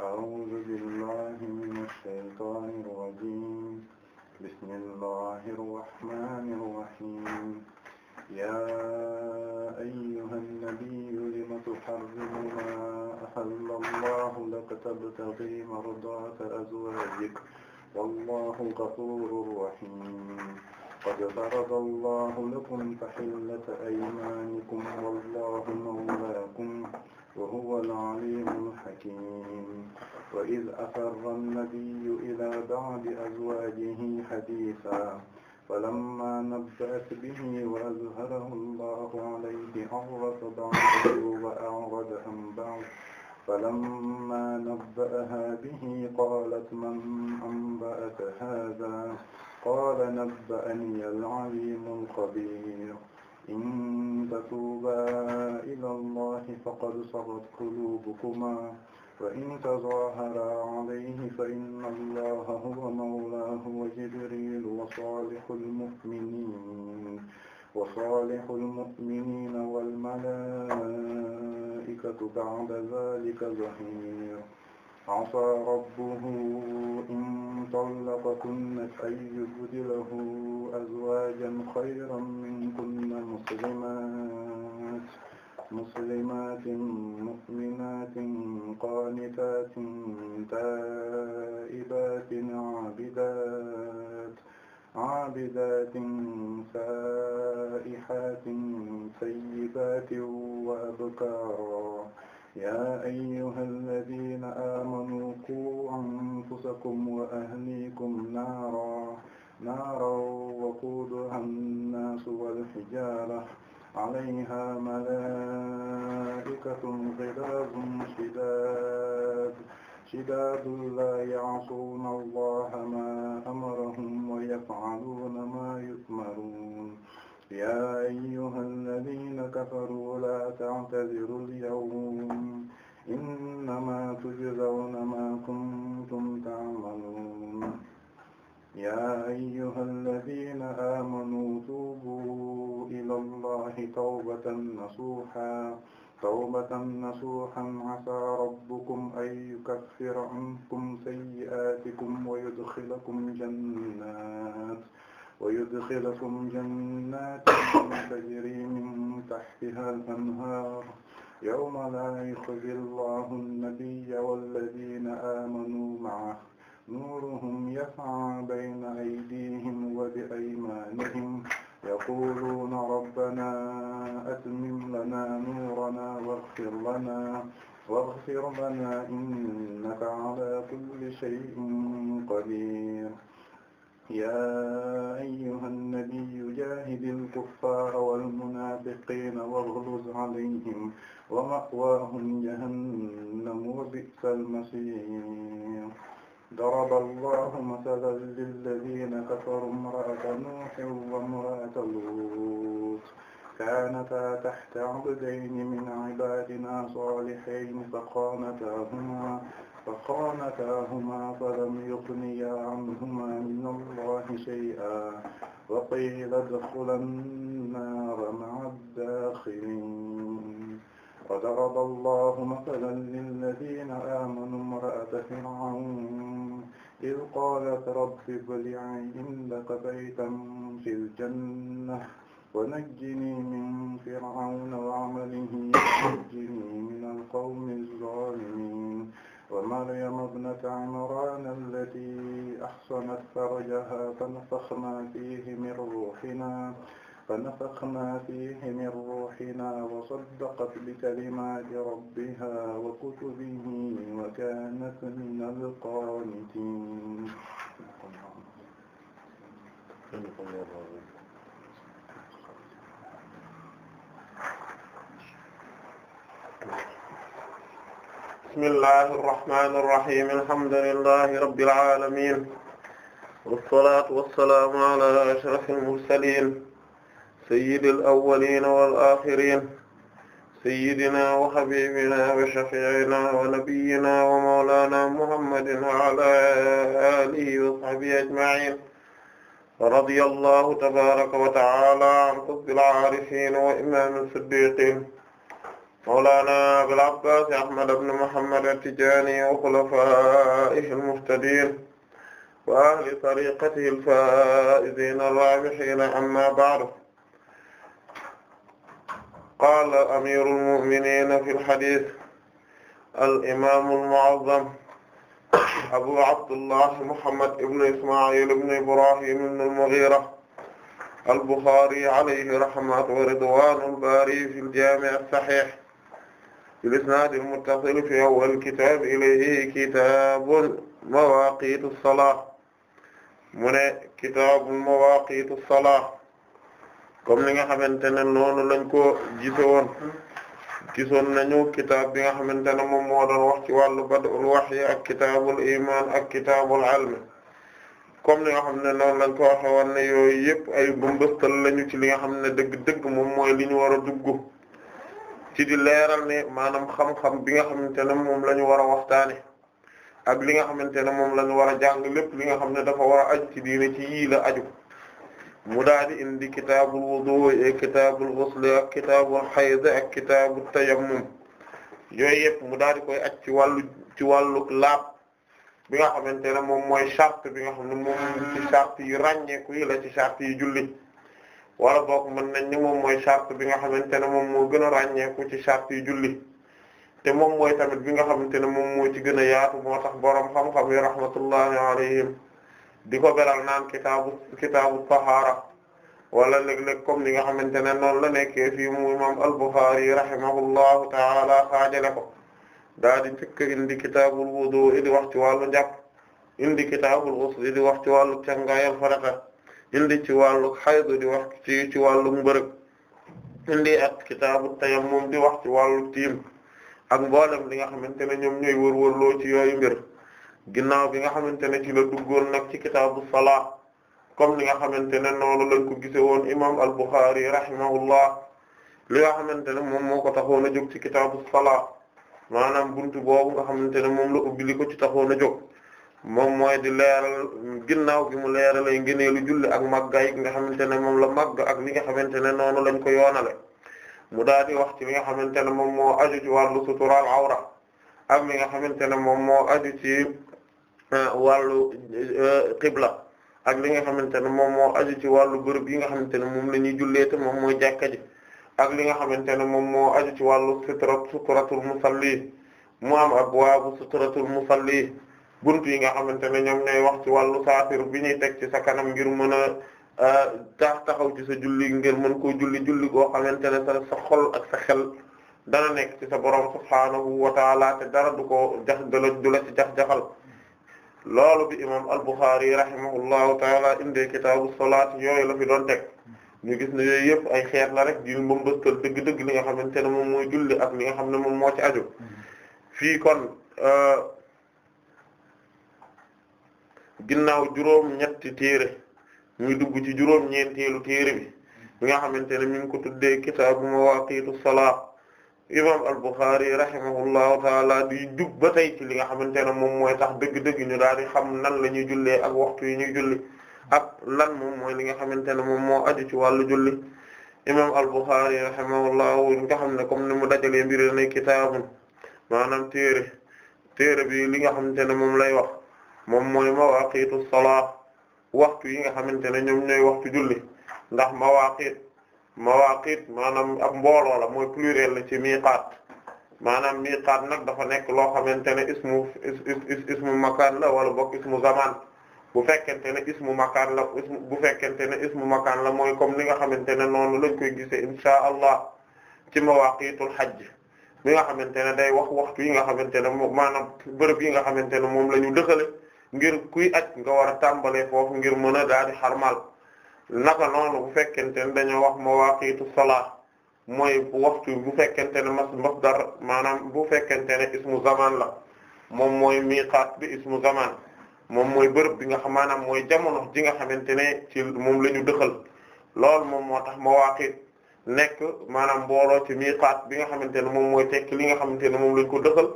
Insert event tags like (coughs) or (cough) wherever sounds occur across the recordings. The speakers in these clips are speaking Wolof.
أعوذ بالله من الشيطان الرجيم بسم الله الرحمن الرحيم يا أيها النبي لم تحرم ما أحل الله لك تبتغي مرضات أزواجك والله غفور رحيم قد فرض الله لكم تحلة أيمانكم والله مولاكم وهو العليم الحكيم وإذ أسر النبي إلى بعض أزواجه حديثا فلما نبأت به وأظهره الله عليه عرف بعضه وأعرض عن بعض فلما نبأها به قالت من أنبأك هذا qaala nabba'anii al-'aliimu al-khabiir in tatuubaa ila Allaahi faqad sagat quluubukumaa wa in tazaaharaa 'alayhi fa inna Allaaha huwa mawlaahu wa Jibriilu wa saalihul mu'miniin wa saalihul mu'miniina wal malaa'ikatu ba'da dhaalika zahiir عسى ربه إن طلقكن أن يبدله أزواجا خيرا منكن مسلمات مسلمات مؤمنات قانتات تائبات عابدات عابدات سائحات سيبات وأبكارا يا أيها الذين آمنوا قوا أنفسكم وأهليكم نارا نارا وقودها الناس والحجارة عليها ملائكة غلاظ شداد شداد لا يعصون الله ما أمرهم ويفعلون ما يؤمرون يا أيها الذين كفروا لا تعتذروا اليوم إنما تجزون ما كنتم تعملون يا أيها الذين آمنوا توبوا إلى الله توبة نصوحا توبة نصوحا عسى ربكم أن يكفر عنكم سيئاتكم ويدخلكم جنات ويدخلكم جنات تجري من تحتها الأنهار يوم لا يخزي الله النبي والذين آمنوا معه نورهم يسعى بين أيديهم وبأيمانهم يقولون ربنا أتمم لنا نورنا واغفر لنا واغفر لنا إنك على كل شيء قدير يا أيها النبي جاهد الكفار والمنافقين واغلظ عليهم ومأواهم جهنم وبئس المصير ضرب الله مثلا للذين كفروا امرأة نوح وامرأة لوط كانتا تحت عبدين من عبادنا صالحين فخانتاهما فخانتاهما فلم يغنيا عنهما من الله شيئا وقيل ادخلا النار مع الداخلين وضرب الله مثلا للذين آمنوا امرأة فرعون إذ قالت رب هب لي عندك بيتا في الجنة ونجني من فرعون وعمله ونجني من القوم الظالمين ومريم ابنة عمران التي أحصنت فرجها فنفخنا فيه من روحنا فنفخنا فيه من روحنا وصدقت بكلمات ربها وكتبه وكانت من القانتين bismillahi irrahmani irrahim alhamdulillahi rabbil alamin wassalatu wassalamu ala ashraf almursalin sayyidi alawalina walaxirin sayyidina wa habibina wa shafi'ina wa nabiyyina wa mawlana muhammadin wa ala alihi wa sahbihi ajma'in radiyallahu tabaraka wa ta'ala an qutbil arifin wa imam as-siddiqin mawlana Abul Abbas Ahmad ibn Muhammad at-Tijani wa khulafaa'ihi al-muhtadiin wa ahli tariqatihi al-faa'iziina ar-raabihiina amma ba'du qaala amiirul mu'miniina fil hadiis al-imaamul mu'azzam Abu Abdullah Muhammad ibn Ismaa'iil ibn Ibraahiim ibn al-Mughiira al-Bukhaari alayhi rahmatu wa ridwaanul baari fil jaami' as-sahiih bil isnaadil muttasil fi awwal kitaab ilayhi kitaabul mawaaqiitu salaah mu ne kitaabul mawaaqiitu salaah comme ni nga xamante ne noonu lañ ko gise woon gisoon nañu kitaab bi nga xamante ne moom moo doon wax ci wàllu bad'ul wahyi ak kitaabul imaan ak kitaabul ilm comme ni nga xam ne noonu lañ ko waxe ne yooyu yëpp ay bëmbëstal lañu ci li nga xam ne dëgg-dëgg moom mooy li ñu war a dugg ci di leeral ne maanaam xam-xam bi nga xamante ne moom lañu ñu war a waxtaane ak li nga xamante ne moom la ñu war a jàng lépp li nga xam ne dafa war a aju ci diine ci yii la aju mu daal di indi kitaabul wudu ak kitaabul ghusl ak kitaabul hayd ak kitaabul tayammum yooyu yëpp mu daal di koy aj ci wàllu ci wàllu laab bi nga xamante ne moom mooy charte bi nga xam ne moom ci charte yu ràññeeku yi ci charte yu julli wala boog mën nañ ni moom mooy charte bi nga xamante ne moom moo gën a ràññeeku ci charte yu julli te moom mooy tamit bi nga xamante ne moom moo ci gën a yaatu moo tax borom xam-xam yi rahmatullahi alayhim di ko beral naan kitaabu kitaabu tahaara wala léeg-léeg comme ni nga xamante ne noonu la nekkee fii mu imam al-Bukhari rahimahullahu taala xaajale ko daa di njëkk indi kitaabul wudu di wax ci wàllu njàpp indi kitaabul ghusl di wax ci wàllu càngaayal farata indi ci wàllu xaydu di wax ci ci wàllu mbërëg at ak kitaabu moom di wax ci wàllu tiim ak mboolem li nga xamante ne ñoom ñooy loo ci yooyu mbir ginnaaw bi nga xamante ne ci la duggoon nag ci kitaabu salaa comme li nga xamante ne noonu lañ ko gise woon imam al-Bukhari rahimahullah li nga xamante ne moom moo ko taxoon a jóg ci kitaabu salaa maanaam buntu boobu nga xamante ne moom la ubbi li ko ci taxoon a jóg moom mooy di leeral ginnaaw gi mu leeral leeralay ngëneelu julli ak mag màggaay gi nga xamante ne moom la màgg ak li nga xamante ne noonu lañ ko yoonale mu daal di wax ci li nga xamante ne moom moo aju ci wàllu suturaal awra ak li nga xamante ne moom moo aju ci euh, wàllu euh, qibla ak li nga xamante ne moom moo aju ci wàllu bërëb yi nga xamante ne moom la ñuy jullee te moom mooy jàkka ji ak li nga xamante ne moom moo aju ci wàllu sutura suturatul musalli mu am abwaabu suturatul musalli buntu yi nga xamante ne ñoom ñooy wax ci wàllu saafir bi ñuy teg ci sa kanam ngir mën a euh, tax taxaw ci sa julli ngir mën koo julli julli goo xamante ne sa xol ak sa xel dana nekk ci sa borom subhaanahu wa taala te dara du ko jax du la ci jaxal loolu bi imam al-Bukhari rahimahullahu taala indee kitaabu salaat yooyu la fi doon ñu gis ne yooyu yëpp ay xeet la rek di mbambastal dëgg-dëgg li nga xamante ne moom mooy julli ak li nga xam ne moom moo ci aju mm-hmm. kon euh, ginnaaw juróom ñetti téere muy dugg ci juróom ñeenteelu téere bi bi nga xamante ne mi ngi ko tuddee kitaabu mawaaqiitu salaa imam al-Bukhari rahimahullahu taala di jug ba tey ci li nga xamante ne moom mooy tax dëgg-dëgg ñu daal di xam nan la ñuy jullee ak waxtu yi ñuy julli ak lan moom mooy li nga xamante ne moom moo aju ci wàllu julli imam al-Bukhari rahimahullahu nga xam ne comme ni mu dajalee mbir ne kitaabun maanaam téere téere bi li nga xamante ne moom lay wax moom mooy mawaqitu salaa waxtu yi nga xamante ne ñoom ñooy waxtu julli ndax mawaqit mawaqit maanaam ab mbooloo la mooy pluriel la ci miqaat maanaam miqaat nag dafa nekk loo xamante ne ismu ismu makaan la wala bokk ismu zaman bu fekkente ne ismu makaan la bu fekkente ne ismu makaan la mooy comme ni nga xamante ne noonu lañ koy gisee insha allah ci mawaqitul hajj bi nga xamante ne day wax waxtu yi nga xamante ne moom maanaam bërëb yi nga xamante ne moom la ñu dëkkale ngir kuy aj nga war a tàmbalee foofu ngir mën a daal di xarmal naka noonu bu fekkente ne dañoo wax mawaaqiitu salaat mooy waxtu bu fekkente ne mas masdar maanaam bu fekkente ne ismu zaman la moom mooy miqaat bi ismu zaman moom mooy bërëb bi nga xam maanaam mooy jamono ji nga xamante ne ci moom la ñu dëxal loolu moom moo tax mawaaqiit nekk maanaam mbooloo ci miqaat bi nga xamante ne moom mooy tekki li nga xamante ne moom la ñu ko dëxal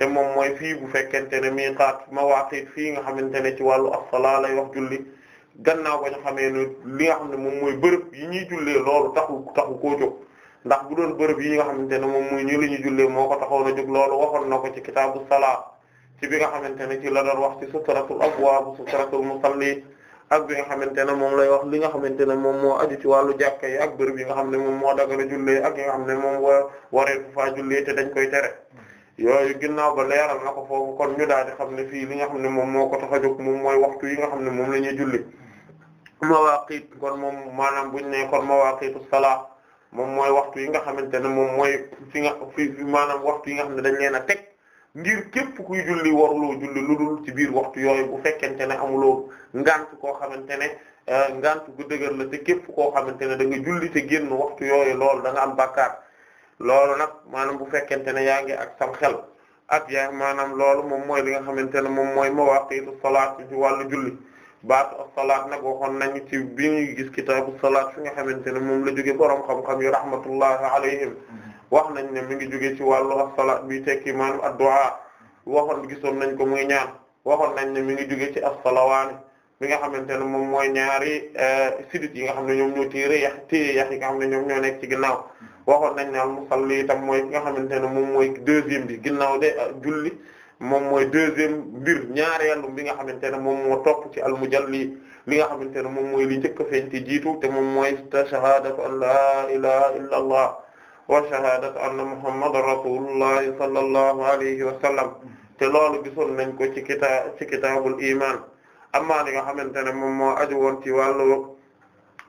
te moom mooy fii bu fekkente ne miqaat mawaqit fii nga xamante ne ci wàllu as-salaa lay wax julli gannaaw ba ñu xamee ne li nga xam ne moom mooy bërëb yi ñuy jullee loolu taxu taxu koo jóg ndax bu doon bërëb yi nga xamante ne moom mooy ñu la ñuy jullee moo ko taxaw na jóg loolu waxoon na ko ci kitaabu salaa bi nga xamante ne la doon wax ci suturatul abwaab suturatul musalli ak bi nga xamante ne moom lay wax li nga xamante ne moom moo aju ci wàllu jàkka yi ak bërëb yi nga xam ne moom moo dagara jullee ak yi nga xam ne moom wa waree fu faa jullee te dañ koy tere yooyu ginnaaw ba leeral na ko foofu kon ñu daal di xam ne fii li nga xam ne moom moo ko tax a jóg moom mooy waxtu yi nga xam ne moom la ñuy julli mawaqit kon moom maanaam buñ ne kon mawaqitu salaa moom mooy waxtu yi nga xamante ne moom mooy fi nga fi maanaam waxtu yi nga xam ne dañ leen a teg ngir képp kuy julli waruloo julli lu dul ci biir waxtu yooyu bu fekkente ne amuloo ngant koo xamante ne euh, ngaan gu dëgër la te képp koo xamante ne da nga julli te génn waxtu yooyu loolu da nga am bàkkaar loolu nag maanaam bu fekkente ne yaa ngi ak sam xel ak yaa maanaam loolu moom mooy li nga xamante ne moom mooy mawaqitu salaat ci wàllu julli baatu as-salaat nag waxoon nañu ci bi ñuy gis kitaabu salaat fi nga xamante ne moom la jóge boroom xam-xam yu rahmatullahi alayhim wax nañ ne mi ngi jóge ci wàllu as bii bi tekki maanaam ad-du'a waxoon gisoon nañ ko muy ñaan waxoon nañ ne mi ngi jóge ci as-salawaani mi nga xamante ne moom mooy ñaari eh, sidit yi nga xam ne ñoom ñoo téye yax téye yax yi nga xam ne ñoom ñoo nekk ci ginnaaw waxoon nañ ne al musalli itam mooy ki nga xamante ne moom mooy deuxième bi ginnaaw euh, moom mooy deuxième mbir ñaareelu bi nga xamante ne moom moo topp ci al mujalli li nga xamante ne moom mooy li njëkk a feeñ ci jiitu te moom mooy shahaadatu an la ilaha illa allah wa shahaadatu anna muhammadan rasulullahi sallallahu alayhi wa te loolu gisoon nañ ko ci kitaa ci kitaabul iman amaa li nga xamante ne moom moo aju woon ci wàllu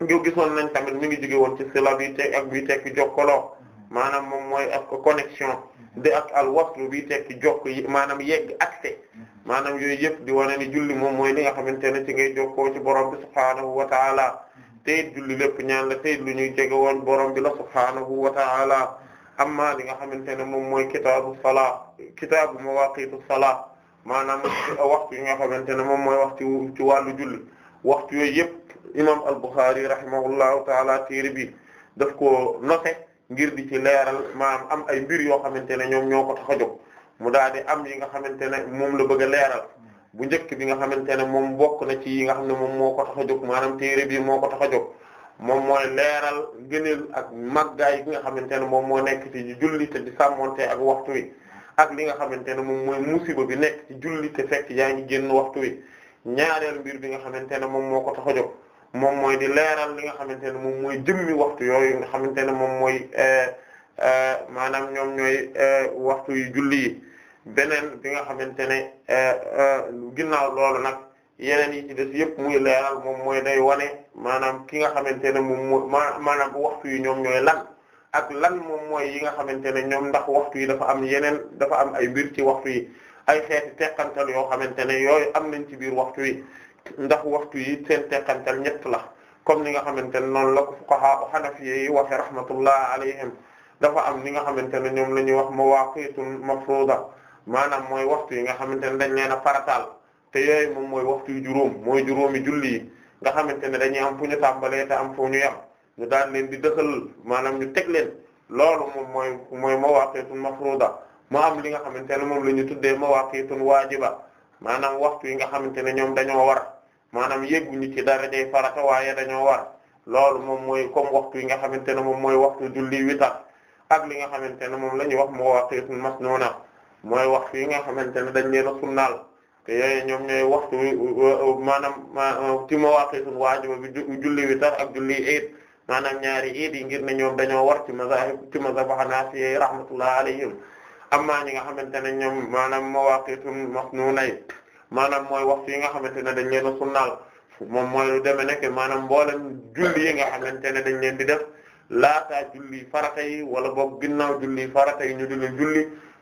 ñu gisoon nañ tamit mi ngi jóge woon ci sila bi teg tekki jokkaloo maanaam moom mooy ak connexion de ak al waslu bi tekki jokk yi maanaam yegg accès maanaam yooyu yëpp di wane ni julli moom mooy li nga xamante ne ci ngay jokkoo ci borom bi subhaanahu wa taala tey julli lépp ñaan la tey lu ñuy jege woon borom bi la subhaanahu wa taala amma li nga xamante ne moom mooy kitaabu salaa kitaabu mawaqitu salaa maanaam waxtu yi nga xamante ne moom mooy waxtu ci wàllu julli waxtu yooyu imam al-Bukhari rahimahullahu taala téere bi daf ko noxe ngir di ci leeral maanaam am ay mbir yoo xamante ne ñoom ñoo ko tax a jóg mu daal di am yi nga xamante ne moom la bëgg leeral bu njëkk bi nga xamante ne moom bokk na ci yi nga xam ne moom moo ko tax maanaam téere bi moo ko tax a jóg moom mooy leeral gëneel ak màggaay bi nga xamante ne moom moo nekk ci julli di sàmmonte ak waxtu ak li nga xamante ne moom mooy musiba bi nekk ci julli te fekk yaa ngi génn waxtu wi ñaareel mbir bi nga xamante ne moom moo ko tax a jóg moom mooy di leeral li nga xamante ne moom mooy jëmmi waxtu yooyu nga xamante ne moom mooy eh, eh, maanaam ñoom ñooy eh, waxtu yu julli beneen bi nga xamante ne ginnaaw loolu nag yeneen yi ci des yëpp muy leeral moom mooy day wane maanaam ki nga xamante ne moom mooy maanaam waxtu yi ñoom ñooy lan ak lan moom mooy yi nga xamante ne ñoom ndax waxtu yi dafa am yeneen dafa am ay mbir ci waxtu yi ay xeeti teqantal yoo xamante ne yooyu am nañ ci biir waxtu yi ndax waxtu yi seen teqantal ñett la comme ni nga xamante ne noonu la ko fuqaha hanafi yi waxe rahmatullah alayhim dafa am li nga xamante ne ñoom la ñuy wax mawaqitun mafruda maanaam mooy waxtu yi nga xamante ne dañ leen a farataal te moom mooy waxtu yu juróom mooy juróomi julli yi nga xamante ne dañuy am fu ñu tàmbalee te am fu ñu yam ñu daan leen di dëxal maanaam ñu teg leen loolu moom mooy mooy mawaqitun mafruda moo am li nga xamante ne moom la ñu tuddee mawaqitun waajiba maanaam waxtu yi nga xamante ne ñoom dañoo war maanaam yegguñu ci dara day farata waaye dañoo war loolu moom mooy comme waxtu yi nga xamante ne moom mooy waxtu julli witar ak li nga xamante ne moom la ñuy wax mawaqitul masnuna mooy waxtu yi nga xamante ne dañ leen a sunnaal te ñoom ñooy waxtu maanaam ci mawaqitul waajiba bi julli witar ak julli iid maanaam ñaari iid yi ngir ne ñoom dañoo war ci mazahib ci mazhab hanafi rahmatullah alayhim amma ñi nga xamante ne ñoom maanaam mawaaqiitu masnuuna yi maanaam mooy waxtu yi nga xamante ne dañ leen a sunnaal moom mooy lu demee nekk maanaam mboolem julli yi nga xamante ne dañ leen di def laataa julli farata yi wala boog ginnaaw julli farata yi ñu di leen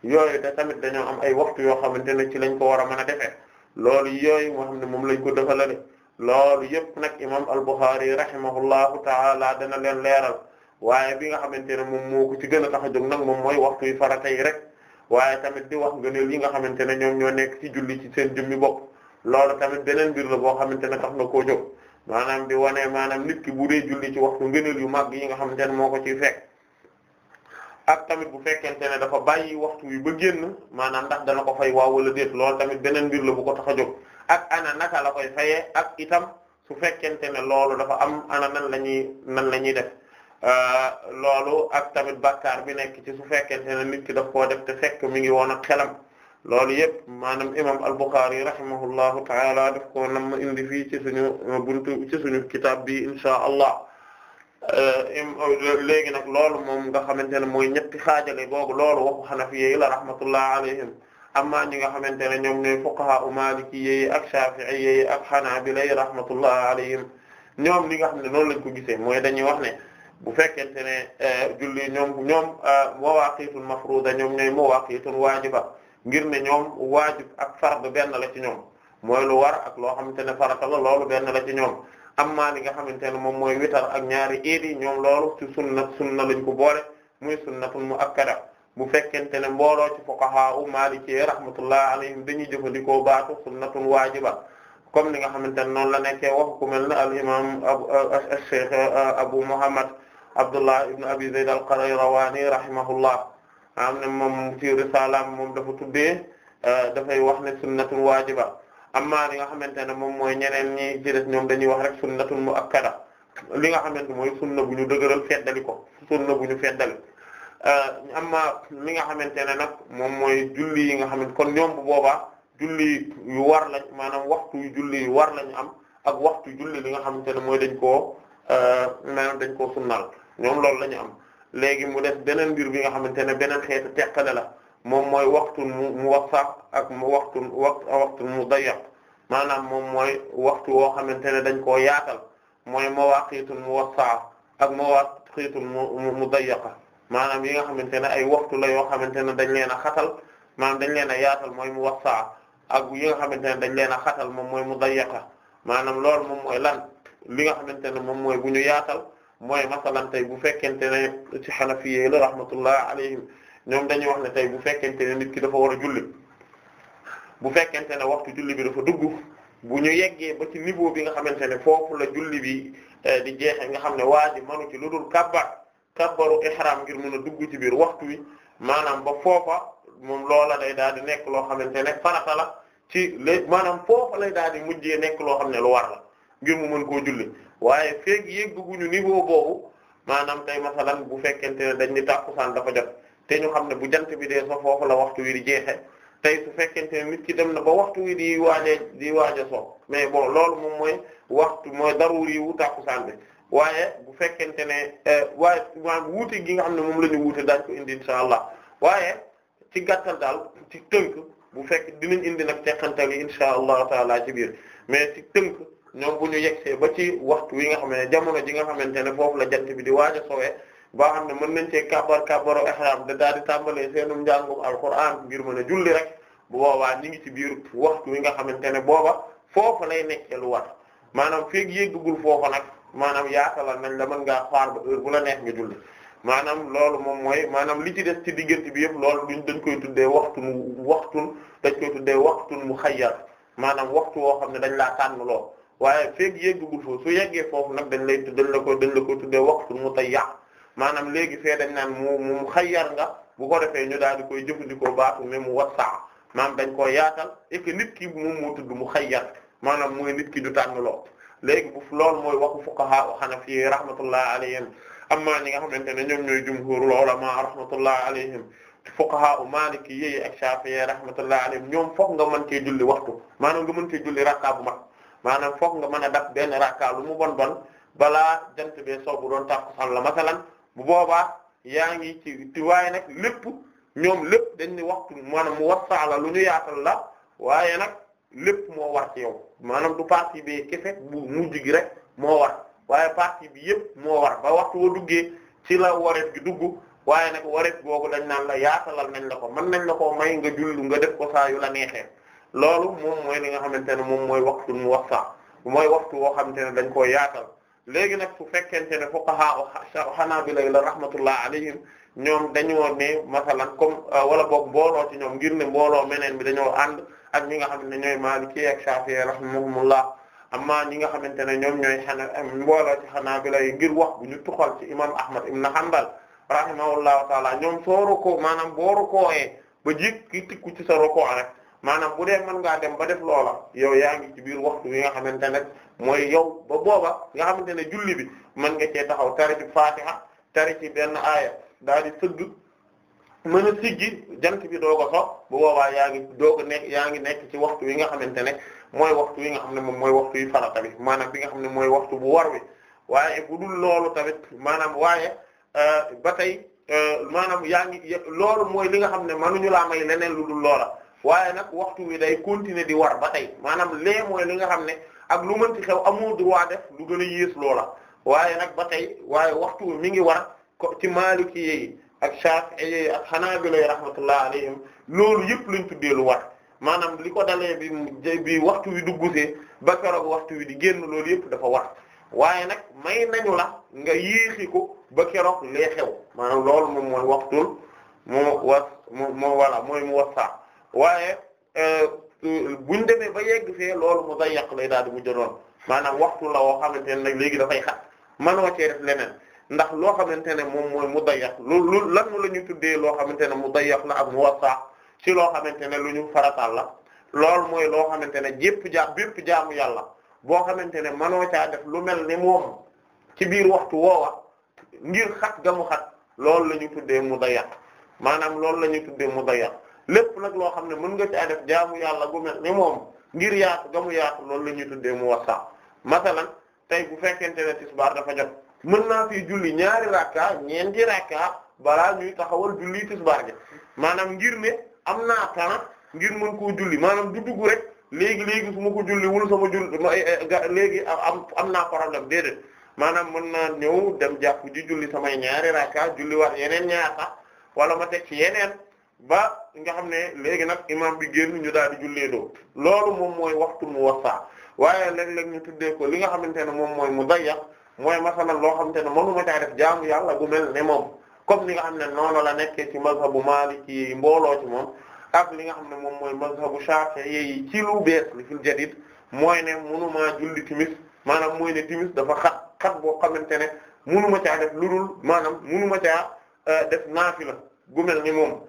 yooyu da tamit dañoo am ay waxtu yoo xamante ne ci lañ ko war a mën a defee loolu yooyu moo xam ne moom lañ ko defalale loolu yëpp nag imam al-Bukhari rahimahullahu taala dana leen leeral waaye bi nga xam xamante ne moom moo ko ci gën a tax a jóg nag moom mooy waxtu yi farata yi rek. waaye tamit di wax ngëneel yi nga xamante ne ñoom ñoo nekk ci julli ci seen jëmmi bopp loolu tamit beneen mbir la boo xamante ne tax na koo jóg maanaam di wane maanaam nit ki bu dee julli ci waxtu ngëneel yu mag yi nga xamante ne moo ko ciy fekk ak bu fekkente ne dafa bàyyi waxtu wi ba génn maanaam ndax dana ko fay waaw wala déet loolu tamit beneen mbir bu ko tax a jóg ak ana naka la koy fayee ak itam su fekkente ne loolu dafa am ana nan la ñuy nan la ñuy def Euh, loolu ak tamit bàkkaar bi nekk ci su fekkente ne nit ki daf koo def te fekk mi ngi woon ak xelam loolu yëpp maanaam imam al-Bukhari rahimahullahu taala daf koo nam indi fii ci suñu uh, buntu ci suñu kitaab bi inshaa allah uh, uh, léegi nag loolu moom nga xamante ne mooy ñetti xaajale googu loolu waxu xanafiye la rahmatullah alayhim amma ñi nga xamante ne ñoom ñooy fuqaha u maliki yeyi ak shafi'i yeyi ak xanaabila alayhim ñoom li nga xam ne noonu lañ ko gisee mooy dañuy wax ne bu fekkente ne eh, julli ñoom ñoom eh, mawaaqiitul mafruda ñoom ñooy mawaaqiitul waajiba ngir ne ñoom waajib ak fard benn la ci ñoom mooy lu war ak loo xamante ne farata la loolu benn la ci ñoom amma li nga xamante ne moom mooy witar ak ñaari iidi ñoom loolu ci sunna sunna lañ ko boole muy sunnatun muakkada bu fekkente ne mbooloo ci fuqaha u maliki rahmatullah alayhim dañuy jëfandikoo baatu sunnatun waajiba comme li nga xamante ne noonu la nekkee wax ku mel ne al imam eh, abu cheikh abu Abdullah ibn Abi Zayd al-Qayrawani rahimahullah am na moom ci risalaam moom dafa tuddee euh, dafay wax ne sunnatun waajiba amma li nga xamante ne moom mooy ñeneen ñi ci ñoom dañuy wax rek sunnatun muakkada li nga xamante mooy sunna bu ñu dëgëral feddali ko sunna bu ñu feddali euh, amma li nga xamante ne nag moom mooy julli yi nga xamante kon ñoom bu boobaa julli yu war lañ maanaam waxtu yu julli yu war lañ am ak waxtu julli li nga xamante ne mooy dañ koo euh, maanaam dañ koo sunnal ñoom loolu lañu am léegi mu def beneen mbir bi nga xamante ne beneen xeetu teqale la moom mooy waxtu mu mu ak mu waxtu waxtu mu dayaq maanaam moom mooy waxtu woo xamante ne dañ koo yaatal mooy mawaaqiitul mu wasaq ak mawaaqiitul mu mu dayaqa maanaam yi nga xamante ne ay waqtu la yoo xamante ne dañ leen a xatal dañ leen a yaatal mooy mu wasaq ak yi nga xamante ne dañ leen a xatal moom mooy mu dayaqa maanaam loolu moom mooy lan li nga xamante ne moom mooy bu ñu yaatal. mooy masalan tey bu fekkente ne ci xanafiye la rahmatullah alayhim ñoom dañuy wax ne tey bu fekkente ne nit ki dafa war a julli bu fekkente ne waxtu julli bi dafa dugg bu ñu yeggee ba ci niveau bi nga xamante ne foofu la julli bi eh, di jeexee nga xam ne waa ji manu ci lu dul kabbar kabbaru ihram ngir mun a dugg ci biir waxtu wi maanaam ba foofa moom loola day daal di nekk loo xamante ne farata la ci lé maanaam foofa lay daal di mujjee nekk loo xam ne lu war la ngir mu mën koo julli waaye ñu yëgguñu boo boobu maanaam tey masalan bu fekkente ne dañ ni tàkkusaan dafa jot te ñu xam ne bu jant bi dee so foofu la waxtu wi di jeexe tey su fekkente ne nit ki dem na ba waxtu wi di waajee di waaja so mais bon loolu moom mooy waxtu mooy daruri wu tàkkusaan bi waaye bu fekkente ne eh, waaye maanaam wuute gi nga xam ne moom la ñu wuute daañ indi insha allah waaye ci gàttal daal ci tënk bu fekk dinañ indi nag teqantal yi insha allah taala ci biir mais ci tënk ñoom bu ñu yegsee ba ci waxtu wi nga xam ne jamono ji nga xamante ne foofu la jant bi di waaj a sowee boo xam ne mën nañ cee kàbbar kàbbaru ihram da daal di tàmbalee seenum njàngum alquran ngir mën a julli rek bu boobaa ñu ngi ci biir waxtu wi nga xamante ne booba foofu lay nekkee lu war maanaam feeg yéggagul foofu nag maanaam yaatalal nañ la mën ngaa xaar ba heure bu la neex nga julli maanaam loolu moom mooy maanaam li ci des ci diggante bi yëpp loolu duñ dañ koy tuddee waxtu mu waxtun dañ koy tuddee waxtun mu xayyar maanaam waxtu woo xam ne dañ laa tànn waaye feeg yeggagul foofu su yeggee foofu nag dañ lay dañ la ko dañ la ko tuddee waqtu mutayya maanaam léegi fee dañ naan mu mu xayyar nga bu ko defee ñu daal di koy jëfandikoo baatu ne mu wasa maanaam dañ koo yaatal et que nit ki mu mu tudd mu xayyar maanaam mooy nit ki du tànn loo léegi bu loolu mooy waxu fuqaha hanafi rahmatullah alayhim amma ñi nga xamante ne ñoom ñooy jumhurul ulama rahmatullah alayhim fuqaha maliki yi ak shafi'i rahmatullah alayhim ñoom foog nga mën cee julli waxtu maanaam nga mën cee julli rakka bu mag maanaam foog nga mën a daf benn rakka lu mu bon bon balaa jant bee soo bu doon tàkkusaan la masalan bu boobaa yaa ngi ci ci waaye nag lépp ñoom lépp dañ ni waxtu maanaam mu wassaa la lu ñu yaatal la waaye nag lépp moo war ci yow maanaam du partie bi kese bu mujj gi rek moo war waaye partie bi yëpp moo war ba waxtu wa duggee ci la wareef gi dugg waaye nag wareef googu dañ naan la yaatalal nañ la ko mën nañ la koo may nga jullu nga def ko saa yu la neexee loolu moom mooy li nga xamante ne moom mooy waxtu mu wax sax mooy waxtu woo xamante ne dañ koo yaatal léegi nag su fekkente ne fuqaha Hanabila la rahmatullah alayhim ñoom dañoo ne masalan comme euh, wala boog mbooloo ci ñoom ngir ne mbooloo meneen bi dañoo ànd ak ñi nga xam ne ñooy Maliki ak Shafi'i rahimahumullah amma ñi nga xamante ne ñoom ñooy xana mbooloo ci Hanabila yi ngir wax bu ñu tuxal ci imam Ahmad ibn Hanbal rahimahullahu taala ñoom soo roko maanaam boo roko ba jik ki tikku ci sa roko maanaam bu dee mën ngaa dem ba def loola yow yaa ngi ci biir waxtu wi nga xamante ne mooy yow ba booba nga xamante ne julli bi mën nga cee taxaw tari ci faatiha tari ci benn daal di sëgg mën jant bi doog a so boobaa yaa ngi doog a nekk yaa ngi nekk ci waxtu wi nga xamante ne mooy waxtu wi nga xam ne moom mooy waxtu yu farata bi maanaam bi nga xam ne mooy waxtu bu war wi waaye bu dul loolu tamit maanaam waaye euh, ba tey euh, maanaam yaa ngi loolu mooy li nga xam ne mënuñu laa may leneen lu dul loola waaye nag waxtu wi day continuer di war ba tey maanaam lee mooy li nga xam ne ak lu mënti xew amoo droit def lu gën a yées loola waaye nag ba tey waaye waxtu wi mi ngi war ko ci Maliki yi ak Shafi'i yi ak Hanabila rahmatullah alayhim loolu yëpp lañ tuddee lu war maanaam li ko dalee bi bi waxtu wi du duggusee ba keroog waxtu wi di génn loolu yëpp dafa war waaye nag may nañu la nga yéexi ko ba keroog lee xew maanaam loolu moom mooy waxtul moo was moo voilà mooy mu waaye euh, euh, buñ demee ba yegg fee loolu mu day yàq lay daal di mujj doon maanaam waxtu la woo xamante ne nag léegi dafay xat mënoo cee def leneen ndax loo xamante ne moom mooy mu dayax lu la ñu tuddee loo xamante ne mu dayax la ak mu wasaax ci loo xamante ne lu ñu farataal la loolu mooy loo xamante ne jépp jaam bépp jaamu yàlla boo xamante ne mënoo caa def lu mel ni moom ci biir waxtu woowa ngir xat ga xat loolu la ñu tuddee mu dayax maanaam loolu la ñu tuddee mu dayax lépp nag loo xam ne mën nga caa def jaamu yàlla gu mel ni moom ngir yaatu gamu yaatu loolu la ñuy tuddee mu wasa masalan tey bu fekkente ne tisbaar dafa jot mën naa fi julli ñaari rakka ñeenti rakka balaa ñuy taxawal julli tisbaar gi maanaam ngir ne am naa temps ngir mën koo julli maanaam du dugg rek léegi léegi su ma ko julli wul sama julli eh, eh, léegi am am naa problème déedéet maanaam mën naa ñëw dem jàpp ji julli samay ñaari rakka julli wax yeneen ñaar sax wala ma teg ci yeneen. ba nga xam ne léegi nag imam bi génn ñu daal di jullee doo loolu moom mooy waxtu mu wasa waaye léeg-léeg ñu tuddee ko li nga xamante ne moom mooy mu dayyax mooy masalan loo xamante ne mënu ma caa def jaamu yàlla gu mel moom comme li nga xam ne noonu la nekkee ci mazhabu maliki mbooloo ci moom ak li nga xam ne moom mooy mazhabu shafi'i yi ci lu bees li fil jadid mooy ne mënumaa julli timis maanaam mooy ne timis dafa xat xat boo xamante ne mënu ma caa def lu dul maanaam mënu ma caa euh, def naafila gu mel ni moom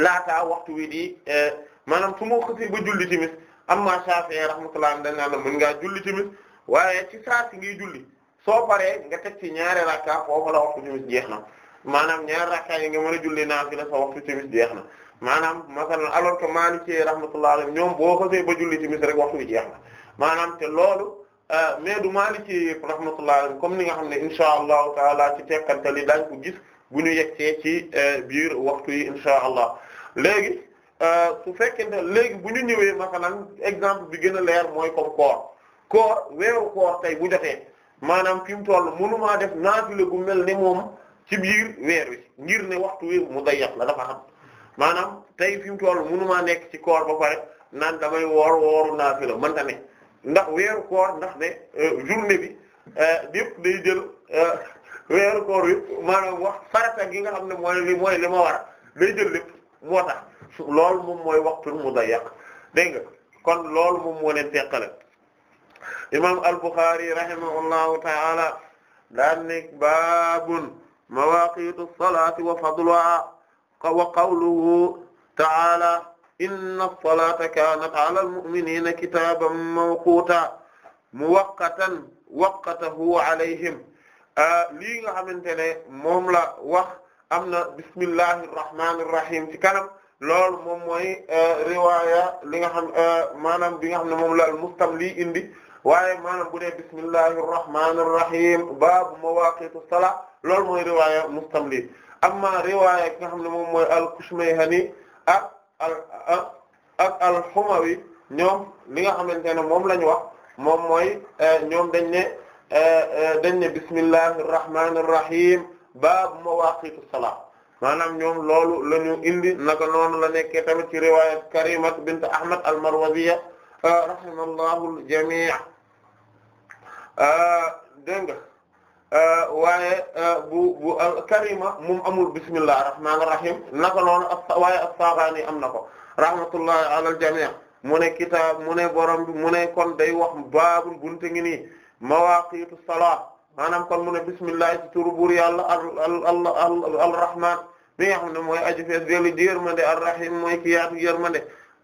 laataa waxtu wi di eh, maanaam su ma xësee ba julli timis amma Shafi'i rahmatullah dañ naan la mën ngaa julli timis waaye ci saa si julli soo paree nga teg ci ñaari rakka foofu la waxtu timis jeex na maanaam ñaari rakka yi nga mën a julli naafila sa waxtu timis jeex na maanaam masalan alors que Maliki rahmatullah alayhi ñoom boo xësee ba julli timis rek waxtu bi jeex na maanaam te loolu eh, mais du Maliki rahmatullah alayhi comme ni nga xam ne insha allahu taala ci tekkante li dañ ko gis bu ñu yeggee ci euh, biir waxtu wi insha allah léegi euh, su fekkente léegi bu ñu ñëwee masalan exemple bi gën a leer mooy comme koor koor weeru koor tey bu jotee maanaam fi mu toll mënumaa def naafila gu mel ni moom ci biir weer wi ngir ne waxtu wi mu dayat la dafa xam maanaam tey fi mu toll mënumaa nekk ci koor ba pare naan damay woor wooru naafila mënta ne ndax weeru koor ndax ne euh, journée bi yëpp day jël weeru koor wi maanaam wax farata gi nga xam ne mooy li mooy li ma war day jël lépp moo tax loolu moom mooy waxtul mudayyak dégg nga kon loolu moom moo leen teqale imam al-Bukhari rahimahullahu ta'ala daan ne baabun mawaqitu salati wa fadluha wa qawluhu ta'ala inna as-salata kanat 'ala al-mu'minina kitaban mawquta muwaqqatan waqqatahu 'alayhim Euh, lii nga xamante ne moom la wax am na bismillahir rahmanir rahim ci kanam loolu moom mooy euh, riwaaya li nga xam euh, maanaam bi nga xam ne moom la al-Mustamli indi waaye maanaam bu dee bismillahir rahmanir rahim baabu mawaaqiitu salaa lool mooy riwaaya Mustamli amma riwaaya ki nga xam ne moom mooy al-Kushmayhani ak al ak al-Humawi ñoom li nga xamante ne moom la ñu wax moom mooy ñoom dañ ne. dañ ne bismillahir rahmanir rahim baabu mawaaqiitu salaat maanaam ñoom loolu la ñu indi naka noonu la nekkee tamit ci riwaayat Karimat bint Ahmad al-Marwaziyya rahimallahu al-jamii' dégg nga waaye bu bu Karima moom amul bismillahir rahmanir rahim naka noonu ak waaye as-Saghani am na ko rahmatullahi ala al-jamii' mu ne kitaab mu ne borom bi mu ne kon day wax baabul bunte ngi nii. mawaqitu salaat maanaam kon mu ne bisimillahi ci turu buur yàlla al arrahman bi nga xam ne mooy aju fees dellu ji yërmande arrahim mooy ki yaatu yërmande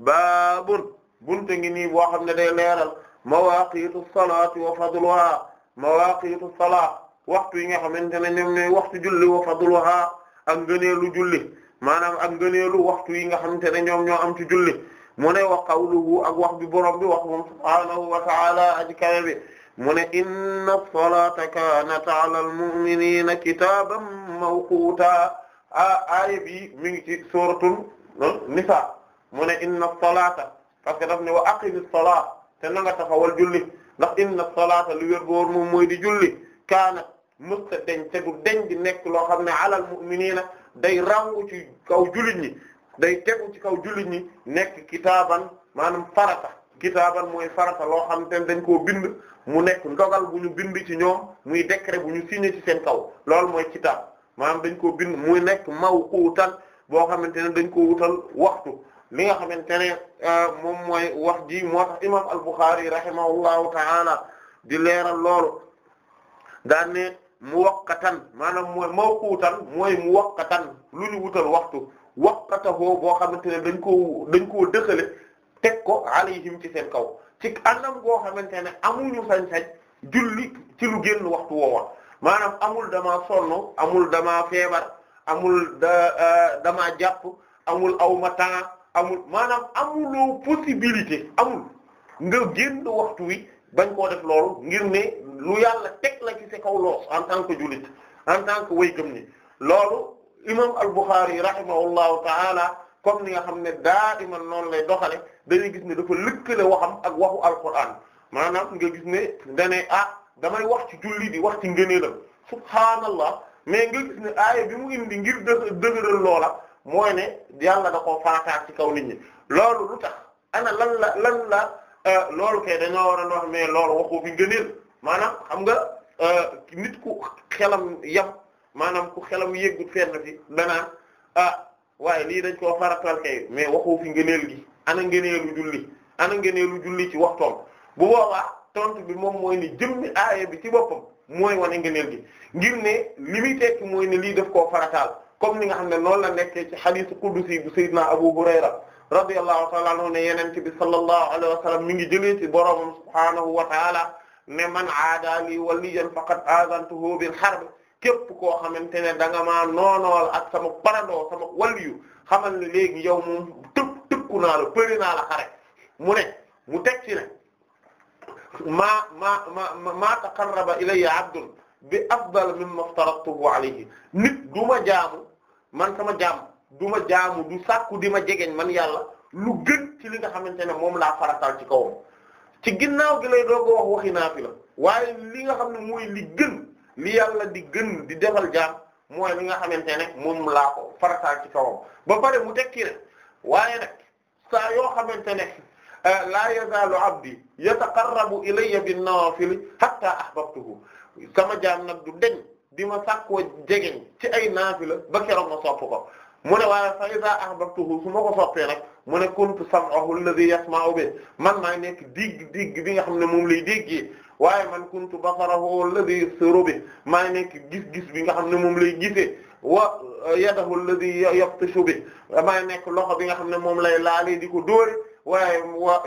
baabun bunte ngi nii boo xam ne day leeral mawaqitu salaati wa fadluha mawaqitu salaat waxtu yi nga xamante ne ñoom ñooy waxtu julli wa fadluha ak ngëneelu julli maanaam ak ngëneelu waxtu yi nga xamante ne ñoom ñoo am ci julli mu ne wa qawluhu ak wax bi borom bi wax moom subhaanahu wa ta'ala aji kawe bi mu ne inna as-salata kanat ala al-mu'minina kitaban mawquta a aaya bi mi ngi ci suratul ah, nisa mu ne inna as-salata parce que daf ne wa aqimi as-salata te na nga julli ndax inna as-salata lu wér boor mu mooy di julli kaanat musta deñ te du deñ di nekk loo xam ne ala al-mu'minina day rangu kaw jullit ñi day tegu ci kaw jullit ñi nekk kitaaban maanaam farata kitaaban mooy farata loo xam te dañ koo bind mu nekk ndogal bu ñu bind ci ñoom muy décret bu ñu signé ci seen kaw loolu mooy kitaab maanaam dañ koo bind muy nekk maw mawquutan boo xamante ne dañ ko wutal waxtu li nga xamante ne euh, moom mooy wax ji moo tax imam al-Bukhari rahimahullahu ta'ala di leeral loolu daan ne muwaqqatan maanaam mooy mawquutan mooy muwaqqatan lu ñu wutal waxtu waqatahu boo xamante ne dañ koo dañ koo dëxale teg ko alayhim ci seen kaw ci anam goo xamante ne amuñu sañ-sañ julli ci lu génn waxtu woowa maanaam amul damaa sonn amul damaa feebar amul da euh, damaa jàpp amul awma ma amul maanaam amuloo possibilité amul nga génn waxtu wi bañ koo def loolu ngir ne lu yàlla teg la ci sa kaw lool en tant que jullit en tant que way gëm ni loolu imam al-Bukhari rahimahullahu ta'ala comme ni nga xam ne daa iman noonu lay doxale dañu gis ne dafa lëkkale waxam ak waxu alquran maanaam nga gis ne dane ah damay wax ci julli di wax ci ngëneelam subhaanallah mais nga gis ne aaya bi mu indi ngir dë dëgëral loola mooy ne yàlla da ko faataar ci kaw nit ñi loolu lu tax ana lan la lan la euh, loolu kay dañoo war a wax mais loolu waxu fi ngëneel maanaam xam nga euh, nit ku xelam yam maanaam ku xelam yëggut fenn fi danaa ah waaye lii dañ koo faratal kay mais waxu fi ngëneel gi ana ngëneelu julli ana ngëneelu julli ci waxtoom bu boobaa tontu bi moom mooy ni jëmmi aaya bi ci boppam mooy wane ngëneel gi ngir ne li muy tekki mooy ne lii def ko farataal comme ni nga xam ne noonu la nekkee ci hadith qudsi bu sayyidina Abu Hurayra radiyallahu ta'ala anhu ne yeneen bi sallallahu alayhi wa mi ngi jëlee ci boromam subhaanahu wa ta'ala ne man aada li waliyan faqad aadantuhu bil harb képp koo xamante ne danga nga maa noonool ak sama parandoo sama waliyu xamal ne léegi yow moom tëb tëkku naa la përi naa la xare mu ne mu teg ci ne maa maa ma maa taqarraba ilayya abdun bi afdal mimma aftaratuhu alayhi nit du jaamu man sama jaam duma ma jaamu du sàkku di ma jegeñ man yàlla lu gën ci li nga xamante ne moom laa faratal ci kawam ci ginnaaw gi lay doo wax waxi naafi waaye li xam ne mooy li li yàlla di gën di defal jaam mooy li nga xamante ne moom laa ko farataal ci kawam ba pare mu tekki ne waaye nag saa yoo xamante ne euh, laa yazaalu abdi yataqarrabu ilayya bin nawaafili hatta ahbabtuhu sama jaam nag du deñ di ma sàkkoo jegeñ ci ay naafila ba keroog ma sopp ko mu ne waaye fa iza ahbabtuhu su ma ko soppee nag mu ne kuntu sam'ahu alladhi yasma'u bi man maa nekk digg digg bi nga xam ne moom lay déggee waaye man kuntu basarahu alladhi yubsiru bi maa nekk gis-gis bi nga xam ne moom lay gisee wa yadahu alladhi yabtashu bi maa nekk loxo bi nga xam ne moom lay laalee di ko dóore waaye wa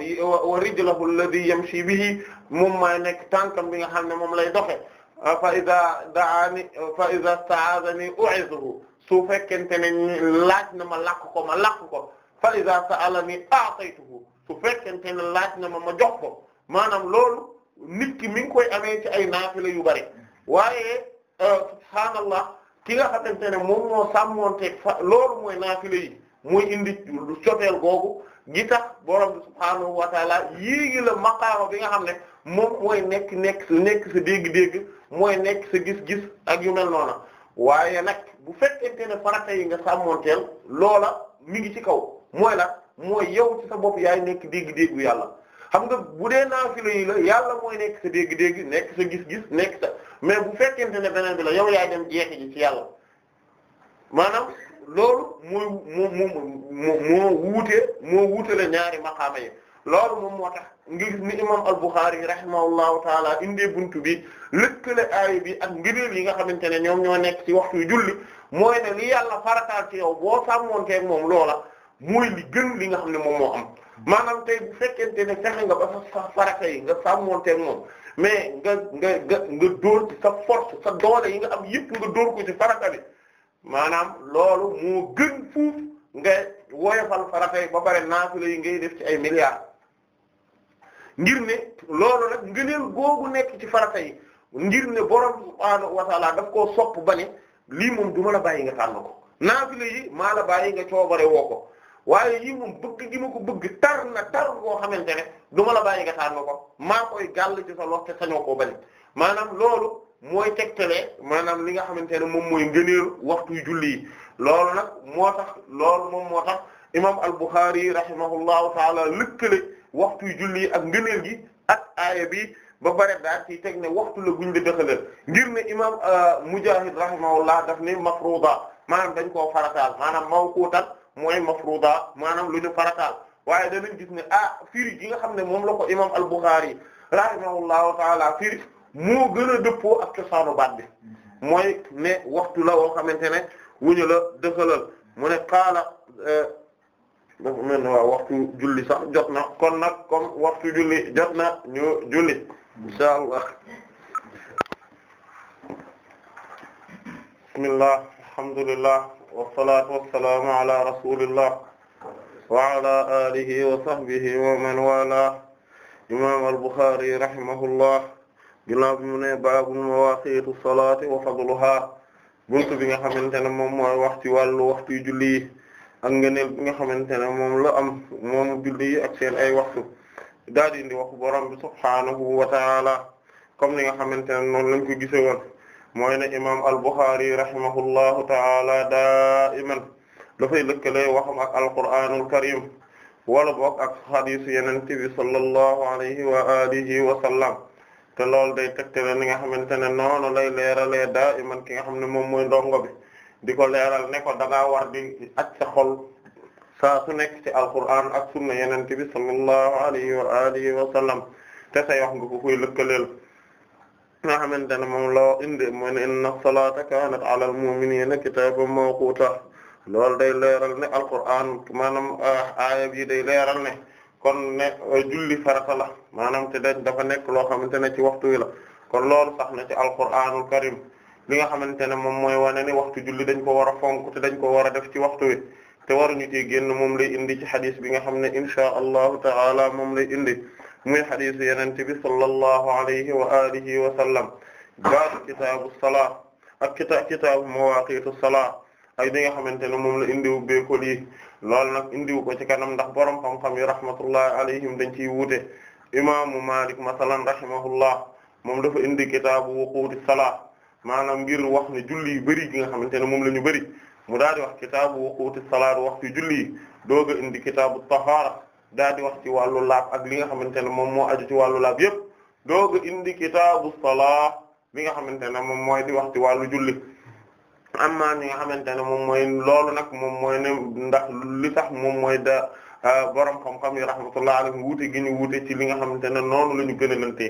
wa rijlahu alladhi yamshi bihi moom maa nekk tànkam bi nga xam ne moom lay doxe fa iza da'ani fa iza sta'azani u'izuhu su fekkente ne laaj na ma lakk ko ma lakk ko fa iza sa'alani a'taytuhu su fekkente ne laaj na ma ma jox ko maanaam loolu nit ki mi ngi koy amee ci ay naafila yu bari waaye euh, subhaanallah ki nga xamante ne moom moo sàmmonteeg loolu mooy naafila yi muy indi cofeel googu gi tax borom bi subhaanahu yéegi la maqaama bi nga xam ne moom mooy nekk nekk sa nekk sa dégg-dégg mooy nekk sa gis-gis ak yu mel noona waaye nag bu fekkente ne farata yi nga sàmmonteel loola mi ngi ci kaw mooy la mooy yow ci sa bopp yaay nekk dégg-déggu yàlla xam nga bu dee naafila yi la yàlla mooy nekk sa dégg-dégg nekk sa gis-gis nekk sa mais bu fekkente ne beneen bi la yow yaay dem jeexi ji ci yàlla maanaam loolu mooy moo moo moo wuute moo wuutale ñaari maqaama yi loolu moom moo tax nga gis ni imam al-Bukhari rahimahullahu taala indee bunt bi lëkkale aay bi ak ngëneel yi nga xamante ne ñoom ñoo nekk ci waxtu julli mooy ne li yàlla farataal ci yow boo sàmmoonteeg moom loola mooy li gën li nga xam ne moom moo maanaam tey bu fekkente ne fexe nga ba sa farata yi nga sàmmonteeg moom mais nga nga nga nga dóor ci sa force sa doole yi nga am yëpp nga dóor ko ci farata bi maanaam loolu moo gën fuuf nga woyofal farata yi ba bari naafila yi ngay def ci ay milliards ngir ne loolu nag ngëneel googu nekk ci farata yi ngir ne borom subhaanahu wa ta'ala daf koo sopp ba ne lii moom du la bàyyi nga tànn ko naafila yi maa la bàyyi nga coobare woo ko waaye yi moom bëgg gi ma ko bëgg tar na tar koo xamante ne du ma la bàyyi nga taar ko maa koy gàll ci sa lox te sañoo koo bañ maanaam loolu mooy tegtalee maanaam li nga xamante ne moom mooy ngëneelu waxtu julli yi loolu nag moo tax loolu moom moo tax imam al-Bukhari rahimahullahu taala lëkkale waxtu julli yi ak ngëneel gi ak aaya bi ba pare daal ci teg ne waxtu la buñ la dëxalal ngir ne imam euh, Mujahid rahimahullah daf ni mafruda maanaam dañ koo farataal maanaam mawquutal mooy mafruda maanaam lu ñu farataal waaye danañ gis ne ah firi gi nga xam ne moom la ko imam al-Bukhari rahimahullahu taala firi moo gën a dëppoo ak cosaanu baat bi mooy ne waxtu la woo xamante ne wu ñu la dëkkalal mu ne qaala eh, waxtu julli sax jot na kon nag comme waxtu julli jot na ñu julli insha allah bismillah alhamdulillah wasalaatu wasalaamu ala rasulillah wa ala alihi wa sahbihi wa man wala imam al-Bukhari rahimahullah ginnaaw bi mu ne baabul mawaaqiitu salaati wa fadluha buntu bi nga xamante ne moom mooy wax ci wàllu waxtu julli yi ak ngëneel bi nga xamante ne moom la am moom julli ak seen ay waxtu daal di indi subhaanahu wa taala comme ni nga xamante ne noonu lañ ko gisee woon mooy ne imam al-Bukhari rahimahullahu ta'ala daiman dafay lëkkale waxam ak alqur'anul karim wala boog ak hadith yeneen bi sallallahu alayhi wa alihi wa sallam te loolu day tegtale ni nga xamante ne noonu lay leeralee daiman ki nga xam ne moom mooy ndongo bi di ko leeral ne ko da ngaa war di aj sa xol saa su nekk ci alqur'an ak sunna yeneen bi sallallahu alayhi wa alihi wa te say wax nga ko koy lëkkaleel nga xamante ne moom loo indi mun inna salata kanat ala al mu'minina kitaban mawquta loolu day leeral ne alquran maanaam ah, aaya day leeral ne kon ne uh, julli farata la maanaam te dañ dafa nekk loo xamante ne ci waxtu wi la kon loolu sax na ci alquranul karim bi nga xamante ne moom mooy wane ni waxtu julli dañ ko war a fonk te dañ ko war a def ci waxtu wi te waruñu ci génn moom lay indi ci xadis bi nga xam ne inchaa allahu taala moom lay indi muy xadiisu yenente bi sallallahu alayhi wa alihi wa sallam baabu kitaabu salaa ak kita kitaabu mawaaqiitu salaa ay li nga xamante ne moom la indiwu beeko lii loolu nag wu ko ci kanam ndax borom xam-xam yi rahmatullahi alayhim dañ ciy wuute imaamu Maalik masalan rahimahullah moom dafa indi kitaabu wuquudi salaa maanaam ngir wax ne julli yu bëri gi nga xamante ne moom la ñu bëri mu daal di wax kitaabu wuquudi salaa wax julli yi doog indi kitaabu tahaara daal di wax ci wàllu laab ak li nga xamante ne moom moo aju ci wàllu laab yépp dooga indi kitaabu salaa bi nga xamante ne moom mooy di wax ci wàllu julli amma ni nga xamante ne moom mooy loolu nag moom mooy ne ndax li tax moom mooy da ah, borom xam-xam yi rahmatullah alayhim wuute gi ñu wuute ci li nga xamante ne noonu la ñu gën a lante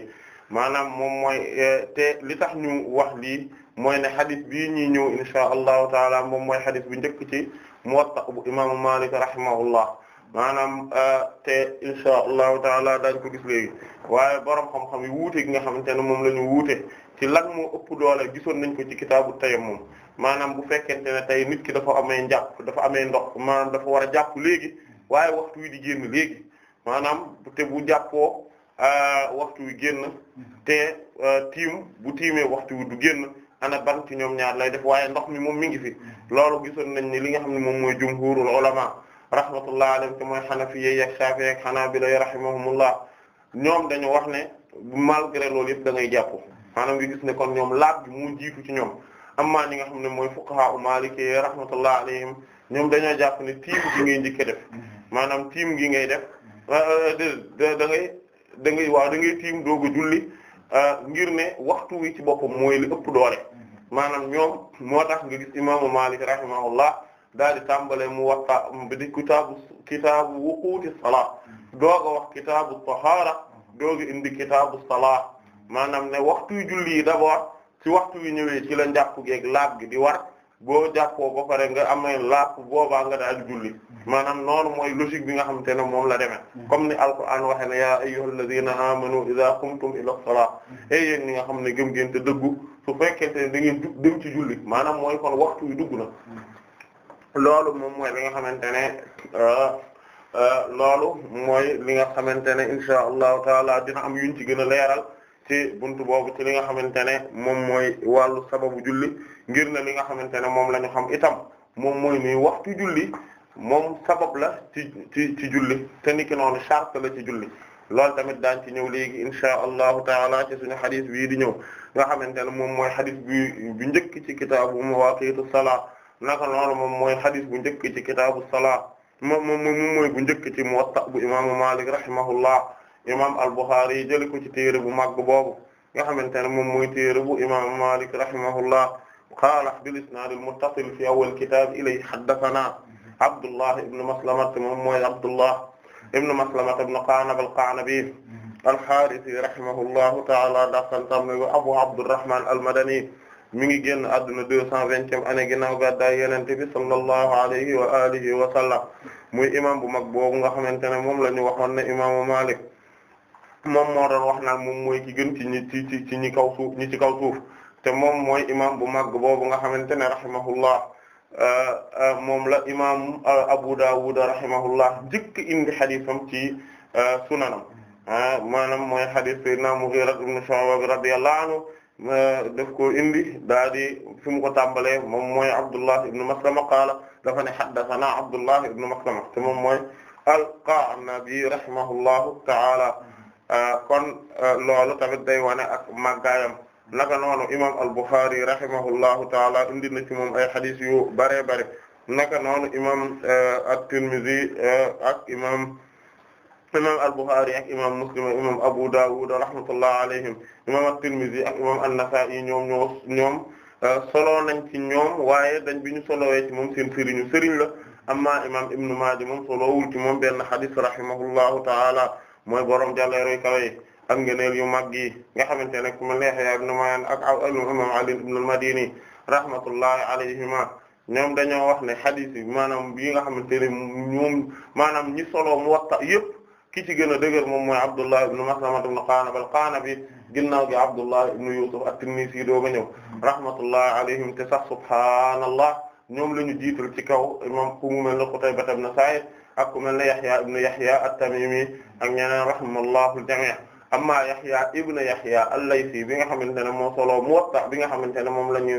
maanaam moom mooy eh, te li tax ñu wax lii mooy ne xadis bii ñuy ñëw insha allahu taala moom mooy xadis bi njëkk ci Muwatta bu imaamu Maalik rahimahullah maanaam euh, te insha allahu taala dañ ko gis léegi waaye borom xam-xam yi wuute gi nga xamante ne moom la ñu wuute ci lan moo ëpp doole gisoon nañ ko ci kitaabu tayammum maanaam bu fekkente ne tey nit ki dafa amee njàpp dafa amee ndox maanaam dafa war a jàpp léegi waaye waxtu wi di génn léegi maanaam te bu jàppoo euh, waxtu wi génn te euh, tiim bu tiimee waxtu wi génn ana ban ci ñoom ñaar lay def waaye ndox moom mi ngi loolu gisoon nañ ni li nga xam ne moom mooy jumhurul ulama rahmatullah alayhim te mooy xanafiye yak saafi yak xanaabila rahimahumullah ñoom dañu wax ne malgré loolu yëpp da ngay jàpp maanaam nga gis ne kon ñoom laab bi mu jiitu ci ñoom amma ñi nga xam ne mooy fuqaha u maliki rahmatullah alayhim ñoom dañoo jàpp ne tiim gi ngay njëkk def maanaam tiim gi ngay def euh, euh, da da ngay waaw da ngay tiim doog a julli euh, ngir ne waxtu wi ci boppam mooy li ëpp doole maanaam ñoom moo tax nga gis imaamu Maalik rahimahullah daal di tàmbale mu waxta bi di kitaabu kitaabu wuquuti salaat doog a wax kitaabu tahaara doog a indi kitaabu salaat maanaam ne waxtu julli yi d'abord ci waxtu wi ñëwee ci la njàpp geeg laab gi di war boo jàppoo ba pare nga amee laab boobaa nga daal di julli maanaam noonu mooy logique bi nga xamante ne moom la demee comme ni alquran waxe ne yaa ayyuhal ladina amanu idha qumtum ila salaat ay yéen ñi nga xam ne gëm ngeen te dëggu su fekkente ne da ci julli maanaam mooy kon waxtu loolu moom mooy li nga xamante ne euh, euh, loolu mooy li nga xamante ne insha allahu taala dina am yuñ ci gën a leeral ci bunt boobu ci li nga xamante ne moom mooy wàllu sababu julli ngir ne li nga xamante ne moom la xam itam moom mooy ni waxtu julli moom sabab la ci ci ci julli te niki noonu charte la ci julli loolu tamit daan ci ñëw léegi insha allahu taala ci suñu xadis bii di ñëw nga xamante ne moom mooy xadis bi bu njëkk ci kitaabu mawaqitu salaa naka noonu moom mooy xadis bu njëkk ci kitaabu salaa moom moom mooy bu njëkk ci Muwatta bu imaamu Maalik al-Bukhari yi jëli ko ci téere bu màgg boobu nga xamante ne moom mooy téere bu imaamu Maalik rahimahullah qaala bil isnaad al-muttasil fi awwal kitaab ilayhi haddathanaa Abdullah ibn Maslama moom mooy Abdullah ibn Maslama ibn Qa'nab al-Qa'nabi al-Haarisi rahimahullahu ta'aala dafan tam Abu Abdurrahmaan al-Madani mi ngi génn adduna deux cent vingtième année ginnaaw gàddaay yonent bi sallallahu alayhi wa alihi wa sallam muy imam bu mag boobu nga xamante ne moom la ñu waxoon ne imaamu Malik moom moo doon wax naan moom mooy ki gën ci ñi ci ci ñi kaw ci kaw suuf te moom mooy imam bu mag boobu nga xamante ne rahimahullah euh, euh, moom la imam euh, Abu Dawud rahimahullah njëkk indi xadisam ci sunanam ah, maanaam mooy xadis sayyidina Mughira ibn Shu'ba radiyallahu anhu daf ko indi daal di fi mu ko tàmbalee moom mooy Abdullah ibn Maslama qaala dafa ne haddathana Abdullah ibn Maslama te moom mooy al-Qa'nabi rahimahullahu ta'ala kon loolu tamit day wane ak màggaayam naka noonu imam al-Bukhari rahimahullahu ta'ala indi na ci moom ay hadith yu bare bare naka noonu imam eh, at-Tirmidhi eh, ak imam imam al-Bukhari ak imam Muslim ak imam Abu Dawud rahmatullah alayhim imam at-Tirmidhi ak imam an-Nasa'i ñoom ñoo ñoom euh, solo nañ ci ñoom waaye dañ bi ñu solowee ci moom seen sëriñu la amma imam Ibn Maaja moom solowul ci moom benn hadith rahimahullahu ta'ala mooy borom jàlleeroy kawe ak ngëneel yu mag yi nga xamante ne ku mel ne Yahya ibn Ma'in ak imam Ali ibn al-Madini rahmatullahi alayhima ñoom dañoo wax ne hadith yi maanaam bi nga xamante ne moom maanaam ñi solo Muwatta ki ci gën a dëgër moom mooy Abdullah ibn Maslama ibn Qanab al-Qanabi ginnaaw gi Abdullah ibn Yusuf at-Tinnisi doo nga ñëw rahmatullahi alayhim te sax subhaanallah ñoom la ñu jiital ci kaw imam ku mu mel ne Qutayba ibn Sa'id ak ku mel ne Yahya ibn Yahya at-Tamimi ak ñeneen rahimallahu al-jami' amma Yahya ibn Yahya al bi nga xamante ne moo solo Muwatta bi nga xamante ne moom la ñu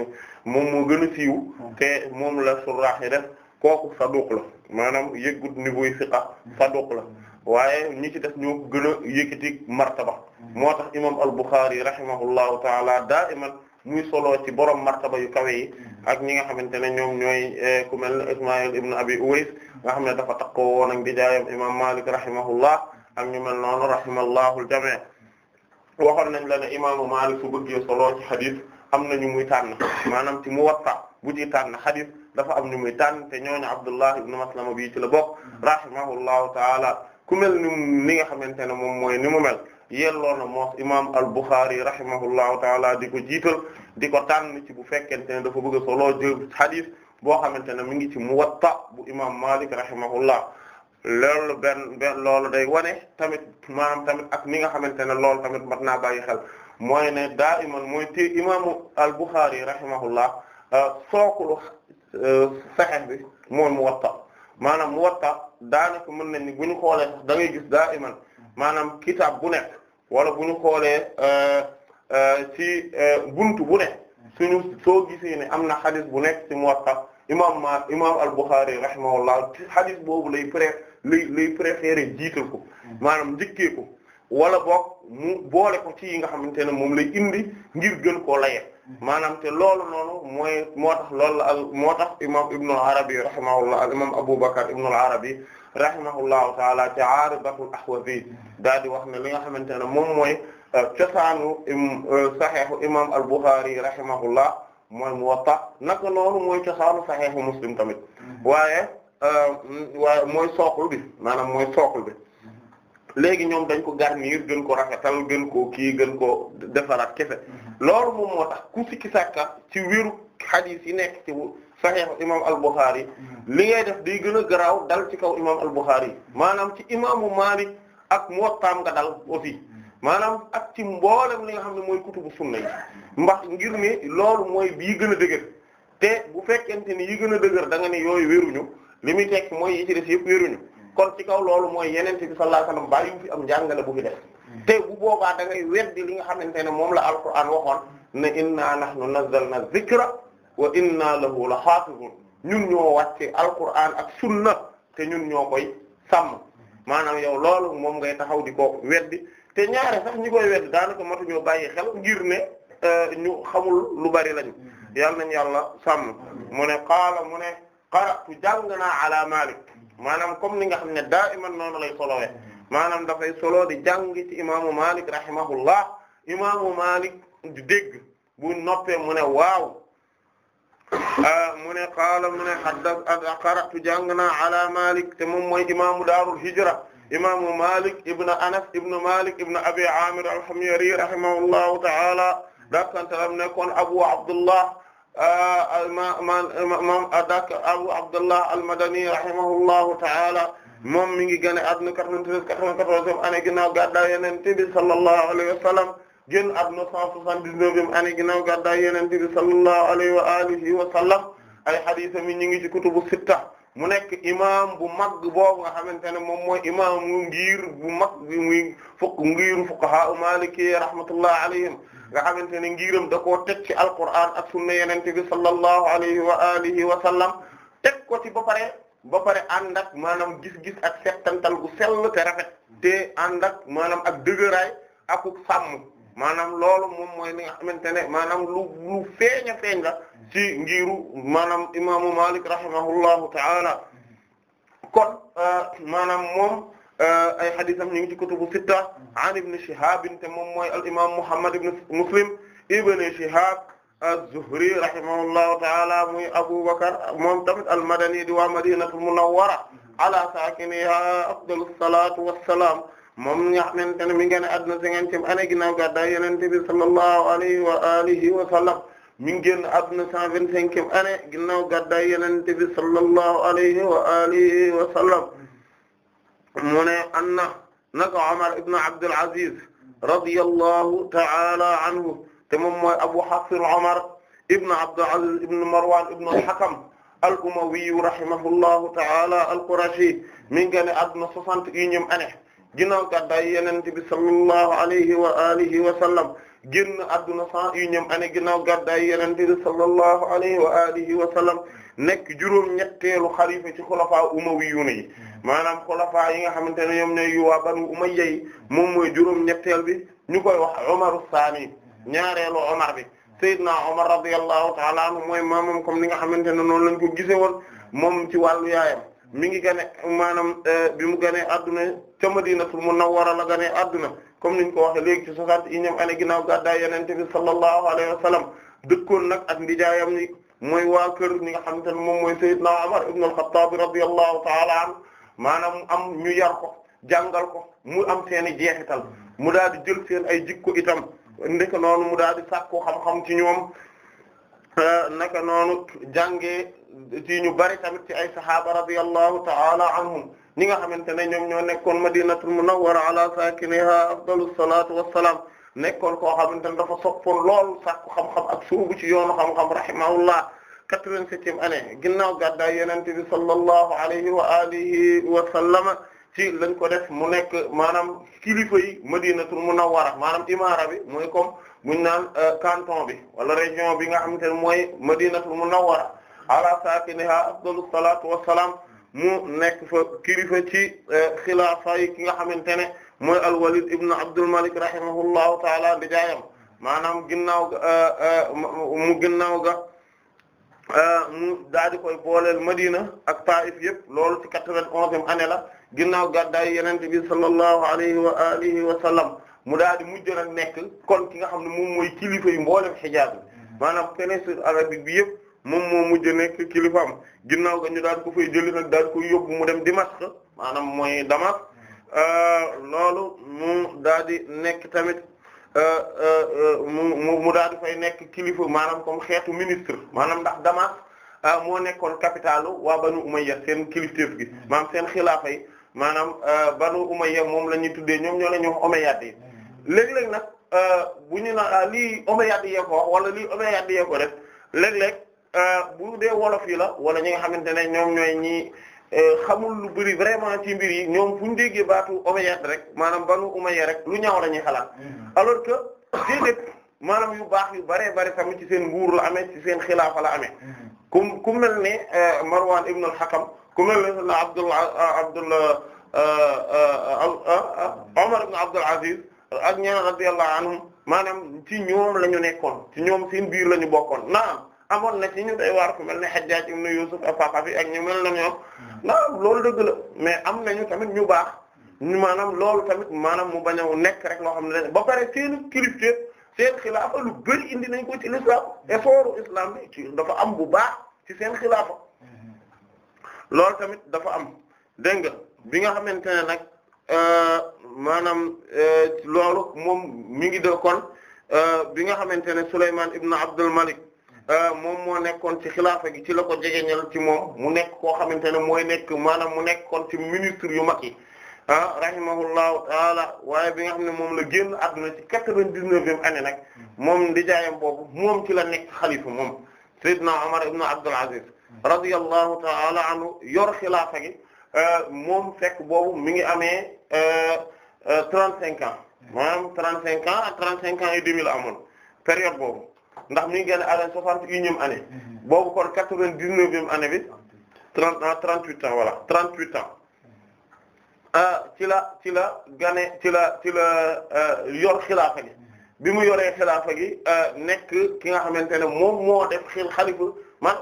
moom moo gën a siiw te moom la surraax yi def kooku saduq la maanaam yëggut niveau yi siqa la waaye ñi ci def ñoo ko gën a yëkkati martaba moo tax imam al-Bukhari rahimahullahu taala daiman muy solo ci borom martaba yu kawe yi ak ñi nga xamante ne ñoom ñooy e, ku mel ne Ismaïl ibn Abi Uways nga xam ne dafa takkoo woon ak di jaayam imam Malik rahimahullah ak ñu mel noonu rahimallahu al-jami' waxoon nañ la ne imaamu Malik su bëggee solo ci xadis am na ñu muy tànn maanaam ci Muwatta bu ci tànn xadis dafa am ñu muy tànn te ñooñu Abdullah ibn Maslama bii ci la bokk mm-hmm. rahimahullahu ku mel ni ni nga xamante ne moom mooy ni mu mel yelloo na moos imam al Bukhari rahimahullahu taala di ko jiital di ko tànn ci bu fekkente ne dafa bëgg a soloo jël hadith boo xamante ne mu ngi ci Muwatta bu imam Malik rahimahullah loolu benn benn loolu day wane tamit maanaam tamit ak ni nga xamante ne loolu tamit mat naa bàyyi xel mooy ne daa iman mooy te imaamu al Bukhari rahimahullah euh, sookulu euh, saxex bi mooy Muwatta maanaam Muwatta daanaka mën nañ ni bu ñu xoolee da ngay gis daa iman maanaam kitaab bu nekk wala bu ñu xoolee euh, euh, ci euh, buntu bu nekk suñu soo gisee ne am na xadis bu nekk ci Muwatta imaam ma imaam al-Bukhari rahimahullah xadis boobu lay pré lay lay préféré jiital ko maanaam njëkkee ko wala boog mu boole ko ci yi nga xamante ne moom lay indi ngir gën koo laye maanaam te loolu noonu mooy moo tax loolu la moo tax imam ibnu al-Arabi rahimahullah al imam Abu Bakr ibnu al-Arabi rahimahullahu taala ci Aaridatul Ahwazi daal di wax ne li nga xamante ne moom mooy euh, cosaanu euh, saxiixu imam al-Bukhari rahimahullah mooy Muwatta naka noonu mooy cosaanu saxiixu Muslim tamit mm-hmm. waaye euh, waaye mooy sookul bi maanaam mooy sookul bi léegi ñoom dañ ko garnir gën ko rafetal gën ko kii gën ko defaraat kefe mhm. loolu moom moo tax ku sikki sàkka ci wéru xadiis yi nekk ci Sahih imam al-Bukhari mhm. li ngay def day gën a garaaw dal ci kaw imam al-Bukhari maanaam ci imaamu Malik ak Muwattaam nga dal aussi mhm. maanaam ak ci mboolem li nga xam ne mooy kutubu sunna yi mbax ngir ni loolu mooy bii gën a dëgër te bu fekkente ni yi gën a dëgër da nga ne yooyu wéruñu li muy tekk mooy yi ci def yëpp wéruñu kon ci kaw loolu mooy yeneen bi sallallahu alayhi wasallam fi am njàngale bu fi def hmm. te bu boobaa dangay ngay weddi li nga xamante ne moom la alquran waxoon ne inna nahnu nazzalna zikra wa inna lahu la hafizun ñun ñoo wàcce alquran ak sunna te ñun ñoo koy sàmm hmm. maanaam yow loolu moom ngay taxaw di ko weddi te ñaare sax ñi koy weddi ko matuñoo bàyyi xel ngir ne euh, ñu xamul lu bari lañu hmm. yal nañ yàlla sàmm mu ne qaala mu ne qara'tu jàng naa ala Malik maanaam comme ni nga xam ne daa iman noonu lay solowee maanaam dafay solo di jàng ci imaamu Malik rahimahullah imaamu Malik di dégg bu noppee mu ne waaw ah, mu ne qaala mu ne haddatha qara'tu jàng naa ala Malik te moom mooy imaamu daarul hijra imaamu Malik ibn Anas ibn Malik ibn Abi Amir al-Hamyari rahimahullahu ta'ala dakantalam nekkoon Abu Abdullah maam dak Abu Abdullah al-Madani rahimahullahu ta'ala moom mi ngi gane adduna 93 94 année ginnaaw gàddaay Yonent bi sallallahu alayhi wa sallam génn adduna 179 année ginnaaw gàddaay Yonent bi sallallahu alayhi wa alihi wa sallam ay hadiisam yi ñu ngi ci kutubu sitta mu nekk imaam bu mag boobu nga xamante ne moom mooy imaam mu ngir bu mag bi muy fukk ngiru fuqaha Maliki rahmatullahi alayhim nga xamante ne ngiram da ko teg ci alquran ak sunna yenente bi sallallahu alayhi wa alihi wa sallam teg ko ci ba pare ba pare ànd ak maanaam gis-gis ak settantal gu sell te rafet te ànd ak maanaam ak dëgëraay akuk sàmm maanaam loolu moom mooy li nga xamante ne maanaam lu lu feeñ a feeñ la maanaam imaamu Malik rahimahullahu taala kon euh, maanaam moom Euh, ay hadisam ñu ngi ci kutubu sitta an ibn Shihab te moom mooy al imam Muhammad ibn Muslim ibn Shihab az-Zuhri rahimahullahu ta'ala muy Abu Bakr moom tamit al-Madani di waa Madinatul Munawwara ala sakiniha afdalus salatu wassalam moom nga xamante ne mi ngi génn àdduna cinquantième année ginnaaw gàddaay Yonent bi sallallahu alayhi wa alihi wa sallam mi ngi génn àdduna cent vingt-cinquième année ginnaaw gàddaay Yonent bi sallallahu alayhi wa alihi wa sallam mu ne anna naka Umar ibn Abdul Aziz radiyallahu ta'ala anhu te moom mooy Abu Hafs Umar ibn Abdul Aziz ibn Marwan ibn al-Hakam al-Umawi rahimahullahu ta'ala al-Qurashi mi ngi ne adduna soixante et unième année ginnaaw gàddaay Yonent bi sallallahu alayhi wa alihi wa sallam génn adduna cent et unième année ginnaaw gàddaay Yonent bi sallallahu alayhi wa alihi wa sallam nekk juróom ñetteelu xalifa ci xulafaa umawiyuuna yi maanaam xulafaa yi nga xamante ne ñoom ñooy yu waa Banu Umayya yi moom mooy juróom ñetteel bi ñu koy wax Umaru Saani ñaareelu Umar bi Seydina Umar radiyallahu ta'ala anhu mooy maamam comme ni nga xamante ne noonu lañ ko gise woon moom ci wàllu yaayam mi ngi gane maanaam euh, bi mu gane adduna ca Madinatul Munawwara la gane adduna comme niñ ko waxe léegi ci soixante et unième année ginnaaw gàddaay Yonent bi sallallahu alayhi nag ak ndijaayam ni mooy waa kër ñi nga xamante ne moom mooy Seydina Umar ibn al-Khattab radiyallahu ta'ala maanaam am ñu yar ko jàngal ko mu am seen i jeexital mu daal di jël seen ay jikko itam ndeke noonu mu daal di sàkku xam-xam ci ñoom euh, naka noonu jàngee ci ñu bari tamit ci ay sahaaba radiyallahu ta'ala anhum ñi nga xamante ne ñoom ñoo nekkoon madinatul munawwara ala sakiniha afdalus salatu wassalam nekkoon koo xamante ne dafa soppoon lool sàkku xam-xam ak suubu ci yoonu xam-xam rahimahullah quatre-vingt-septième année ginnaaw gàddaay yonent bi sallallahu alayhi wa alihi wa sallama ci lañ ko def mu nekk maanaam kilifa yi Madinatul Munawwara maanaam imaara bi mooy comme mu naan euh, canton bi wala région bi nga xamante ne mooy Madinatul Munawwara ala saakiniha afdalus salaatu wassalaam mu nekk fa kilifa ci euh, xilaafa yi ki nga xamante ne mooy al-Walid ibn Abdul Malik rahimahullahu taala di jaayam maanaam ginnaaw ga euh, mu ginnaaw ga Euh, mu daal di koy booleel Madina ak Taif yëpp loolu ci quatre-vingt-onzième année la ginnaaw gàddaay Yonent bi sallallahu alayhi wa alihi wa sallam mu daal di mujj nag nekk kon ki nga xam ne moom mooy kilifa yu mboolem Hijaaz maanaam péninsule arabique bi yëpp moom moo mujj nekk kilifaam ginnaaw ga ñu daal ko fay jëli nag daal koy yóbbu mu dem Dimashq maanaam mooy dama euh, loolu mu daal di nekk tamit. Euh, euh, euh, mu mu daal di fay nekk kilifa maanaam comme xeetu ministre maanaam ndax Damas moo nekkoon capitalu waa Banu Umayya seen kilifteef gi maanaam seen xilaafa yi maanaam Banu Umayya moom la ñuy tuddee ñoom ñoo la ñuy wax Omeyyade léeg-léeg nag bu ñu na ah, lii Omeyyade yee wax wala lii Omeyyade yee ko léeg-léeg bu dee wolof yi la wala ñi nga xamante ne ñoom ñooy ñii Eh, xamul lu bëri vraiment ci mbir yi ñoom fu ñu déggee baatu Umayyad rek maanaam banu Umayya rek lu ñaaw lañuy xalaat mm-hmm. alors que déedéet maanaam yu baax yu baree bari tamit ci seen nguur la amee ci seen xilaafa la amee mm-hmm. ku ku mel ne eh, Marwan ibn al-Hakam ku mel ne Abdullah eh, Abdullah Umar ibn Abdul Aziz ak ñeneen radiyallahu anhum maanaam ci ñoom la ñu nekkoon ci ñoom seen biir la ñu bokkoon naam amoon na ci ñu day waar ku mel ne Hajjaj ibn Yusuf al-Faqafi ak ñu mel na ñoom non hmm. loolu dëgg la mais am nañu tamit ñu baax ñu hmm. maanaam loolu tamit maanaam mu bañ a nekk rek loo xam ne ba pare seen culture seen xilaafa lu bëri indi nañ ko ci l'islam hmm. effortu islam dafa am bu baax ci seen xilaafa loolu tamit dafa am dégg bi nga xamante ne nag euh, maanaam euh, loolu moom mi ngi de euh, bi nga xamante ne Souleymane ibn Abdul Malik Euh, moom moo nekkoon ci xilaafa gi ci la ko jegeñal ci moom mu nekk koo xamante ne mooy nekk maanaam mu nekkoon ci ministre yu mag yi ah rahimahullahu taala waaye bi nga xam ne moom la génn àdduna ci quatre-vingt-dix-neuvième année nag moom ndijaayam boobu moom ci la nekk xalifa moom Seydina Omar ibn Abdul Aziz radiyallahu taala anhu yor xilaafa gi euh, moom fekk boobu mi ngi amee euh, trente-cinq ans maanaam trente-cinq ans ak trente-cinq ans et amoon période boobu ndax mi ngi génn année soixante et unième année boobu kon quatre-vingt-dix-neuvième année bi trente ans ah, trente-huit ans voilà trente-huit ans mhm. euh, ci la ci la gane ci la ci la euh, yor xilaafa gi mhm. bi mu yoree xilaafa gi euh, nekk ki nga xamante ne moom moo def xil xalifa man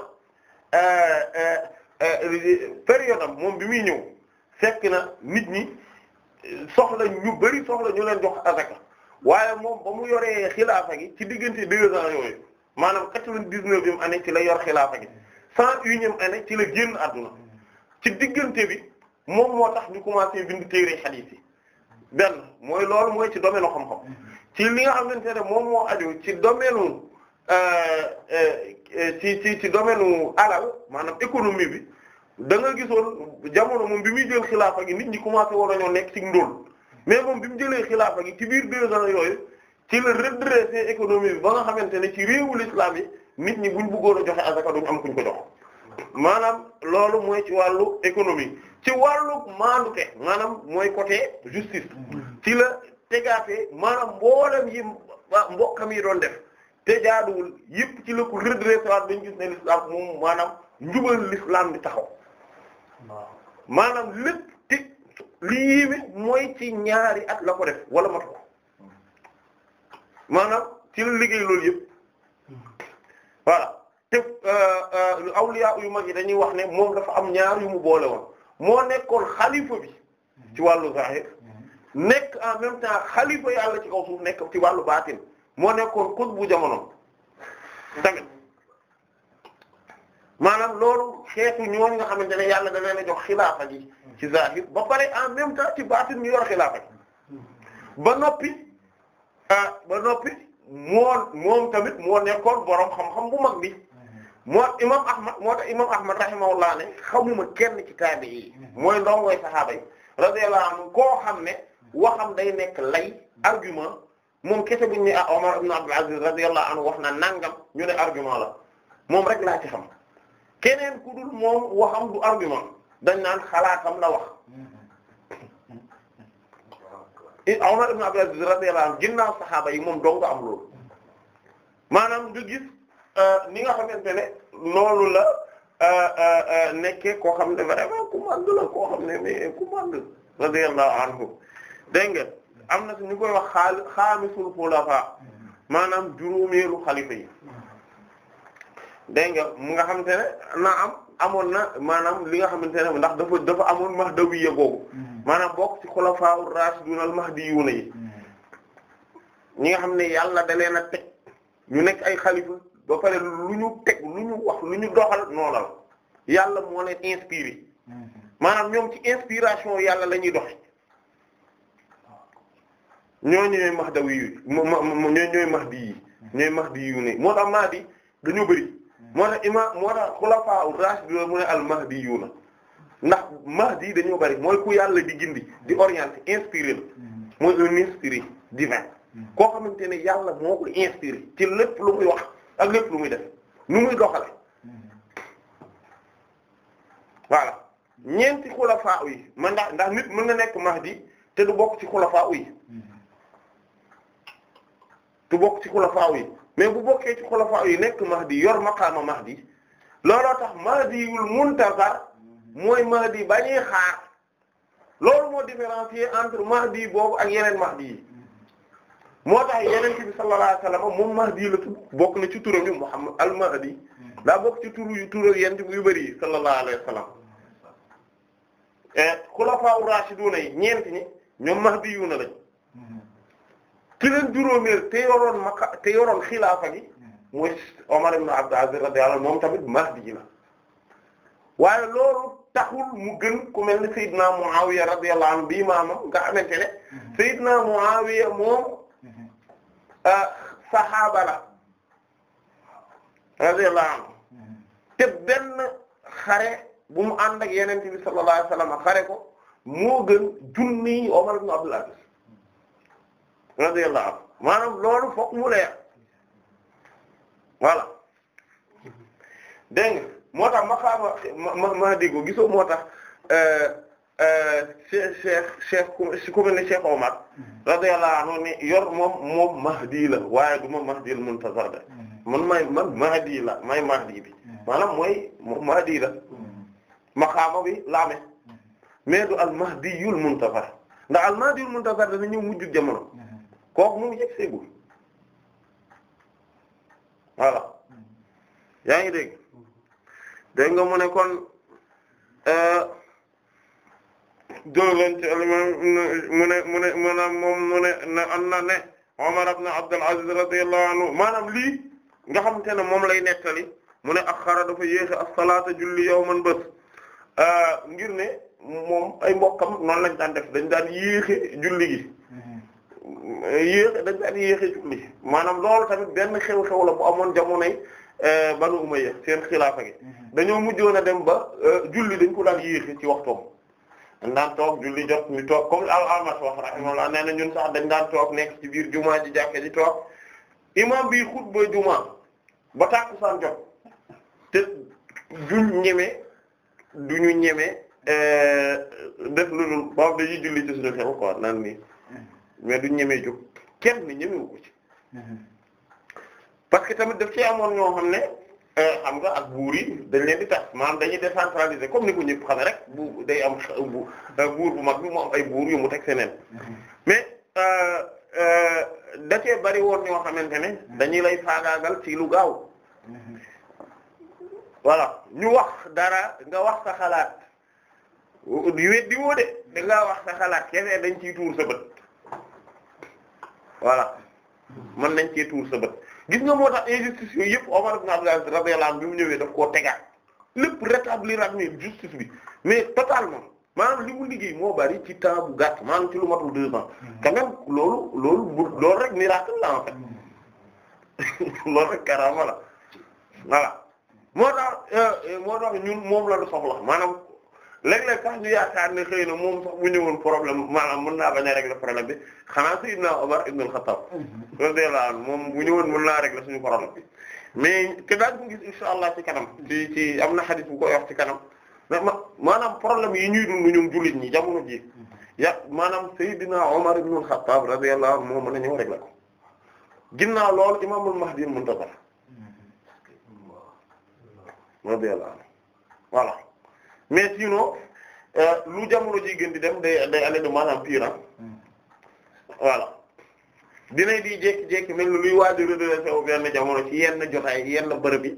période am moom bi muy ñëw fekk na nit ñi soxla ñu bari soxla ñu leen jox azaka waaye moom ba mu yoree xilaafa gi ci diggante deux ans yooyu maanaam quatre-vingt-dix-neuvième année ci la yor xilaafa gi cent unième année ci la génn àdduna ci diggante bi moom moo tax ñu commencé bind téere xadiis yi benn mooy loolu mooy ci domaine xam-xam ci li nga xamante ne moom moo aju ci domaine euh, euh, ci ci ci domaine alal maanaam économie bi da nga gisoon jamono moom bi muy jël xilaafa gi nit ñi commencé war a ñoo nekk ci ndóol mais moom bi mu jëlee xilaafa gi ci biir biir ans yooyu ci la redresser économie bi ba nga xamante ne ci réewu l'islam yi nit ñi buñ bëggoon a joxe azaka duñ am kuñ ko jox maanaam loolu mooy ci wàllu économie ci wàllu maandute maanaam mooy côté justice ci la tegaatee maanaam mboolem yi mbokkam yi doon def te jaaduwul yëpp ci la ko redresser waat dañ gis ne l'islam moom maanaam njubal l'islam bi taxaw maanaam lépp lii yéeme mooy ci ñaari at la def wala matu ko maanaam ci la liggéey loolu yëpp voilà te euh, euh, awliya yu mag yi dañuy wax ne moom dafa am ñaar yu mu boole woon moo nekkoon xalifa bi ci wàllu zahir nekk en même temps xalifa yàlla ci kaw suuf nekk ci wàllu baatin moo nekkoon xut bu jamono tamit maanaam loolu xeetu ñooñu nga xamante ne yàlla da leen a jox xilaafa gi ci zahir ba pare en même temps ci baatin ñu yor xilaafa gi ba noppi ah ba noppi moo moom tamit moo nekkoon borom xam-xam bu mag bi moo imam Ahmad moo tax imam Ahmad rahimahullah ne xamuma kenn ci taabi yi mooy ndongoy sahaaba yi radiyallahu anhu koo xam ne waxam day nekk lay argument moom kese buñ ne ah Umar ibn Abdul Aziz radiyallahu anhu wax na nangam ñu ne argument la moom rek laa ci xam keneen ku dul moom waxam du argument dañ naan xalaatam la wax Umar ibn Abdul Aziz radiyallahu anhu ginnaaw saxaaba yi moom dong am loolu maanaam nga gis euh, ni nga xamante ne loolu la euh, euh, nekke koo xam ne vraiment commande la koo xam ne mais commande radiyallahu anhu dégg nga am na ñu koy wax xaal xaamisul xulafa maanaam juróomeelu xalifa yi dégg nga mu nga xamante ne naa am amoon na maanaam li nga xamante ne ndax dafa dafa amoon mahdawiyya googu mm-hmm. maanaam bokk ci xulafaa ar-raashidun al-mahdiyuun yi mm-hmm. ñi nga xam ne yàlla da na a teg ñu nekk ay xalifa ba pare lu ñu teg lu ñu wax lu ñu doxal noonu yàlla moo leen inspiré mm-hmm. maanaam ñoom ci inspiration yàlla la ñuy doxe ñooñu ñooy mahdawi yi ñooy mahdi yi ñooy mahdi yu ne moo tax mahdi dañoo bëri moo tax imaam moo tax xulafaa raashidun mu ne al-mahdiyuuna ndax mahdi dañoo bari mooy ku yàlla di gindi di orienté inspiré la mm-hmm. mooy un divin mm-hmm. koo xamante ne yàlla moo ko inspiré ci lépp lu muy wax ak lépp lu muy def nu muy doxale mm-hmm. voilà ñeenti xulafaa yi man ndax ndax nit mën nga nekk mahdi te du bokk ci xulafaa yi du bokk ci xulafaa yi mais bu bokkee ci xulafa yi nekk mahdi yor maqaama mahdi looloo tax mahdiyul muntazar mooy mahdi ba ñuy xaar loolu moo différencier entre mahdi boobu ak yeneen mahdi yi moo tax yeneen bi sallallahu alayhi wasallam moom mahdi la bokk na ci turam yi Muhammad al mahdi daa bokk ci turu yu turu yenn yu bëri yi sallallahu alayhi wasallam xulafa ur-rashiduna yi ñeent ñi ñoom mahdiyuna lañ keneen juróomeel te yoroon maka te yoroon xilaafa gi mooy Omar ibn Abd Aziz radiyallahu anhu moom Mahdi la waaye loolu taxul mu gën ku mel ni Seydina Muawiya radiyallahu anhu bii maamam nga xamante ne mhm. Seydina Muawiya moom mhm. ah, saxaaba la radiyallahu anhu mhm. te benn xare bu mu ànd ak Yonent bi sallallahu alayhi wasallam xare ko moo gën junni Omar ibn Abdul radiyallahu anhu maanaam loolu fokk mu leer voilà dégg moo tax ma xaama ma déggo gisoo moo tax euh, euh, cheikh cheikh cheikh ku mel ne Cheikh Omar radiyallahu anhu ne yor moom moom mahdi la waaye du ma mahdi al muntazar da man may man mahdi la may mahdi bi maanaam mooy mahdi la maxaama bi laame mais du al mahdiyul muntazar ndax al mahdiyul muntazar dana ñëw mujj jamono kooku moom yegg seegul voilà yaa ngi dégg dégg nga mu ne kon euh, dóor leen ci alimam mu ne mu ne mu ne moom mu ne ne na ne Umar Aziz radiyallahu anhu maanaam lii nga xamante ne moom lay nettali mu ne axara dafa yéexe as-salaata julli yawman bés euh, ngir ne moom ay mbokkam noonu lañ daan def dañ daan yéexe julli gi yéex dañ daan yéexee julli maanaam loolu tamit benn xew-xew la bu amoon jamonoy eh, Banu Umayya seen xilaafa gi mhm. dañoo mujjoon a dem ba eh, julli dañ ko daan yéexee ci waxtoom dañ daan toog julli jot ñu toog comme al-Amash wax rahimahullah nee na ñun sax dañ daan toog nekk ci biir jumaa ji jàkke ji toog imam bi xutba jumaa ba tàkkusaan jot te duñ ñeme duñu ñeme eh, def lu dul boobu dañuy julli ci suñu xew quoi naan mais duñ ñemee jóg kenn ñemewu ko ci mhm. parce que tamit daf ci amoon ñoo xam ne euh, xam nga ak buur yi dañ leen di tax maanaam dañuy décentraliser comme ni ko ñëpp xamee rek bu day am bu euh, buur bu mag bi mu am ay buur yu mu teg seneen mhm. mais euh, da bari woon ñu ñoo xamante ne mhm. dañuy lay faagaagal ci lu gaaw voilà ñu wax dara nga wax sa xalaat weddi woo de da ngaa wax sa xalaat keneen dañ ciy tuur sa bët voilà mën nañ cee tuur sa bët gis nga moo tax injustice yooyu yëpp Omar ibn Abdul Aziz radiyallahu anhu bi mu ñëwee daf koo tegaat lépp rétablir ak mi justice bi mais totalement maanaam li mu liggéey moo bari ci temps bu gàtt maanaam ci lu matul deux ans hmm. quand même loolu loolu bu loolu rek miracle la en hmm. (laughs) loolu rek karama la voilà moo tax euh, euh, moo tax ñun moom la du soxla maanaam léeg-léeg sax ñu yaakaar ne xëy na moom sax bu ñëwoon problème maanaam mën naa bañ a régler problème bi xanaa Sayyidna Umar ibn al-Khattab radiyallahu anhu moom bu ñëwoon mën naa régler suñu problème bi mais te daal ko gis insha ci kanam ci ci am na xadis bu ko wax ci kanam maanaam problème yi ñuy dund ñoom jullit ñi jamono ji ya maanaam Sayyidna Umar ibn al-Khattab radiyallahu anhu moom mën na ñëw régler ko ginnaaw loolu imaamul Mahdi muntazar mm-hmm. radiyallahu anhu voilà mais sinon euh, lu jamono ji gën di dem day day année de maanaam pire ah. hmm. voilà dinañ di jékki-jékki mel ni luy waaj a redresser wu benn jamono ci yenn jotaay yenn bërëb yi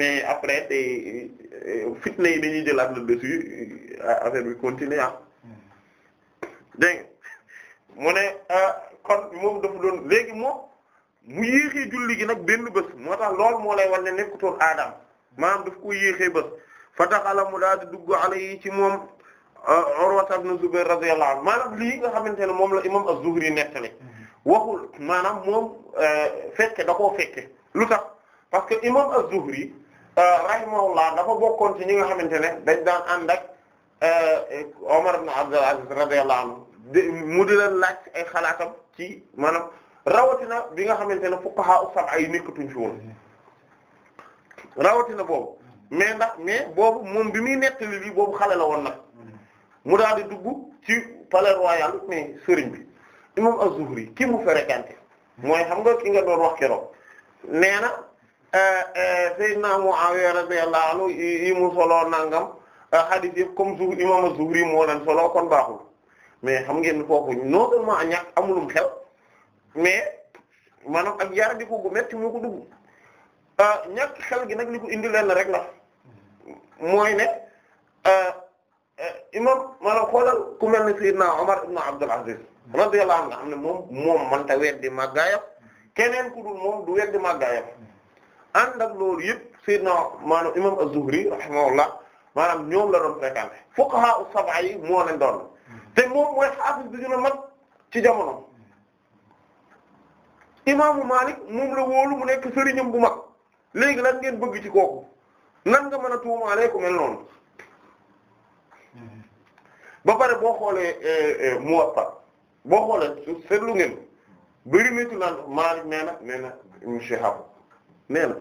euh, yi dañuy jëlaat euh, affaire bi continuer ah hmm. dégg mu ne kon moom dafa doon léegi moom mu yéexee julli gi nag benn bés moo tax loolu moo lay wan ne nekkutoon aadam maanaam daf ko yéexee bés. fa daxala mu daal di dugg alayhi ci moom uh, a ibn Zubayr radiyallahu maanaam lii nga xamante ne moom la imam az-Zuhri nettali waxul maanaam moom uh, fekke da koo fekke lu tax parce que imam az-Zuhri uh, rahimahullah dafa bokkoon ci ñi nga xamante ne dañ daan ànd ak Umar ibn Abdul Aziz radiyallahu anhu mu di leen laaj ay xalaatam ci maanaam rawatina bi nga xamante ne fuqaha u sab'a ay nekkatuñ fi woon rawatina boobu mais ndax mais boobu moom bi muy nettali lii boobu xale la woon na mu daal di dugg ci paler royal mais sëriñ bi imam az-Zuhri ki mu fréquenté mooy xam nga ki nga doon wax keroog nee na euh, euh, sayyidna Muawiya radiyallahu anhu yi mu soloo nangam euh, hadith yëpp comme Zuhri imam az-Zuhri moo leen soloo kon baaxul mais xam ngeen foofu non seulement ñàkk amulum xel mais maanaam ak yaar di ko gu metti moo ko dugg ñàkk xel gi nag li indi leen rek la mooy ne euh, euh, imam maanaam xoolal ku mel ni Seydina Omar ibn Abdul Aziz radiyallahu am nga xam ne moom moom mënta weddi màggaayam keneen ku dul moom du weddi màggaayam ànd ak loolu yëpp Seydina maanaam imam Az-Zuhri rahimahullah maanaam ñoom la doon fréquenté fuqaha as-sab'a yi doon te moom mooy xaafis bi gën a ci jamono imaamu Maalik moom la wóolu mu nekk sëriñam bu mag léegi lan ngeen bëgg ci kooku nan nga mën a tuumaalee ku mel noonu ba pare boo xoolee eh, eh, Muwatta boo xoolee su seetlu ngeen bëri mee naan Maalik nee na nee na Ibn Shihab nee na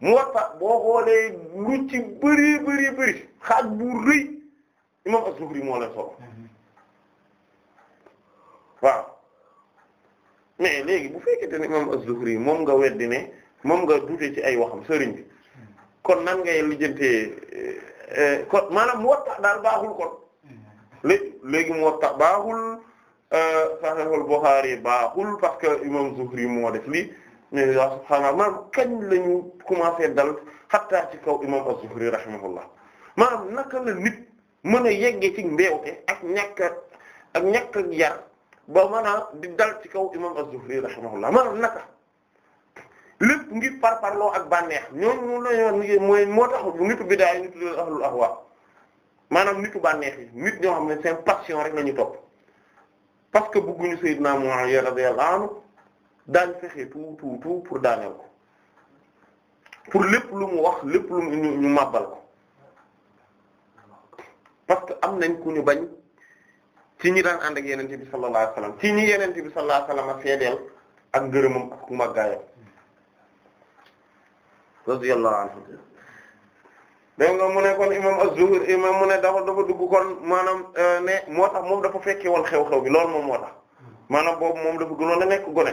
Muwatta boo xoolee lu ci bëri bëri bëri xaaj bu rëy imam az moo leen solo waaw mais léegi bu fekkente ne imam Az-Zuhri moom nga weddi ne moom nga dute ci ay waxam sëriñ bi kon nan ngay lijjantee eh, eh, kon maanaam Muwatta daal baaxul kon mm-hmm. léegi léegi Muwatta baaxul eh, Sahihul Bukhari baaxul parce que imam Zuhri moo def lii mais yaa subhaanallah maanaam kañ lañu ñu commencé dal xattaa ci kaw imam Az-Zuhri rahimahullah maanaam naka la nit mën a yeggee ci mbeewte ak ñàkk ak ñàkk ak yar ba maanaam di dal ci kaw imam Az-Zuhri rahimahullah maanaam naka. lépp ngir par parloo ak bànneex ñooñu ñun dañoo mooy moo tax nitu biddaa yi ñu tuddee ahlul ahwa maanaam nitu bànneex yi nit ñoo xam ne seen passion rek la ñu topp parce que bëgguñu Sayyidna Muawiya radiyallahu anhu pour daaneel ko lépp lu mu wax lépp lu ñu ñu màbbal ko parce que am nañ ku ñu bañ ci ñi daan ànd ak Yonent bi sallallahu alayhi wasallam ci ñi Yonent bi sallallahu alayhi wasallam a ak ngërëmam ak màggaayam radiyallahu anhu dégg nga mu ne kon imam az-Zuhri imam mu dafa dugg kon maanaam euh, ne moo tax moom dafa fekkee woon xew-xew bi loolu moom moo tax maanaam boobu moom dafa gënoon a nekk gone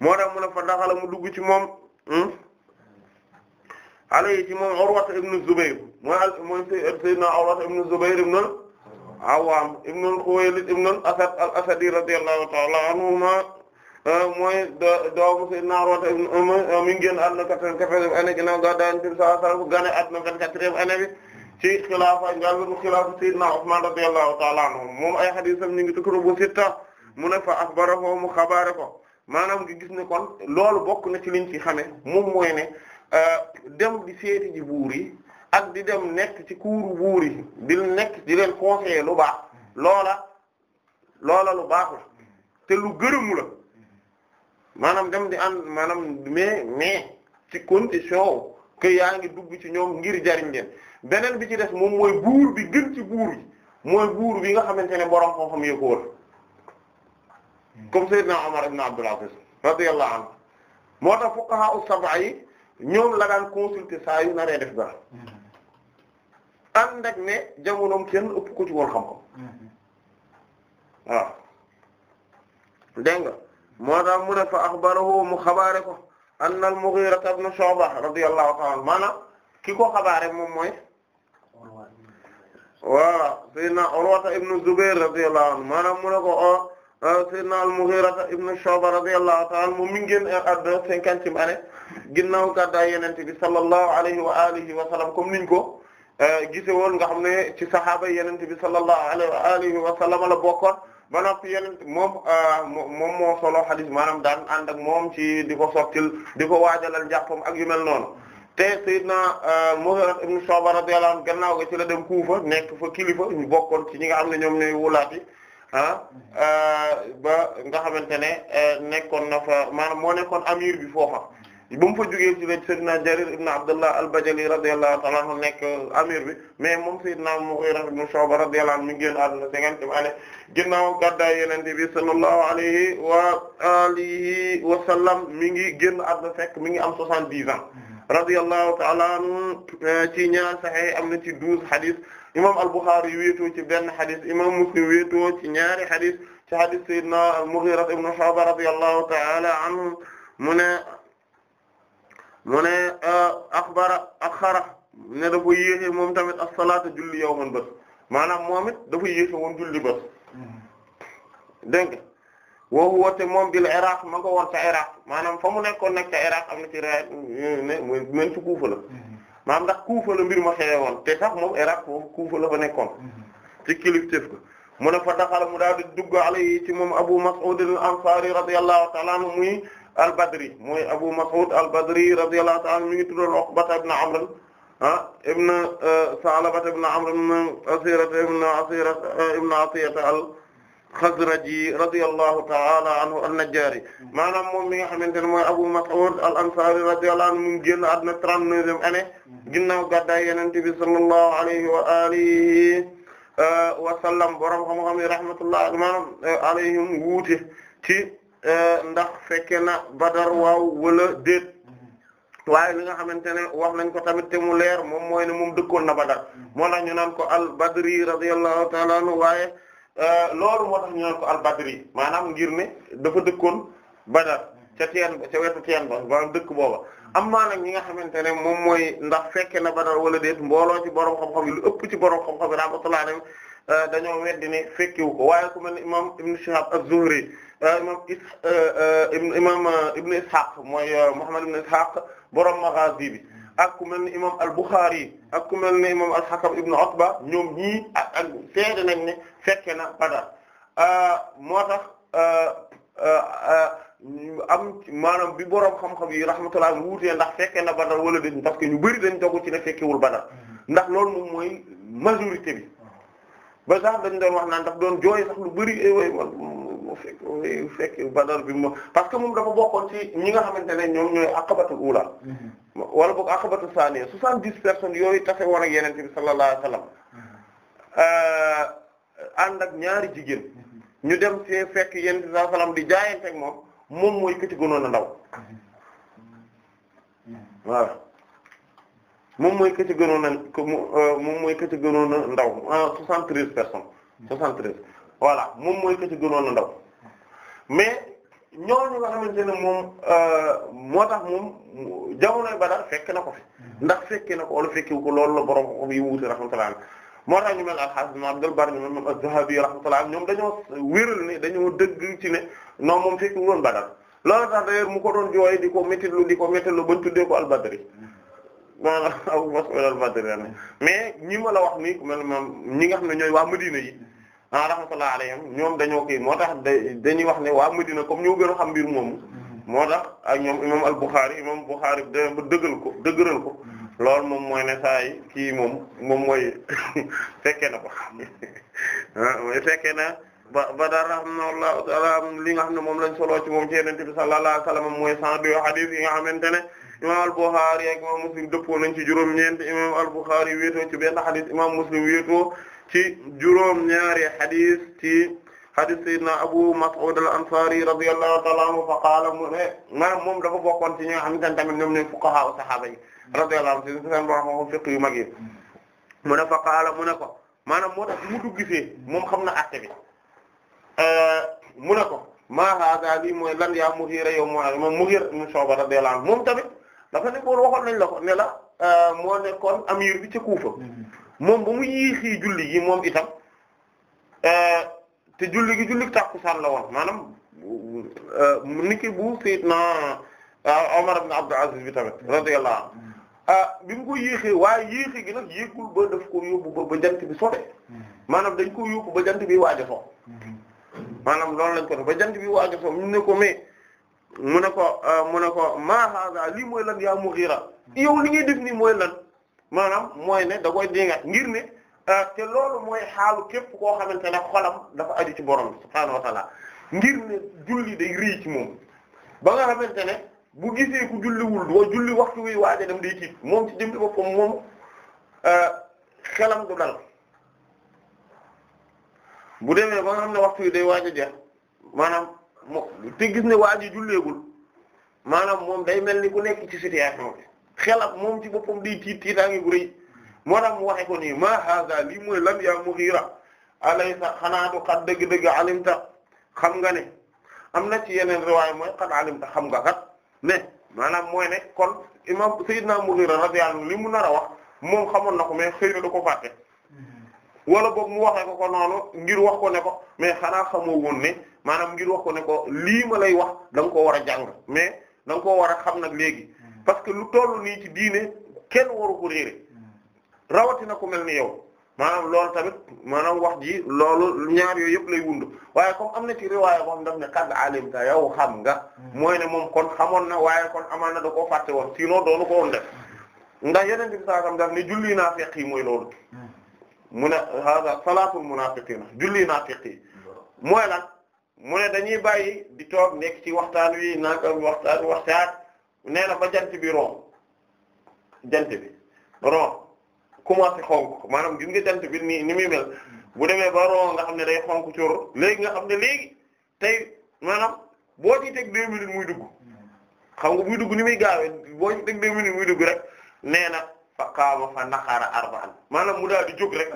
moo tax mu fa daxala mu dugg ci moom hmm? alayhi ci moom Urwa ibn Zubayr mooy al mooy sayyidina Urwa ibn Zubayr ibn asad asadi radiyallahu ta'ala anhuma Euh, mooy doomu Seydina Urwa ibn Umar mi ngi génn àdduna quatre-vingt-quatorzième année ginnaaw gàddaay Yonent bi sallallahu alayhi wa sallam gane àdduna vingt-quatrième année bi ci xilaafa ngallu xilaafa Seydina Usman radiyallahu ta'ala anhu moom ay hadiisam mu ne fa axbarahu mu xabaare ko maanaam gi gis ne kon loolu bokk na ci liñ ci xamee moom mooy ne euh, dem di seeti ji buur yi ak di dem nekk ci kuuru buur yi di nekk di leen conseiller lu baax loola loola lu baaxul te lu gërëmu la maanaam dem di ànd maanaam mais mais ci condition que yaa ngi dugg ci ñoom ngir jariñ leen beneen bi ci des moom mooy buur bi gën ci buur yi mooy buur bi nga xamante ne borom xam-xam yee ko naa comme Seydina Abdul Aziz radiyallahu anhu moo tax fuqaha as-sab'a yi ñoom la daan consulter saa yu naree def dara ànd ak ne jamonoom kenn ëpp ko ci woon xam-xam mm-hmm. waaw dégg moo tax mu ne fa axbarahu mu xabaare ko anna al-Mughira ibn Shu'ba radiyallahu ta'ala maanaam ki ko xabaare moom mooy waaw sayyidina Urwata ibn Zubayr radiyallahu anhu maanaam mu ne ko oh, euh, sayyidina al-Mughira ibn Shu'ba radiyallahu ta'ala moom mi ngi génn àdduna cinquantième année ginnaaw gàddaay Yonent bi sallallahu wa alihi wa sallam comme niñ ko euh, gise woon nga ne ci sahaaba Yonent bi sallallahu alayhi wa alihi wa sallam la bokkoon ba noppi yeneen moom euh, moom moo solo xadis maanaam daan ànd ak moom ci di ko sottil di ko waajalal njàppam ak yu mel noonu te sayyidna euh, Mughira ibn Shu'ba radiyallahu anhu gannaaw ga ci la dem kuufa nekk fa kilifa ñu bokkoon ci ñi nga xam ne ñoom ñooy wulaati ah euh, ba nga xamante ne nekkoon na fa moo nekkoon amir bi foofa ba mu fa jógee ci la Seydina Jarir ibn Abdullah al-Bajali radiyallahu ta'ala amir bi mais moom Seydina Mughira ibn Shu'ba radiyallahu anhu mi ngi génn àdduna cinquantième année ginnaaw gàddaay Yonent bi sallallahu alayhi wa alihi wa mi ngi génn àdduna fekk mi ngi am soixante-dix ans radiyallahu ta'ala euh, ci ñaar sahih am na ci douze hadith imam al-Bukhari y wéetoo ci benn hadith imam Muslim wéetoo ci ñaari hadith ci hadith Seydina al-Mughira ibn Shu'ba radiyallahu ta'ala anhu mu ne euh, axbara axara ne dafa yéexe moom tamit as-salaata julli yawman bés maanaam moom it dafa yéexe woon julli bés dégg nga woowu woote moom bil Iraq ma nga woon Iraq maanaam fa mu nekkoon nag Iraq am na ci raet ne mel ci Kuufa la maanaam ndax mbir ma xewe te sax moom Iraq foofu Kuufa fa nekkoon ci kilifteef ko mu ne fa daxala mu daal di dugg alayhi ci Abu Mas'ud al-Ansari radiyallahu muy al-Badri mooy Abu Mas'ud al-Badri radiyallahu ta'ala mi ngi tuddoon Uqbata ibn Amr ah ibn e, Sa'laba ibn Amr ibn Asira ibn Asira e, ibn Atiya al-Khazraji radiyallahu ta'ala anhu an-Najjari maanaam moom mi nga xamante ne mooy Abu Mas'ud al-Ansari radiyallahu anhu mu ngi génn àdduna 39e année ginnaaw gàddaay Yonent bi sallallahu alayhi wa alihi e, wa sallam borom xam-xam yi rahmatullahi alayhim wuute ci. Eh, ndax fekke na Badar waaw wala déet waaye li nga xamante ne wax nañ ko tamit te mu leer moom mooy ne moom dëkkoon na Badar moo tax ñu naan ko al Badri radiyallahu ta'ala anhu waaye eh, loolu moo tax ñu naan ko al Badri maanaam ngir ne dafa dëkkoon Badar ca teen ba ca wetu teen ba maanaam dëkk booba am maa nag ñi nga xamante ne moom mooy ndax fekke na Badar wala déet mbooloo ci borom xam-xam yi lu ëpp ci borom xam-xam yi rahmatullahi alayhi eh, dañoo weddi ne fekkiwu ko waaye ku mel ne imam Ibn Shihab az Euh, euh, euh, imam imam ibn Ishaq mooy Muhammad ibn Ishaq borom Maghazi bi ak ku mel ni imam al-Bukhari ak ku mel ni imam al-Hakam ibn Utba ñoom ñii ak ak seede nañ ne fekke na Badar moo tax am maanaam bi borom xam-xam yi rahmatullah wuutee ndax fekke na Badar wala déet parce que ñu bari dañ dogu ci ne fekkewul Badar ndax loolu moom mooy majorité bi dañ doon wax naan daf doon jooy lu bari eh, mu fekk mu fekk badar bi mu parce que moom dafa bokkoon ci ñi nga xamante ne ñoom ñooy aqabatul ula mm-hmm. wala boog aqabatul saniya soixante-dix personnes yooyu tase woon ak yenente bi sallallahu alayhi mm-hmm. euh, ñaari jigéen mm-hmm. ñu dem di jaayante ak moom moom mooy këti gënoon mooy këti gënoon a moom mooy këti gënoon a ndaw mais ñooñu nga xamante ne moom euh, moo tax moom jamonoy Badar fekk na ko fi ndax fekkee na ko wala fekkiwu ko loolu la borom ko yi wuute rahmatullah moo tax ñu mel al-Hafiz Ibn Abdul Barr ñu mel moom az-Zahabi rahmatullah ñoom dañoo ni dañoo dëgg ci ne non moom fekki wu doon Badar loolu tax mu ko doon jooy di ko méttilu di ko méttilu ba ñu tuddee ko al-Badri maanaam (laughs) Abu Mas'ud al mais ñi ma la wax nii ku mel moom ñi nga xam ne ñooy waa Madina yi ah rahmatullah alayhim ñoom dañoo kii moo tax dañuy wax ne waa Medina comme ñoo gën a xam mbir moom moo tax ak ñoom imam al-Bukhari imam Bukhari ba dëggal ko dëgëral ko loolu moom mooy ne saa yi kii moom moom mooy (laughs) fekkee na ko (laughs) ah, mooy fekkee na ba ba daal rahmatullahu taala li xam ne moom lañ soloo ci moom ci Yonent bi sallallahu alayhi wasallam mooy cent deux hadith yi nga xamante ne imam al-Bukhari ak imam Muslim dëppoo nañ ci juróom-ñeent imam al-Bukhari wéetoo ci benn hadith imam Muslim wéetoo ci juróom ñaari hadis ci hadis sayyidina Abu Mas'ud al-Ansari radiyallahu ta'ala anhu fa qaala mu ne maanaam moom dafa bokkoon ci ñi nga xamante ne tamit ñoom ñooy fuqaha u sahaaba yi radiyallahu anhu seen borom fiqh yu mag mu ne fa qaala mu ne ko maanaam moo tax mu dugg fee moom xam na acte bi mu ne ko maa haaza lii mooy lan yaa Mughira yow moom Mughira ibn Shu'ba radiyallahu anhu moom tamit dafa nekkoon waxoon nañ la ko ne la moo nekkoon amir bi ci Kufa moom ba mu yéexee julli gi moom itam euh, te julli gi julli tàkkusaan la woon maanaam euh, niki bu sayyidna Umar euh, ibn Abdul Aziz bi tamit radiyallahu anhu bi mu ko yéexee waaye yéexee gi nag yéegul ba daf ko yóbbu ba ba jant bi sobe maanaam dañ ko yóbbu ba jant bi waaj a so maanaam loolu lañ ko def ba jant bi waaj a so ñu ne ko mais mu ne ko mu ne ko lii mooy lan yaa Mughira yow li ngay def nii mooy lan maanaam mooy ne da koy ngir ne euh, te loolu mooy xaalu képp koo xamante ne xolam dafa aju ci borom bi subhaanahu ngir ne julli day rëy ci moom ba nga xamante ne bu gisee ku julliwul doo julli waxtu wi waaja dem day tiit moom ci jëmbi boppam moom euh, xelam du dal bu demee ba nga xam ne waxtu day waaj jeex maanaam moom te gis ne waaj a julleegul maanaam moom day mel ni ku nekk ci situation bi xelam moom ci boppam di tiit tiitaange gu rëy moo tax mu waxe ko nii ma haza lii mooy lan yaa Mughira alaysa xanaa du xat dëgg-dëgg alimta xam nga ne am na ci yeneen riwaay mooy xat alimta xam nga kat ne maanaam mooy ne kon imam Sayyidna Mughira radiyallahu anhu li mu wax moom xamoon na ko mais xëy na ko fàtte wala boog mu waxee ko ko noonu ngir wax ko ne ko mais xanaa xamoo woon ne maanaam ngir wax ko ne ko lii ma lay wax da nga koo war a jàng mais da nga koo war a xam nag léegi parce que lu toll nii ci diine kenn waru ko réere rawatina ku mel ni yow maanaam loolu tamit maanaam wax ji loolu ñaar yooyu yëpp lay wund waaye kom am na ci riwaaya boo xam daf ne qad alimta yow xam nga mm. mooy ne moom kon xamoon na waaye kon amaan na da koo fàtte woon sinon doonu ko woon def mm. ndax yeneen bi saa xam daf ne julli naafiq yi mooy loolu mm. mu ne hada salaatul julli naafiq yi mooy lan mu ne dañuy bàyyi di toog nekk ci waxtaan wi naaka waxtaan waxtaan nee na ba jant bi ron jant bi ron commencé xonk maanaam gis nga jant bi ni ni muy mel hmm. bu demee ba ron nga xam ne day xonq cóor léegi nga xam ne léegi tey maanaam boo ci teg deux muy dugg hmm. xam nga muy dugg ni muy gaawee boo ci teg deux minutes muy dugg rek nee na fa qaama fa naqara arba'an maanaam mu daal di jóg rek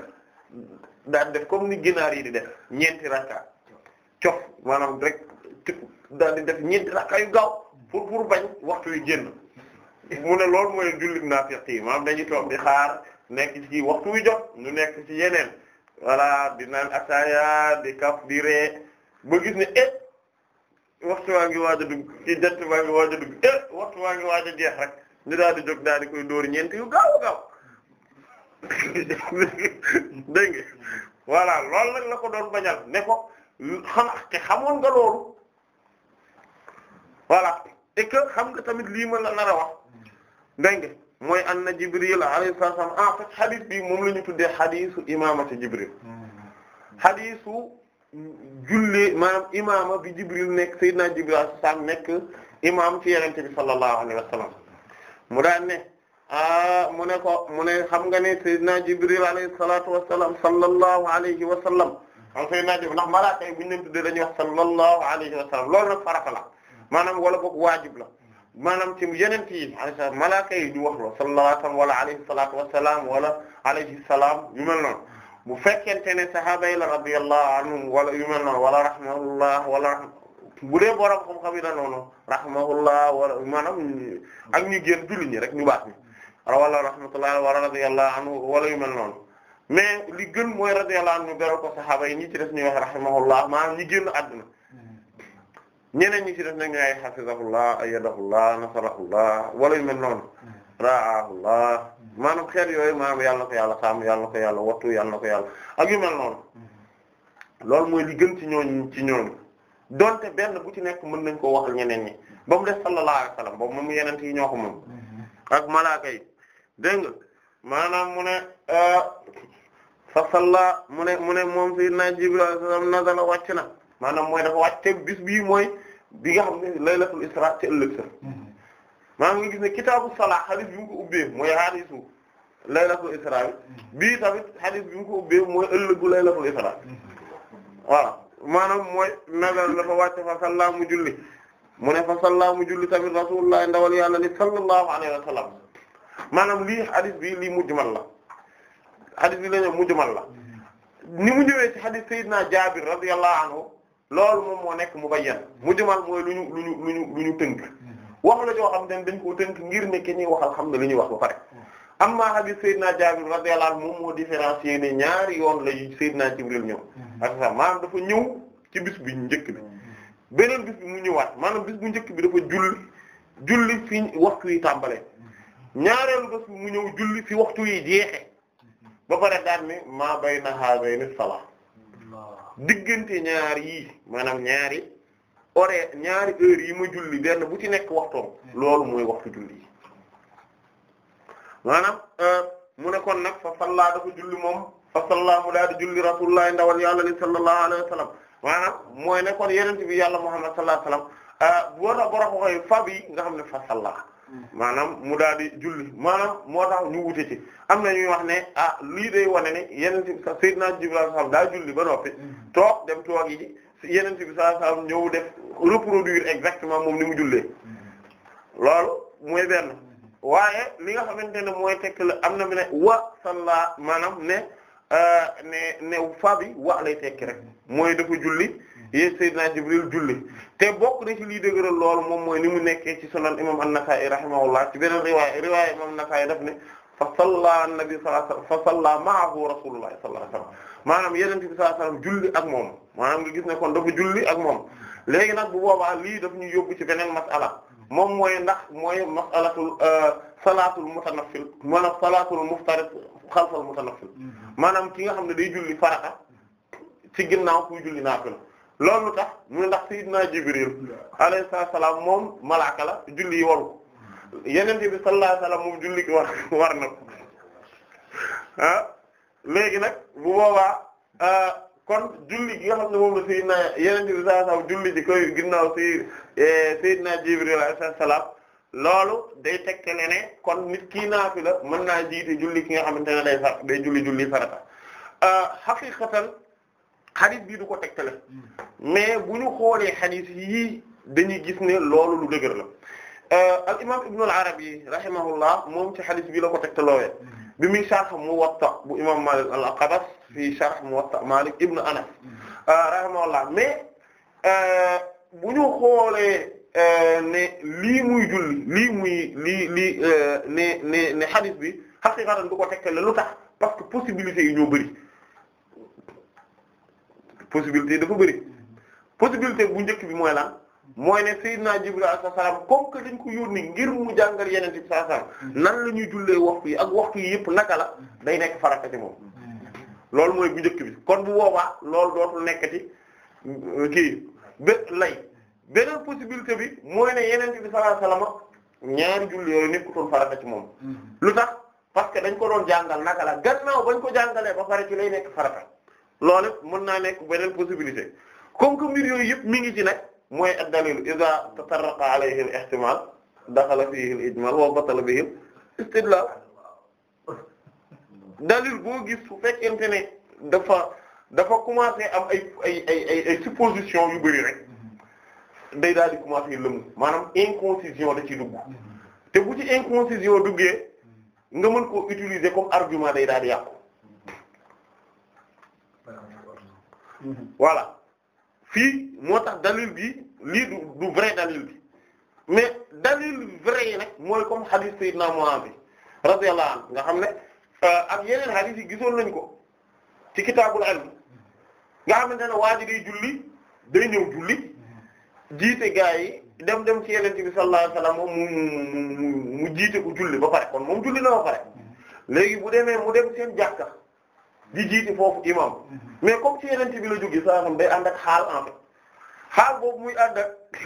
daal def comme ni ginaar yi di def ñeenti rakka cof maanaam rek di def ñeenti rakka yu gaaw pour pour bañ waxtu wi génn mu ne lool mooy jullit naafiq yi maanaam dañuy toog di xaar nekk ci waxtu wi jot ñu nekk ci yeneen voilà di naan ataaya di kaf di ree ba gis ne eh waxtu waa ngi waaj a dugg ci waaj eh, waxtu waa ngi waaj a jeex rek ñu daal di jóg daal di koy dóor ñeent yu gaaw gaaw (laughs) dégg nga voilà loolu nag la ko doon bañal ne ko xanaa xamoon nga loolu voilà et xam nga tamit lii ma a wax dégg nga mooy anna Jibril alayhi salaam en fait hadith moom la ñu tuddee hadithu imaamati Jibril hadithu julli maanaam imaama bi Jibril nekk Seydina Jibril alayhi salaam nekk imaam ci Yonent bi sallallahu alayhi wa mu daan ne ah mu ne ko mu ne xam nga ne Seydina Jibril alayhi salaatu wa salaam sallallahu alayhi wa sallam xam Seydina Jibril ndax malaaka yi bu leen tuddee dañuy wax sallallahu alayhi loolu nag farata maanaam wala boog waajib la maanaam ci yenent yi alayhi malaaka yi ñu wax la sallallahu wala wasallam wala alayhi salatu wassalam wala alayhi salaam yu mel noonu bu fekkente ne sahaaba yi la radiyallahu anhum wala yu wala rahmatullah wala bu dee borom xam-xam yi la noonu rahmatullah wala maanaam ak ñu génn julli rek ñu baax ñi wala rahmatullah wala radiyallahu anhu wala yu mel noonu mais li gën mooy radiyallahu anhu beral ko sahaaba yi ñi ci def ñuy wax rahmatullah maanaam ñi génn àdduna ñeneen ñi ci def nag ngay hafizahullah ayyadahullah nasarahullah wala yu mel noonu hmm. raahullah hmm. maanaam xeet yooyu maanaam yàlla ko yàlla sàmm na ko yàlla wattu yàlla ko yàlla ak yu mel noonu hmm. loolu mooy li ci ñooñu ci ñooñu donte benn bu ci nekk mën nañ koo waxal ñeneen ñi ba mu def sallallahu alayhi wasallam boobu moom yeneen yi ñoo ko moom ak malaaka yi dégg nga maanaam mu ne euh, fa salla mu ne mu ne moom sayyidina Jibril sallallahu alayhi wasallam nazala wàcc na maanaam mooy dafa wàcc te bis bii mooy bi nga xam ne laylatul isra te ëllëg sa mm-hmm. maanaam nga gis ne kitaabu salaa hadith bi mu ko ubbee mooy hadithu laylatul isra bi mm-hmm. bii tamit hadith bi mu ko ubbee mooy ëllëgu laylatul isra mm-hmm. waaw maanaam mooy nagal dafa wàcc fa salla mu julli mu ne fa salla mu julli tamit rasulullah ndawal yàlla ni sallallahu alayhi wa sallam maanaam lii hadith bi lii mujmal la hadith bi la ñu mujmal la ni mu ñëwee ci hadith sayyidina Jaabir radiyallahu loolu moom moo nekk mu bayyan mujmal mooy lu ñu lu ñu lu ñu lu ñu tënk wax la joo xam ne dañ koo tënk ngir ne ki ñuy waxal xam ne li ñuy wax ba pare amma hadith Seydina Jaabir radiyallahu anhu moom moo différencier ne ñaari yoon la yu Seydina Jibril ñëw mhm. ak sax maanaam dafa ñëw ci bis bi njëkk bi mhm. beneen bis bi mu ñëwaat maanaam bis bu njëkk bi dafa julli julli fi waxtu yi tàmbalee mhm. ñaareelu bés bi mu ñëw julli fi waxtu yi jeexe ba pare daan ni maa bayna haadayni salaa diggante ñaar yii maanaam ñaari ore ñaari heure yi ma julli benn bu ci nekk waxtoom loolu mooy waxtu julli yi maanaam euh, mu ne kon nag fa salla dafa julli moom fa salla mu daal di julli rasulullah ndawal yàlla ni sallallahu alayhi wa sallam maanaam mooy ne kon yenente bi yàlla muhammad sallallahu alayhi wa sallam euh, boo tax boroxoxoy yi nga xam ne fa salla maanaam mu daal di julli maanaam moo tax ñu wute ci am na ñuy wax ne ah lii de wane ne yeneen bi sa Seydina Jibril sax daa julli ba noppi mm-hmm. toog dem toog yi yeneen bi sa sax ñëw def reproduire exactement moom ni mu jullee mm-hmm. loolu mooy benn mm-hmm. waaye li nga xamante ne mooy tekk la am na bi ne wa salla maanaam ne euh, ne ne fa bi wa lay tekki rek mooy dafa julli yéeg Seydina Jibril julli te bokk na ci lii dëgëral loolu moom mooy ni mu nekkee ci sunan imam an-Nasa'i rahimahullah ci beneen riwaaya riwaaya imam an-Nasa'i daf ne fa salla an-nabi sallallahu alayhi wasallam fa salla ma'ahu rasulullah sallallahu alayhi wasallam maanaam yeneen bi sallallahu alayhi wasallam julli ak moom maanaam nga gis ne kon dafa julli ak moom léegi nag bu boobaa lii daf ñu yóbbu ci beneen mas'ala moom mooy ndax mooy mas'alatul euh, salaatul mutanaffil maanaam salaatul muftarid xalfal mutanaffil mm-hmm. maanaam ki nga xam ne day julli farata ci ginnaaw kuy julli naafila loolu tax mu ne ndax sayyidina Jibril alayhi salaam moom malaaka la julli yi waru yeneen bi sallallahu alayhi wasallam moom julli gi war war na ko ah, léegi nag bu boobaa ah, kon julli ki nga xam ne moom la sayyidina yeneen bi sallallahu julli di koy ginnaaw si eh, sayyidina Jibril alayhi salaam loolu day tekkale ne kon nit kii naafi la mën naa jiite julli ki nga xamante ne day sax day julli julli farata ah, haqiqatan xadis bii du ko tegtale hmm. mais bu ñu xoolee xadis yii dañuy gis ne loolu lu dëgër la euh, al imam ibnu al arabi rahimahullah moom ci xadis bii la ko tegtaloowee hmm. bi muy sharh muwatta bu imam malik al aqabas fi sharh muwatta malik ibnu anas hmm. euh, rahimahullah mais euh, bu ñu xoolee ne lii muy julli lii muy lii lii ne ne ne xadis bi xaqiqatan du ko tegtale lu tax parce que possibilités yi ñoo bari possibilité dafa bëri possibilité bu njëkk bi mooy la mooy ne Seydina Jibril alayhi salaam comme que dañ ko yónni ngir mu jàngal yeneen ci saa nan la ñuy jullee waxtu yi ak waxtu yi yëpp naka la day nekk farata ci loolu mooy njëkk bi kon bu boobaa loolu dootul nekkati euh, kii ba lay beneen possibilité bi mooy ne yeneen bi sallallahu alayhi wasallam ñaari julli yooyu nekkutoon farata ci moom. Mm-hmm. lu tax parce que dañ ko doon jàngal naka la gannaaw bañ ko jàngalee ba pare ci lay nekk farata. loolu mën naa nekk beneen possibilité comme que mbir yooyu yëpp mi ngi ci nag mooy ad-dalil idha tatarraqa alayhi al-ihtimal daxala fihi al-ijmal wa batala bihi al-istidlal dalil boo gis su fekkente ne dafa dafa commencé am ay ay ay ay ay supposition yu bari rek day daal di commencé lëmu maanaam inconcision da ci dugg te bu ci inconcision duggee nga mën koo utiliser comme argument day daal di yàqu Mhm. voilà fii moo tax dalil bi lii du du vrai dalil bi mais dalil vrai yi nag mooy comme hadith Seydina Mu'adh bi radiyallahu anhu nga xam ne euh, ak yeneen hadith yi gisoon nañ ko ci kitaabul ilm nga xamante ne waa ji day julli day ñëw julli jiite gaa yi dem dem ci yeneen bi sallallahu alayhi wasallam mu mu mu mu jiite ko julli ba pare kon moom julli na ba pare mhm. léegi bu demee mu dem seen jàkka. di jiiti foofu imam mais comme ci yeneen bi la jógee saa xam day ànd ak xaal en fait boobu muy ànd ak (laughs)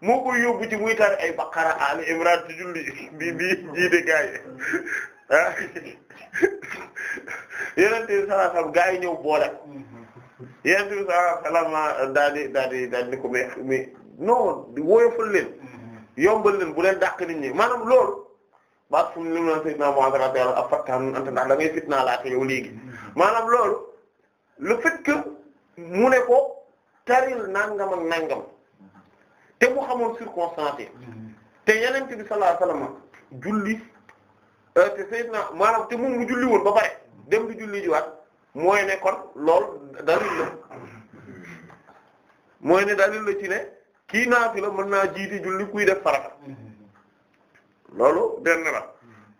moo koy yóbbu ci muy tar ay Baqara Ali Imran ci julli bi bi jiite gaa yi ah (laughs) yeneen bi saa xam gaa yi ñëw boole yeneen bi saa xam daal di daal di daal di ko mais mais non woyofal leen yombal bu leen dàq nit ñi maanaam loolu. baax fu mu ne maanaam Seydina Muhammad radiyallahu anhu ab Fatta am na da ngay fitnaa laata yow léegi. maanaam loolu le fait que mu ne ko taril nangam ak te mu xamoon circonstance yi te yeneen bi sallallahu alayhi julli euh, te sayyidna maanaam te mu julli woon ba pare dem di julli jiwaat mooy ne kon loolu dalil la mooy ne dalil la ci ne kii naafi la mën naa jiiti julli kuy def farata loolu benn la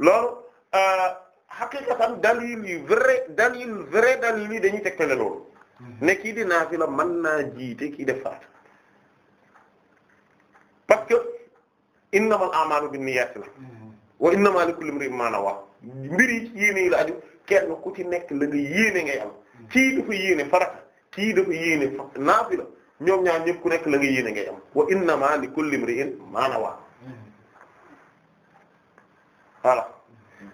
loolu. Euh, xaqiqatan dalil yi vrai dalil vrai dalil yi dañuy tegtale loolu hmm. ne kii di naafila mën naa jiite kii def farat parce que innamal a'malu binniyati la hmm. wa innama la aju kenn ku ci nekk la nga yéene ngay hmm. ku nekk la nga yéene ngay am wa ma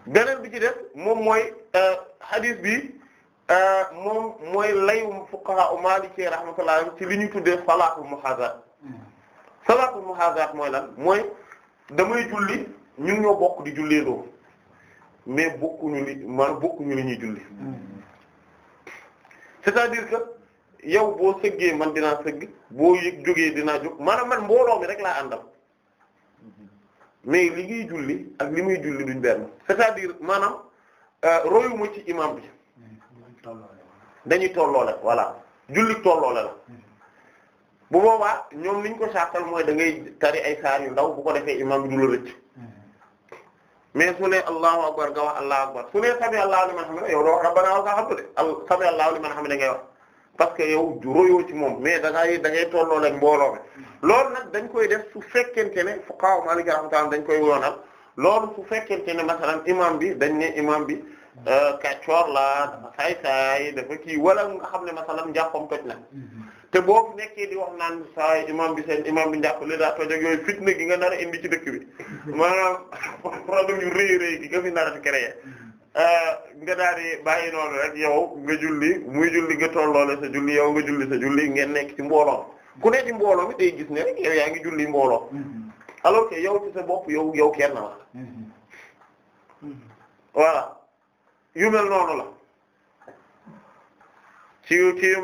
beneen bi ci def moom mooy euh, hadith bi euh, moom mooy layu fuqaha maliki rahmatullah ci li ñu tuddee salaatul muhaazaat hmm. salaatul muhaazaat mooy lan mooy damay julli ñun ñoo bokk di julleendoo mais bokkuñu li man bokkuñu li ñuy julli hmm. c'est-à-dire que yow boo sëggee man dinaa sëgg boo yëg jógee dinaa jóg maanaam man mbooloo mi rek laa àndal mais li ngay julli ak li muy julli duñ benn c'est-à-dire maanaam euh, royu ma ci imam bi dañuy tolloo la voilà julli tolloo la la bu boobaa ñoom liñ ko sàkkal mooy da ngay tari ay saar yu ndaw bu ko defee imam bi du la rëcc mais su ne allahu akbar nga wax allahu akbar su ne sami allahu liman hamida yow doo rabbana wa ka xamtu de sami allahu liman hamida ngay wax parce que yow royoo ci moom mais da ngay da ngay tolloo leen mbooloo mi mm-hmm. loolu nag dañ koy def su fekkente ne fuqaha Maliki rahmatullah dañ koy yoonal loolu su fekkente ne masalan imam bi dañ ne imam bi euh, kàccoor la dafa saay saay dafa kii wala nga xam ne masalan njàppam toj na mm-hmm. te boobu nekkee di wax naan saay imam bi seen imam bi njàppale daa toj yooyu fitna gi nga nar a indi ci dëkk bi (laughs) maanaam (laughs) problème gi nga fi nar a Eh, nga daal di bàyyi noonu rek yow nga julli muy julli nga tolloole sa julli yow nga julli sa julli ngeen nekk ci mbooloo ku ne ci mbooloo mi gis ne rek yow ngi julli mbooloo mm-hmm. alors que bopp yow yow kenn la mm-hmm. Mm-hmm. voilà yu la ci ci yu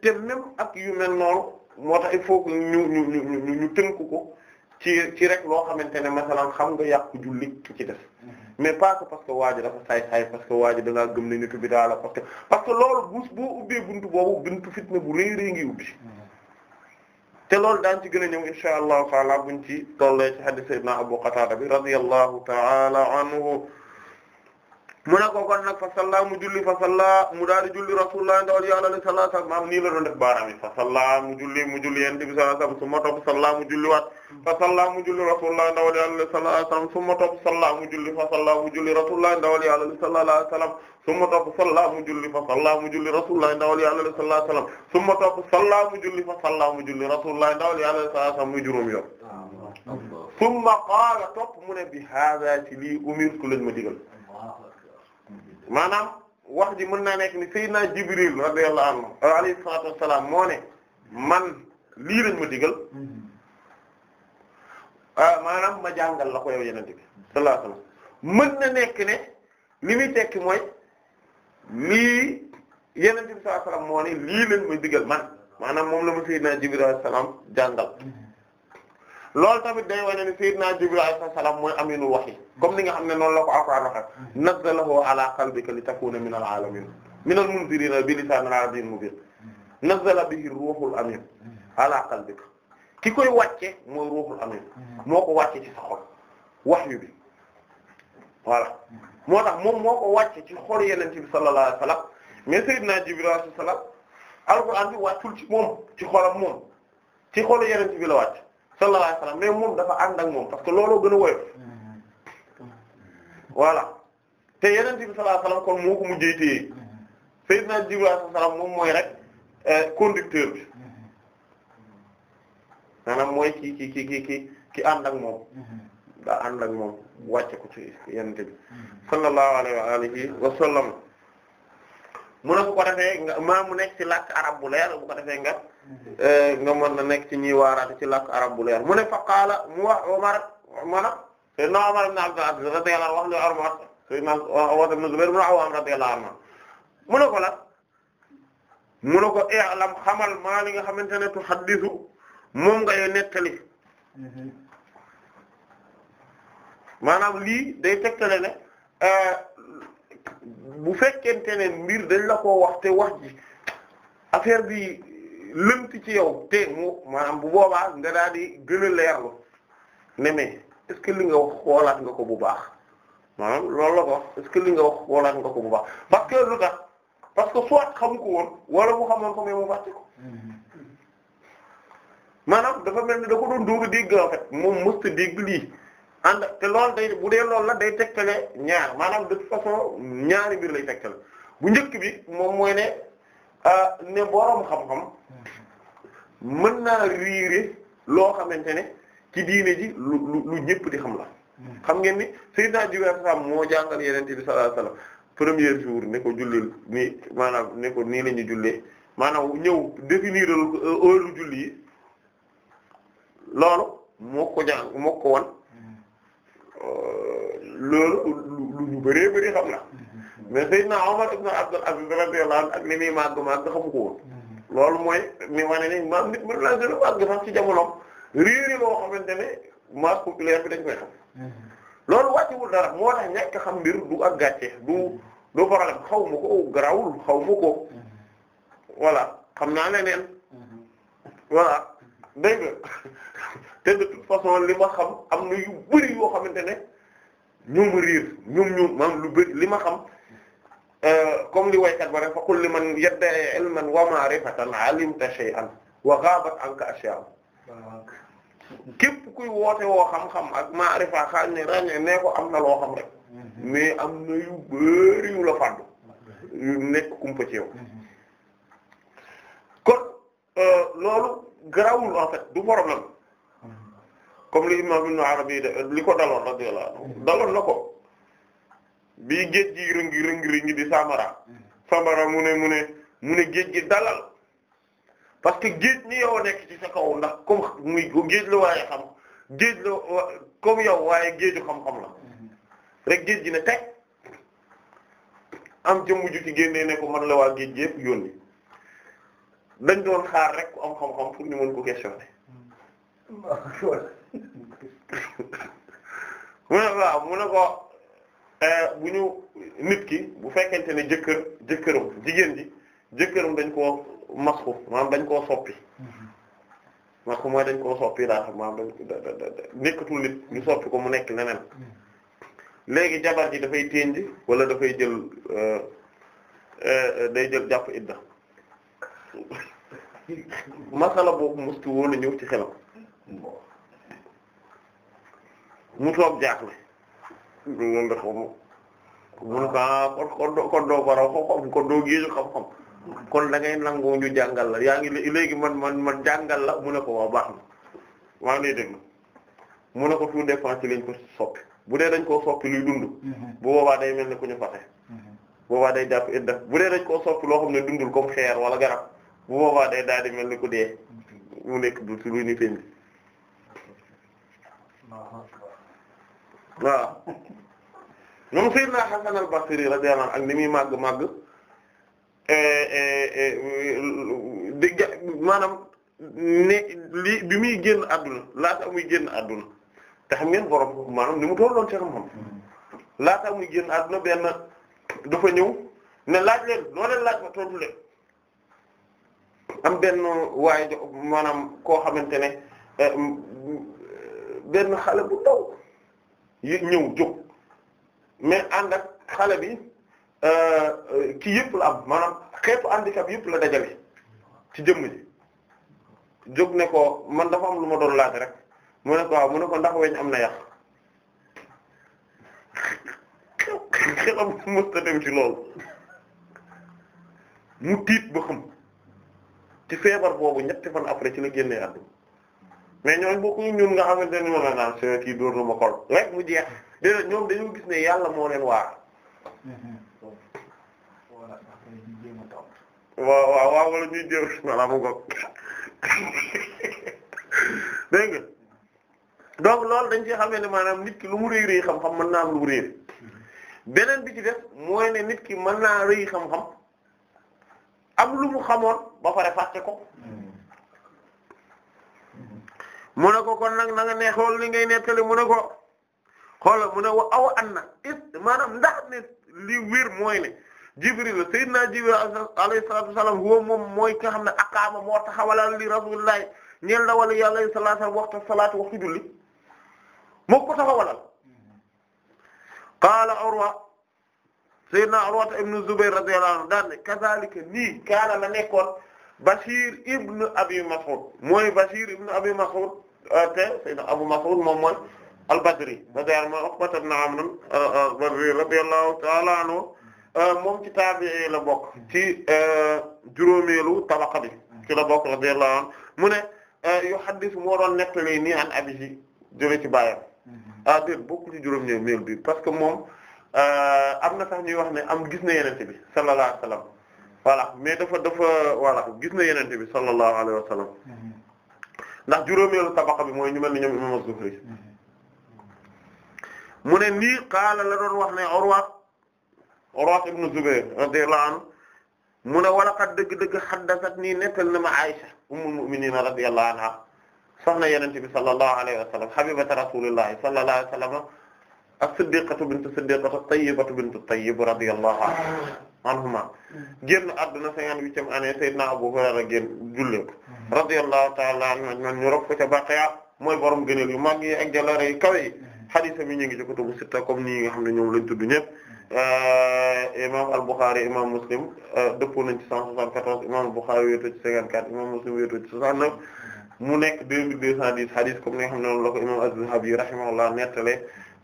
te même ak yu mel noonu moo tax il faut que ñu ñu ñu ñu tënk ko ci ci rek loo xamante ne masalan xam nga yàqu julli ci def mais pas que parce que waa ji say say parce que waa ji da ngaa gëm ne nitu bi daa la parce que parce que loolu ubbee buntu boobu buntu fitna bu rëy rëy ngi ubbi te loolu daan ci gën a ñëw insha allahu taala buñ ci tollee ci hadith sayyidina Abu Qatada bi radiyallahu taala anhu mu ne ko kon nag fa salla mu julli fa salla mu daal di julli rasulullah ndawal yàlla alayhi salaatu wa salaam nii la doon def baaraam yi fa salla mu julli mu julli yonent bi sallallahu alayhi wa sallam su ma topp salla mu julli waat fa salla mu julli rasulullah ndawal yàlla alayhi salaatu wa salaam su ma topp salla mu julli fa salla mu julli rasulullah ndawal yàlla alayhi salaatu wa salaam su ma topp salla mu julli fa salla mu julli rasulullah ndawal yàlla alayhi salaatu wa salaam su ma topp salla mu julli fa salla mu julli rasulullah ndawal yàlla alayhi salaatu wa salaam muy juróom yoon summa qaala topp mu ne bi haaza ci lii umirtu lañ ma digal maanaam wax ji mën naa nekk ni Seydina Jibril radiyallahu anhu alayhi salaatu wassalaam moo ne man lii lañ ma digal ah, maanaam ma jàngal la ko yow yenente bi sallallahu alayhi wasallam mën na nekk ne li muy tekki mooy lii yenente bi sallallahu alayhi wasallam moo ne lii lañ ma digal man maanaam moom la ma naa Jibril alayhi salaam jàngal loolu tamit day wane ne sayyidina Jibril alayhi salaam mooy aminul wahyi comme ni nga xam ne noonu la ko Alxuraan waxe nazzalahu ala qalbika litakuna min al alamin min al munzirina bi lisanil arabiyyin mubin nazzala bihi ruhul amin ala qalbika ki koy wàcce mooy ruhul amin moo ko wàcce ci sa xol wahyu bi voilà moo tax moom moo ko wàcce ci xol yenente bi sallallahu alayhi wasallam mais sayyidina Jibril alayhi salaam alxuraan bi wàccul ci moom ci xolam moom ci xolu yenente bi la wàcc sallallahu alayhi wasallam moom dafa ànd ak moom parce que looloo gën a woyof mm-hmm. voilà te yeneen bi sallallahu alayhi wasallam kon moo ko mujjee téye mm-hmm. Seydina Jibril alayhi salaam moom mooy rek euh, conducteur bi mm-hmm. maanaam mooy ki ki ki ki ki ki ànd ak moom daa ànd moom wàcce ko ci yeneen bi sallallahu a wa alihi wa sallam mu ne bu ko defee nga maa mu nekk ci làkk arab bu leer bu ko defee nga Eh, nga mën na nekk ci ñuy waaraate ci làkk arab bu leer mu ne fa qaala mu wax Umar maanaam sayyidina Umar ibn Abd al-Aziz radiyallahu anhu wax lu Umar sayyidina Umar ibn Zubayr ibn Awwam radiyallahu anhu mu ko la mu li nga xamante ne tuhaddisu moom ngay nettali mhm. maanaam lii day tegtale ne eh, bu fekkente ne mbir dañ la koo waxte te wax ji lënt ci yow te mu maanaam bu boobaa nga daal di gën a leerlu ne mais li nga wax xoolaat nga ko bu baax maanaam loolu la ko wax est li nga wax xoolaat nga ko bu baax parce que lu ka parce que soit xamu ko woon wala mu xamoon ko mu fàtte ko maanaam dafa mel ni da ko doon dóoga dégg en fait moom mësta dégg lii ànd te loolu day bu dee loolu la day tegtale ñaar maanaam de toute façon ñaari mbir lay tegtale bu njëkk bi moom mooy ne Euh, ne boroom xam-xam mën naa riire loo xamante ne ci diine ji lu ñëpp di xam la xam ngeen ni na Jibril sam moo jàngal Yonent bi sallallahu alayhi wasallam premier jour ne ko maanaam ne ko nii la ñu jullee maanaam ñëw définir euh, heure julli yi loolu moo ko jàng moo wan euh, loolu lu ñu bëree xam la mais Seydina Omar ibn Abdul Aziz radiyallahu anhu ak li muy màgg màgg xamu ko woon mhm. loolu mooy mi wane ne maam nit mën naa gën a màgg sax ci jamonoom réeri loo xamante ne masse populaire bi dañ koy xam mhm. loolu wàcciwul dara moo tax ñàkk xam mbir du ak gàcce du mhm. du problème xaw ma ko garawul xaw ma ko voilà xam naa leneen voilà dégg nga (laughs) te de toute façon li ma xam am na yu bari yoo xamante ne ñoom riir ñoom ñoom maam lu bari li ma xam comme li waykat ba rek fa qul liman yadda'i ilman wa ma'rifatan 'alimta shay'an wa ghabat 'anka ashya'u képp kuy woote woo xam-xam ak maarifa xaañ ne ràññee nee ko am na loo xam rek mais am na yu bëri yu la fàddu nekk kumpa ci kon euh, loolu garawul en fait du problème comme li imam Ibn Arabi li ko daloon radiyallahu anhu daloon na ko bi géej gi rëngi rëngi rëngi di samara samara mu ne mu ne mu ne géej gi dalal parce que géej ni yow nekk ci sa kaw ndax comme géej la waaye xam géej la comme yow waaye géeju xam-xam la rek géej gi ne teg am ca mujj ci génnee ne ko man la waa géej yëpp yónni dañ doon xaar rek ku am xam-xam pour ñu mën ko questionner (laughs) mu ne waaw mu ne ko Euh, bu ñëw nit ki bu fekkente ne jëkkër jëkkëram jigéen ji jëkkëram dañ koo masxu maanaam dañ koo soppi mm-hmm. masxu mooy dañ koo soppi daa xam maanaam dañ nekkatul nit ñu soppi ko mu nekk leneen mm-hmm. léegi jabar ji dafay ténj wala dafay jël euh, euh, day jël jàpp idda (laughs) masala boobu mustu woon a ñëw ci xelam mu toog jaaxle loolu la ko ma mun ah kon kon doo baraw xam-xam kon doo géeju xam-xam kon da ngay nangoo ñu jàngal la yaa ngi léegi man man man jàngal la mu ne ko waa baax na maa ngi lay dégg mu ne ko tout dépend ci lañ soppi bu dee dañ koo soppi luy dund. Mm-hmm. mel ne ku ñu fate mm-hmm. boobaa day jàpp bu dee dañ koo soppi loo ne dundul comme xeer wala garab bu boobaa day daal mel ne ku dee mm-hmm. mu nekk du ci luy ni feeñ. waaw moom Seydina Hasan al-Basri radiyallahu anhu ak ni muy màgg màgg eh, eh, eh, di maanaam ne li bi muy génn laa laata muy génn àdduna te xam ngeen borom maanaam ni mu tolloon ci xam-xam laata muy génn àdduna benn dafa ñëw ne laaj leen loo leen laaj ma tontu leen am benn waaye jo maanaam koo xamante ne benn xale bu taw yéeg ñëw jóg mais ànd ak xale bi euh, ki yëpp la am maanaam xeetu handicap yëpp la dajale ci jëmm ji jóg ne ko man dafa am lu ma doon laaj rek mu ne ko waaw mu ne ko ndax weñ am na yàq xelam mësta dem ci loolu mu tiit ba xam ci feebar boobu ñetti fan après ci la génnee àdduna mais ñooñ bokkuñu ñun nga xamante ne moom la naan c'est kii dóor na ma xol rek mu jeex déedéet ñoom dañoo gis ne yàlla moo leen waar. waaw waaw waaw wala ñuy jéem voilà (laughs) mu ngoog (laughs) dégg nga loolu dañ ci xamee ne maanaam nit ki lu mu rëy rëy xam-xam mën naa am lu mu réer beneen bi ci def mooy ne nit ki mën naa rëy xam-xam am lu mu xamoon ba pare fàtte ko. mu ne ko kon nag na nga ne xool li ngay nettali mu ne ko xoola mu ne wa aw an na it maanaam ndax ne li wér mooy ne Jibril sayyidina Jibril alayhi salatu wasallam huwa moom mooy ki nga xam ne aqaama moo taxawalal li rasulillahi ñeel la wala yàlla sallallahu alayhi wasallam waxtu salaatu waxtu julli moo ko ne kazalika nii Bashir ibn Abi Mas'ud mooy Bashir ibn Abi Mas'ud euh, te Seydina Abu Mas'ud moom mooy al-Badri badar ma Uqbata ibn Amr al-Badri euh, radiyallahu ta'ala anhu euh, moom ci taabi'i la bokk ci juróomeelu tabaqa bi ci la bokk radiyallahu anhu mu ne yuhaddis moo doon nettali nii an abihi jóge ci baayam mm-hmm. ah déet bokk ci juróom-ñeelu bi parce que moom am na sax ñuy wax ne am gis na yenente bi sallallahu alayhi wasallam voilà mais dafa dafa voilà gis na yenente bi sallallahu alayhi wa sallam ndax juróomeelu tabaqa bi mooy ñu mel ni ñoom imam az-Zuhri mu ne nii qaala la doon wax ne Urwa Urwa ibn Zubayr radiyallahu anhu mu ne wala kat dëgg-dëgg haddasat nii nettal na ma Aisha ummul mu'minin radiyallahu anha soxna yenente bi sallallahu alayhi wa sallam habibata rasulillahi sallallahu alayhi wa sallam as-siddiqatu bintu siddiqatu at-tayyibatu bintu at-tayyib radiyallahu anha anhuma mm. génn adduna cinquante-huitième année Seydina Abu a génn jullee ko mm. radiyallahu ta'ala anhu man ñu rob ko ca Baqiya mooy borom gëneel yu mag yi ak jaloore yu kawe yi mm. hadith mi ñu ngi ci kutubu sitta comme nii nga xam ne ñoom lañ tudd ñëpp euh, imam al-Bukhari imam Muslim euh, dëppoo nañ ci cent soixante-quatorze imam al-Bukhari wéetoo ci cinquante-quatre imam Muslim mu nekk deux mille deux cent dix hadith comme ni xam ne noonu la ko imam az-Zahabi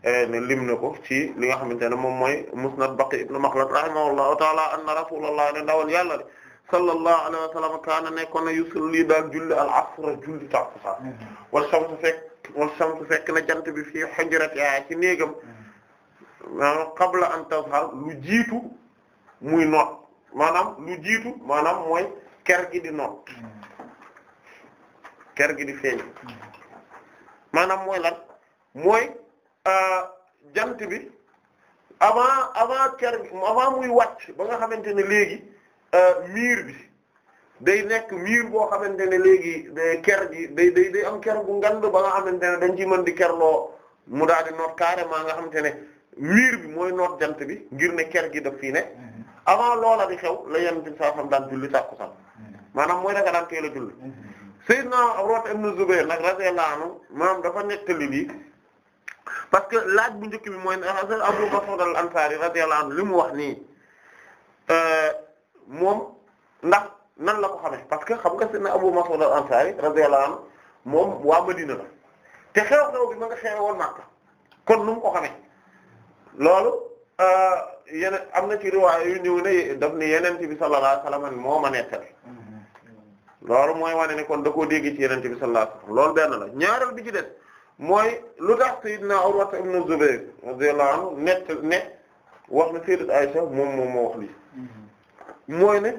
Eh, ne lim na ko ci li nga xamante ne moom mooy musnad Baqi ibn Makhlad rahimahullahu ta'ala anna rasulullah ne ndawal yàlla li sallallahu alayhi wa sallam kaana nekkoon na yusalli daan julli al asr julli tàkkusaan mm-hmm. wal fekk wal shamsu fekk na jant bi fii hujratiha ci néegam mm-hmm. maanaam qabla an tazhar lu jiitu muy noot maanaam lu jiitu maanaam mooy ker gi di noot mm-hmm. ker gi di feeñ maanaam Euh, jant bi avant avant ker avant muy wàcc ba nga xamante ne léegi euh, miir bi day nekk miir boo xamante ne léegi ker gi day day day am ker gu ngand ba nga xamante ne dañ ci mën di kerloo mu daal di noot carrément nga xamante ne miir bi mooy noot jant bi ngir ne ker gi daf fii ne mhm. avant loola di xew la yenn bi saa xam daan julli sàkku sax mhm. maanaam mooy dafa daan teel a julli mhm. Seydina Urwa ibn Zubayr nag radiyallahu anhu maanaam dafa nettali lii parce que laaj bu njëkk bi mooy Hasan Abu Mas'ud al-Ansari radiyallahu anhu li mu wax nii euh, moom ndax nan la ko xamee parce que xam nga sayyidina Abu Mas'ud al-Ansari radiyallahu anhu moom waa Madina la te xew-xew bi ma nga xewe woon Makka kon nu ko xamee loolu euh, yeneen am na ci riwaay yu ñëw ne daf ni yeneen bi sallallahu alayhi wasallam moo ma nettali mm-hmm. loolu mooy wane ne kon da koo dégg ci yeneen bi sallallahu alayhi loolu benn la ñaareel bi ci mooy lu tax Seydina Urwa ibn Zubayr radiyallahu anhu net ne wax na Sayyidat Aisha moom moom moo wax lii mooy ne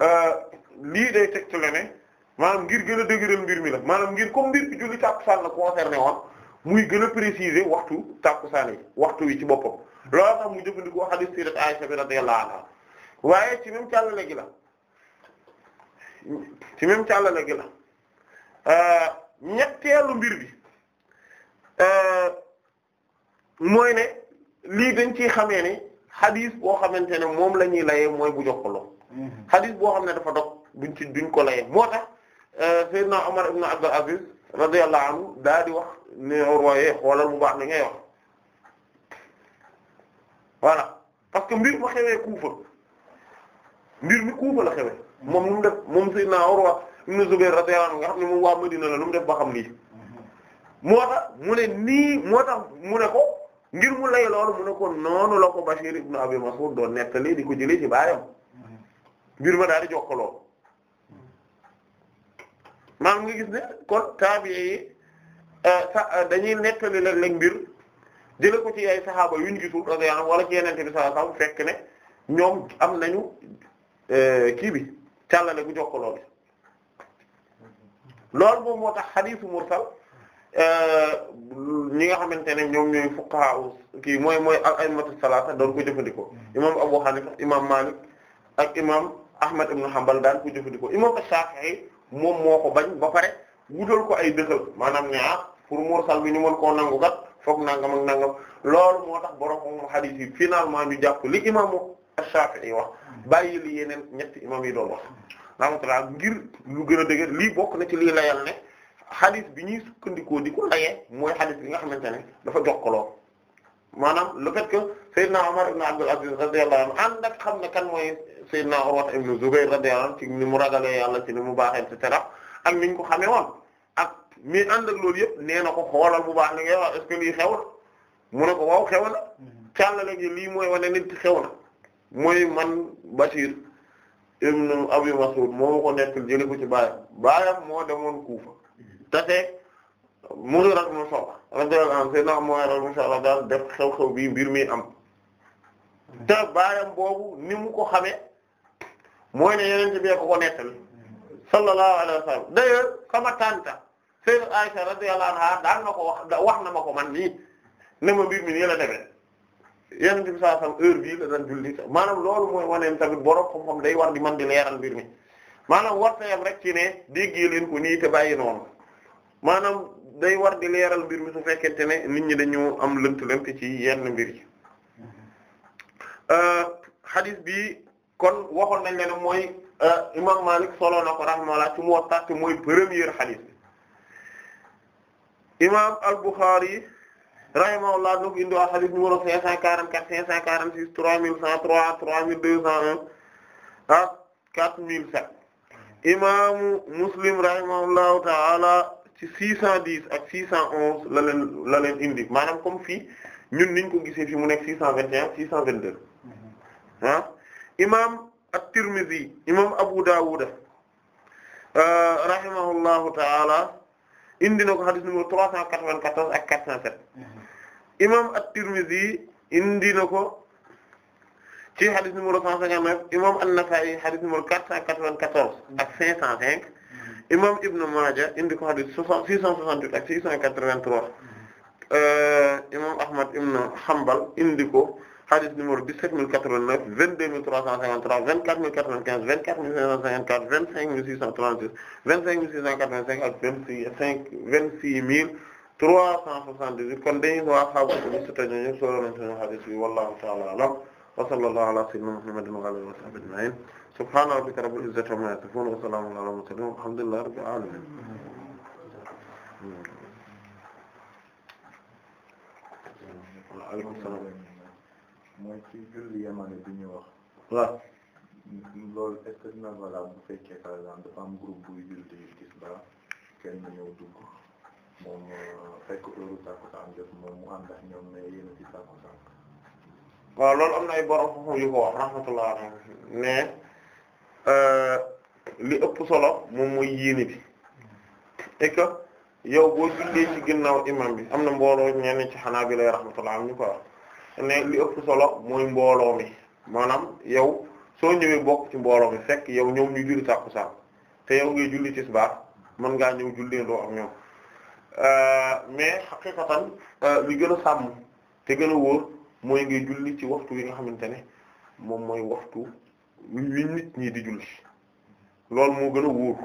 euh, lii day tegtale ne maanaam ngir gën a dëgëral mbir mi la maanaam ngir comme mbir bi julli tàkkusaan la concerné woon muy gën a préciser waxtu tàkkusaan yi waxtu wi ci boppam loolu tax mu jëfandikoo hadith Sayyidat Aisha bi radiyallahu anha waaye ci même càllale gi la ci même la gi la euh, ñetteelu mbir bi Euh, mooy ne lii dañ ciy xame ni xadis boo xamante ne moom la ñuy layee mooy bu jox ko lool mhm. xadis boo xam ne dafa dog duñ ci duñ ko layee moo tax euh, Seydina Omar ibn Abdul Aziz radiyallahu anhu daal di wax ne royee xoolal bu baax na ngay wax voilà parce que mbir ma xewee kuufa mbir mi kuufa a xewee mhm. moom nu mu def moom Seydina Urwa ibn Zubayr radiyallahu anhu nga xam ne moom waa Madina la nu mu def ba xam lii moo tax mu ne nii moo tax mu ne ko ngir mu lay loolu mu ne ko noonu la ko Bashir ibn Abi Mas'ud doon nettali di ko jëlee ci baayam mbir ma daal di jokkaloo maam nga gis ne kon tabi'i yi euh, euh, dañuy nettali léeg-léeg mbir jële ko ci ay saxaaba yu ñu gisul radiyallahu wala ci yenente bi sallallahu fekk ne ñoom am nañu euh, kii bi càllale gu jokkaloo lool loolu moom moo tax hadithu mursal Euh, ñi nga xamante ne ñoom ñooy fuqaha kii mooy mooy ay a'immatu salaata doon ko jëfandikoo imam Abu Hanifa imam Malik ak imam Ahmad ibn Hanbal daan ko jëfandikoo imam Shafi'i moom moo ko bañ ba pare wutal ko ay dëxal maanaam ne ah pour mursal bi ñu mën koo nangu kat foog nangam ak nangam loolu moo tax borom moom hadith yi finalement ñu jàpp li imam Shafi'i wax bàyyi li yeneen ñetti imam yi doon wax rahmatullah ngir lu gën a dëgër lii bokk na ci lii layal xadis bi ñuy sukkandikoo di ko layee mooy xadis bi nga xamante ne dafa jokkaloo maanaam le fait que Seydina Omar ibn Abdul Aziz radiyallahu anhu ak xam ne kan mooy Seydina Urwa ibn Zubayr radiyallahu anhu ci ni mu ragalee yàlla ci ni mu baaxee et cetera ak ni ñu ko xamee woon ak mi ànd ak loolu yëpp nee na ko xoolal bu baax ni nga wax est-ce que xew na mu ne ko waaw xew na càllale gi lii mooy wane nit xew na mooy man Bashir ibn Abi Mas'ud moo ko nekkal jëlee ko ci baayam baayam taseeg Mughira ibn Shu'ba radiyallahu anhu sayyidina Mughira ibn Shu'ba daal def xew-xew bii mbir am te baayam boobu ni mu ko xamee mooy ne yeneen bi ko ko nettali sallallahu alayhi wa sallam d'ailleurs sama tanta na ko wax wax na ma ko man nii ne ma mbir mi nii la demee yeneen bi saa bii la daan julli maanaam loolu mooy waneem tamit borom xam-xam day war di man di leeral mbir mi maanaam warta yam rek ci ne déggee leen ko nii te bàyyi noonu maanaam day war di leeral mbir mi su fekkente ne nit ñi dañu am lënt-lënt ci yenn mbir yi euh, hadith bi kon waxoon nañ leen mooy euh, imam Malik solo na ko rahimahullah ci Muwatta te mooy premier hadith bi imam al-Bukhari rahimahullah nu ko indi waa hadith numéro 544 546 3103 3201 ak 4007 imaamu Muslim rahimahullahu ta'ala ci 610 ak 611 la leen la leen indi maanaam comme fii ñun niñ ko gisee fi mu nekk 621 622 mm-hmm. ah imaam at-Tirmidhi imaam Abu Dawud euh, rahimahullahu ta'ala indi na ko hadith numéro 394 ak 407 mm-hmm. imaam at-Tirmidhi indi na ko ci hadith numéro 159 imaam an-Nasa'i hadith numéro 494 ak 505. imam Ibn Maaja indi ko hadith six cent soixante-huit ak six cent quatre-vingt-trois euh, imam Ahmad Ibn Hanbal indi ko hadith numéro dix-sept mille quatre-vingt-neuf vingt-deux mille trois cent cinquante-trois vingt-quatre vingt quinze vingt-quatre mille cinq cent cinquante cinq vingt-cinq mille six cent quatre-vingt-cinq ak vingt-cinq vingt-six mille trois cent soixante-dix-huit kon dañu waa xaabu ko bi si tañu ñu solo nañ suñu hadith bi wallahu ta'ala a'lam wa sallallahu ala sayyidina muhammadin wa ala alihi wa sahbihi ajma'in subhana rabbika rabbil izzati amma yasifun wa salamun ala mursalin walhamdulillahi rabbil alamin waaleykum salaam mooy ci julli yamane bi ñu wax waaw loolu est-ce que dina valable bu fekkee par exemple dafa am groupe buy julli gis ba kenn ñëw dugg moom fekk heure tàkkusaan jot moom mu ànd ak ñoom ne yéen a ci tàkkusaan waaw loolu am na ay borom xam-xam yu ko wax rahmatullah alayhi mais euh, li ëpp solo moom mooy yéene bi et que yow boo jullee ci ginnaaw imam bi am na mbooloo ñenn ci xanaa bi lay rahmatullah am ñu ko wax ne li ëpp solo mooy mbooloo mi maanaam yow soo ñëwee bokk ci mbooloo mi fekk yow ñëw ñu julli tàkkusaan te yow ngay julli tisbaar mën ngaa ñëw jullee doo am ñoom euh, mais xaqiqatan euh, li gën a sàmm te gën a wóor mooy ngay julli ci waxtu wi nga xamante ne moom mooy waxtu wi nit ñi di julli loolu moo gën a wóor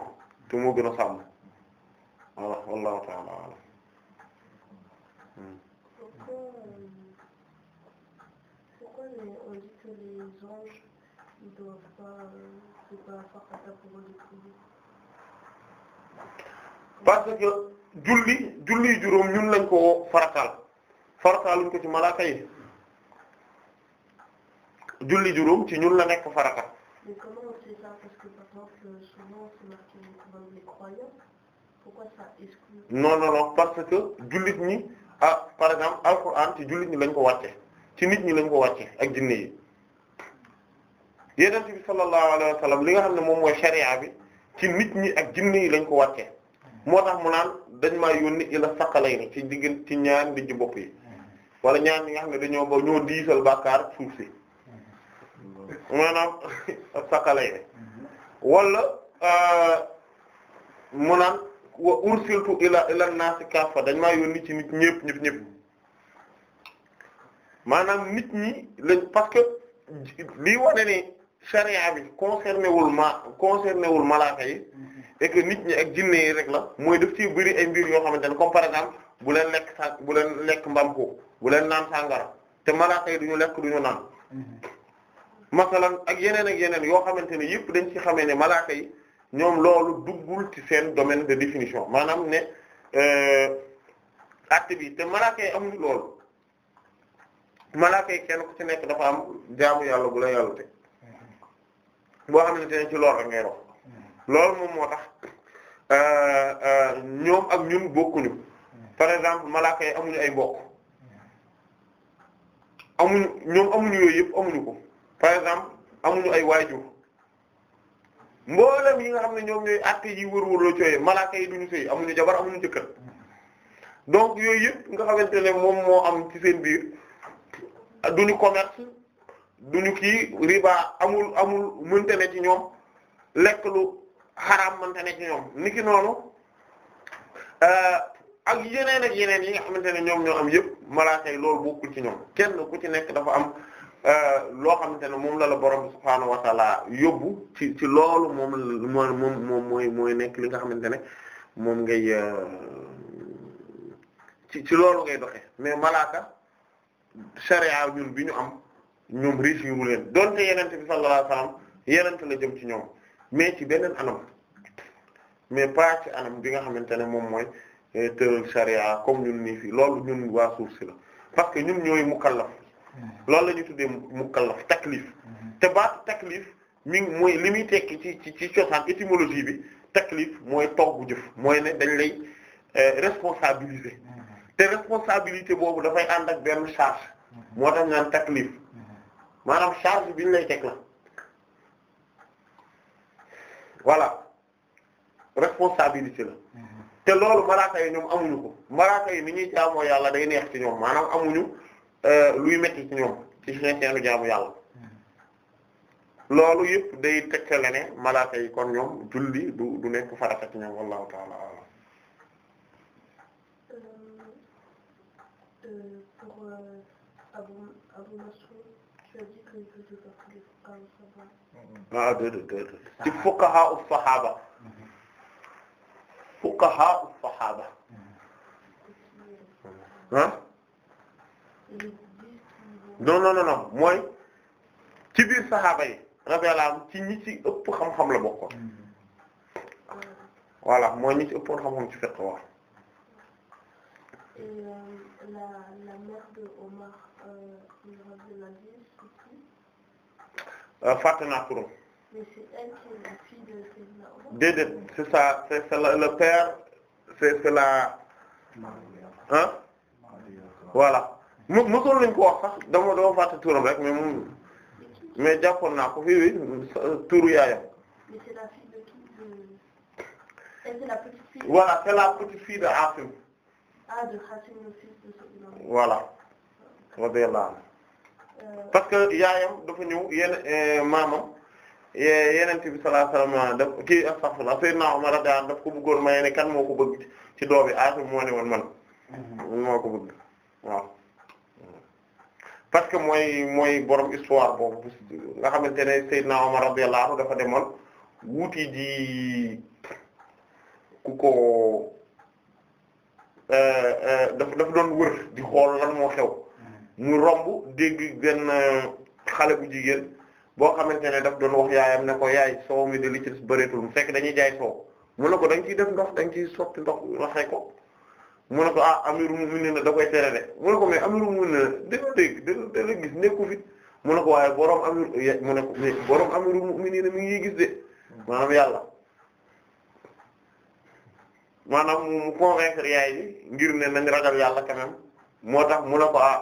te moo gën a sàmm voilà wallahu ta'ala euh, euh, parce que julli julli juróom ñun lañ ko farataal farataaluñ ko ci malaaka yi julli juróom ci ñun la nekk farata. mais comment on parce que par euh, que jullit ñi a ah, par exemple alxuraan ci jullit ñi lañ ko wàcce ci nit ñi lañ ko wàcce ak jinne yi yonent bi sallallahu alayhi wa li nga xam ne moom mooy sharia bi ci nit ñi ak jinne yi lañ ko wàcce moo tax mu naan dañ maa yónni ila saqalayni ci digg ci ñaar digg bopp yi wala ñaan ñi nga xam ne dañoo ba ñoo diisal bàkkaar suuf si. maanaam sakala yi wala euh, mu naan wa ursiltu ila ila naasi kaffa dañ maa yónni ci nit ñëpp ñëpp ñëpp maanaam nit ñi lañ parce que lii wane ni charia bi concerné wul ma concerné wul malaaka yi et que nit ñi ak jinne yi rek la mooy def ci bëri ay mbir yoo xamante ne comme par exemple bu leen lekk bu leen lekk mbam ko bu leen naan sàngara te malaaka yi duñu lekk duñu naan mhm. masalan ak yeneen ak yeneen yoo xamante ne yëpp dañ ci xamee ne malaakay ñoom loolu duggul ci seen domaine de définition maanaam ne euh, acte bi te malaaka yi amuñu loolu malaaka yi kenn ku ci nekk dafa am jaamu yàlla bu la yàlla te boo xamante ne ci loolu ak ngay dox loolu moom moo tax euh, euh, ñoom ak ñun bokkuñu par exemple malaaka yi amuñu ay mbokk amuñu ñoom amuñu yooyu yëpp amuñu ko par exemple amuñu ay waajur mboolem yi nga xam ne ñoom ñooy àtte yi wërwërloo cooyee malaaka yi duñu sëy amuñu jabar amuñu jëkkër donc yooyu yëpp nga xamante ne moom moo am ci seen biir duñu commerce duñu kii riba amul amul mënte ci ñoom lekk lu xaraam mënte ne ci ñoom niki noonu euh, ak yeneen ak yeneen yi xamante ne ñoom ñoo am yëpp malaaka yi loolu bokkul ci ñoom kenn ku ci nekk dafa am Euh, loo xamante ne moom lala borom bi subhaanahu yóbbu ci ci loolu moom mooy mooy nekk li nga xamante ne moom ngay euh, ci ci loolu ngay doxe mais malaaka sharia ñun bi ñu am ñoom réussiru leen donte yenente bi sallallahu alayhi wasallam yenente la jëm ci ñoom mais ci beneen anam mais pas ci anam bi nga xamante ne moom mooy euh, te sharia comme ñun nii fii loolu ñun waa suuf si la parce que ñun ñooy mukallaf Mm-hmm. loolu la ñu mukkal mukallaf taklif mm-hmm. te baatu taklif mi ngi mooy li muy tekki ci ci ci cosaan étymologie bi taklif mooy togg jëf mooy ne dañ lay euh, responsabiliser mm-hmm. te responsabilité boobu dafay ànd ak benn charge moo tax naan taklif maanaam charge bi ñu lay teg la voilà responsabilité la te loolu malaaka yi ñoom amuñu ko malaaka yi ni ñuy jaamoo yàlla day neex ci ñoom maanaam amuñu Euh, luy metti ci ñoom ci seenu jaamu yàlla loolu yëpp day tegtale ne malaaka yi kon ñoom julli du nekk farata ci ñoom wallahu taala alam euh, euh, pour Abu mm-hmm. ah, ci fuqaha as-sahaba mm-hmm. fuqaha as-sahaba ah mm-hmm. non non non mooy ci biir saxaaba yi radiyallahu anhum ci ñi ci ëpp xam-xam la bokkoon voilà mooy ñi ci ëppoon xam-xam ci fiqh wax. Euh, euh, euh, fàtte naa turam. mais c'est elle qui est la fille de Seydina la hein voilà. mo mosoon nañ ko wax sax dama dama fàtte turam rek mais moom mais jàppoon naa ko fii wi turu yaayam voilà c'est la petite de Asim ah, voilà radiyallahu euh, parce que yaayam dafa ñëw yenn euh, maamam yenente bi sallallahu alayhi wasallam daf kii astaghfirullah sayyidna Umar radiyallahu daf ko bëggoon maye ne kan moo ko bëgg ci doobi Asim moo ne woon man mhm. moo ko bëgg waaw parce que mooy mooy borom histoire boobu nga xamante ne Seydina Omar radiyallahu anhu dafa demoon wuuti ji ku ko dafa euh, euh, dafa doon wër di xool lan moo xew hmm. mu romb dégg benn euh, xale bu jigéen boo xamante ne daf doon wax yaayam ne ko yaay soow mi de li ci des bëreetul mu fekk dañuy jaay soow mu ne ko da nga def ndox da nga ciy sotti ndox raxee ko mu na ko ah amirul mu'minin da koy tere de mu ne ko mais amirul mu'minin dina dégg dina dina gis nekku fi mu ne ko waaye borom amir mu ne ko mais borom ni mu'minin mi ngi gis de maanaam yàlla maanaam mu convaincre yaay bi ngir ne nañ ragal yàlla quand même moo tax mu ne ko ah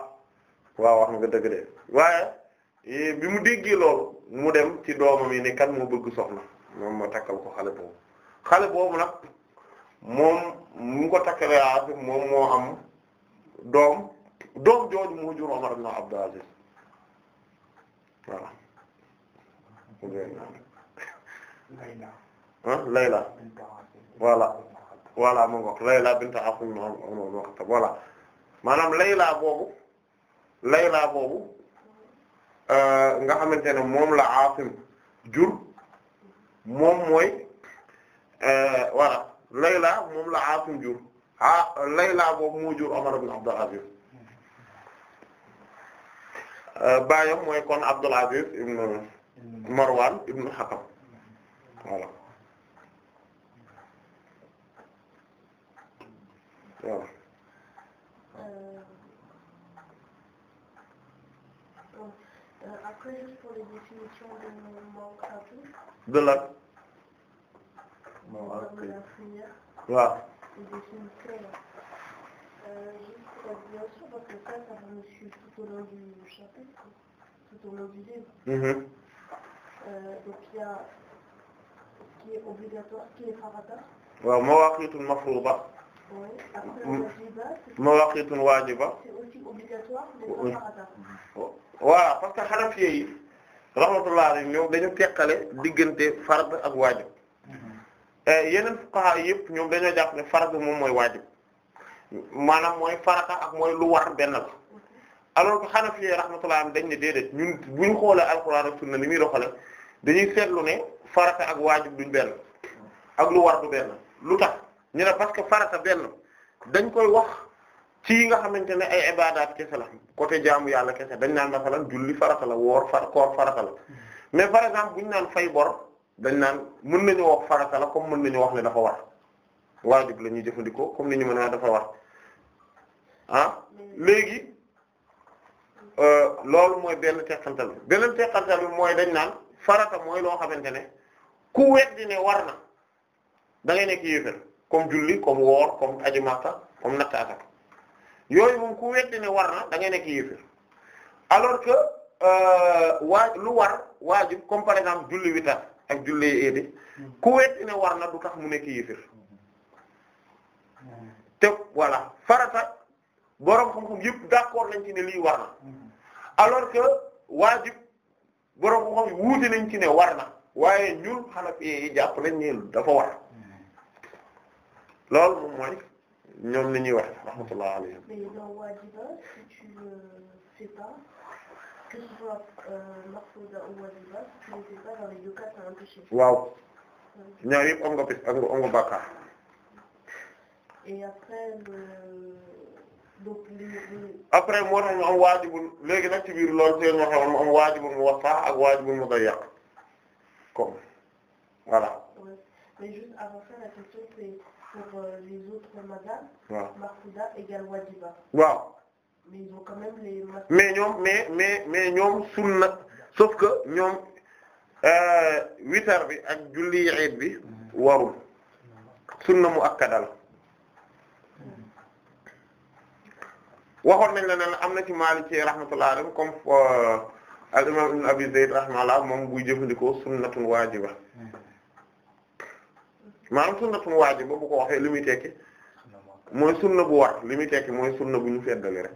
waaw wax nga dëgg de waaye eh, bi mu déggee loolu mu dem ci doomam yi ni kan moo bëgg soxna moom ma takkal ko xale boobu xale boobu nag. moom mu ko takkale Asim moom moo am doom doom jooju moo jur Umar ibn Abdul Aziz voilà Layla voilà voilà moo ngox Layla bint Asim no no no Layla boobu Layla boobu euh, nga xamante ne moom la Asim jur moom mooy euh, voilà Layla moom la Aasim jur ah Layla boobu moo jur Omar ibn Abdul Aziz euh, baayam mooy Abdul Aziz ibn Marwan ibn Hakam voilà waaw. Euh, euh, après pour les définitions de manqua waaw. waaw mawaaqiitul mafruuda. mawaaqiitul waajiba. waaw parce que Hanafi yi rahmatullahi alayhim ñoom dañu teqale diggante fard ak waajib. Eh, yeneen fuqaha yëpp ñoom dañoo jàpp ne farata moom mooy waajib maanaam mooy farata ak mooy lu war benn la alors que Hanafi rahmatullah dañ ne déedéet ñun bu ñu xoolee alxuraan ak na ni muy doxale dañuy seetlu ne farata ak waajib duñ benn ak lu war du benn lu tax ñu ne parce que farata benn dañ koy wax ci yi nga xamante ne ay ibadaat kese la côté jaamu yàlla kese dañ naan masalan julli farata la woor far koor farata la hmm. mais par exemple bu ñu naan fay bor. dañ naan mën na wax farata la comme mën nañu wax ne dafa war waajib la ñuy jëfandikoo comme ni ñu mën a dafa war ah léegi euh, loolu mooy benn teqantal bi beneen teqantal bi mooy dañ naan farata mooy loo xamante ne ku weddi ne war na da ngay nekk comme julli comme woor comme aji makka comme natt yooyu moom ku weddi ne war na da ngay nekk alors que euh, waa lu war waajib comme par exemple julli witar ak jullee eedi hmm. ku wetti war na du tax mu nekk yéefir hmm. te voilà farata boroom xam-xam yëpp d'accord nañ ci ne lii war na hmm. alors que waajib boroom xam-xam wuute nañ ci ne war na waaye ñun Hanafi yi jàpp nañ ne dafa war loolu moom mooy ñoom la ñuy wax rahmatullah Euh, waaw ñaar yëpp am nga pes ak am nga bàkkaar. et après. donc après moo tax ñu am waajibul léegi nag ci biir loolu seen waxee woon mu am waajibul mu wax sax ak waajibul mu koy yàq comme voilà. mais juste avant ça la question c'est pour euh, les autres madames. waaw Marfouda égale wajiba. waaw. mais ñoom mais mais mais ñoom sunna sauf que ñoom euh, witar bi ak julli eid bi warul sunna mu akkadal waxoon nañ la ne la am na ci Maliki rahmatullah alayhi comme euh, al imam ibn Abi Zayd rahmatullah moom buy jëfandikoo sunnatun waajiba maanaam sunnatun waajiba bu ko waxee li muy tekki mooy sunna bu war li muy tekki mooy sunna bu ñu feddali rek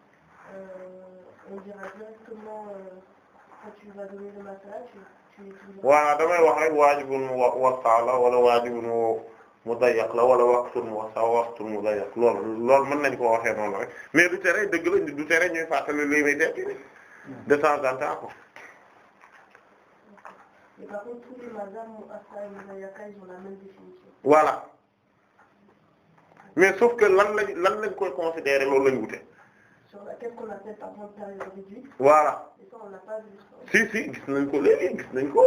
Euh, on dira directement euh, quand tu vas donner le matelas damay wax rek waajibun muwassa la wala waajibun mudayyaq la wala waqtun muwassa waqtun mudayyaq loolu mën nañ ko waxee noonu rek mais du tere dëgg la du tere ñuy fàttali lii de temps en temps quoi. mais par contre la lan lañ lan lañ koy considérer loolu lañ wute. sur laquelle on a gis nañ ko léegi gis ko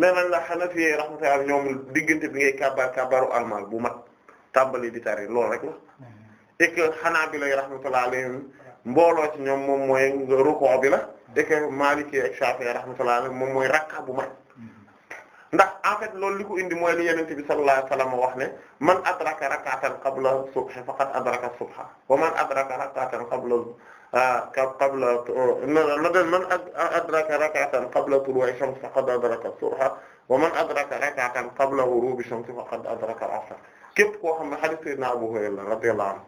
nee nañ la xanaa fi rahmatullah ak ñoom diggante bi ngay kabaar kabaaru almal bu mat tàmbali di tari loolu rek la mm-hmm. et que xanaa bi lay rahmatullah alayhim mbooloo ci ñoom moom mooy ruku bi la et que Maliki ak Shafi'i rahmatullah moom mooy rakka bu mat. ndax en fait loolu li ko indi mooy li yenente bi sallallahu alayhi wasallam wax ne man adraka rak'atan qabla subhi faqad adraka subha wa man adraka rak'atan qabla ah, qabla man adraka rak'atan qabla tulu'i shams faqad adraka subha wa man adraka rak'atan qabla ghurubi shams faqad adraka al-'asr képp koo xam ne hadith sayyidina Abu Hurayra radiyallahu anhu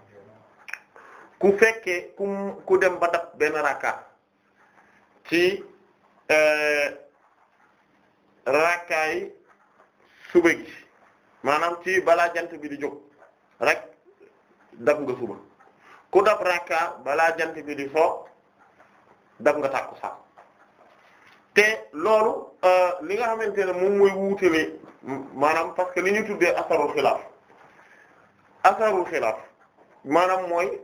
ku fekkee ku ku dem ba dab benn raka ci eh, rakkaay suba gi ci balaa jant bi di jóg rek dab nga suba ku dab rakka balaa jant bi di soo dab nga tàkkusaan te loolu euh, li nga xamante ne moom mooy wuutale maanaam parce que li ñu tuddee asarul xilaaf asarul xilaaf maanaam mooy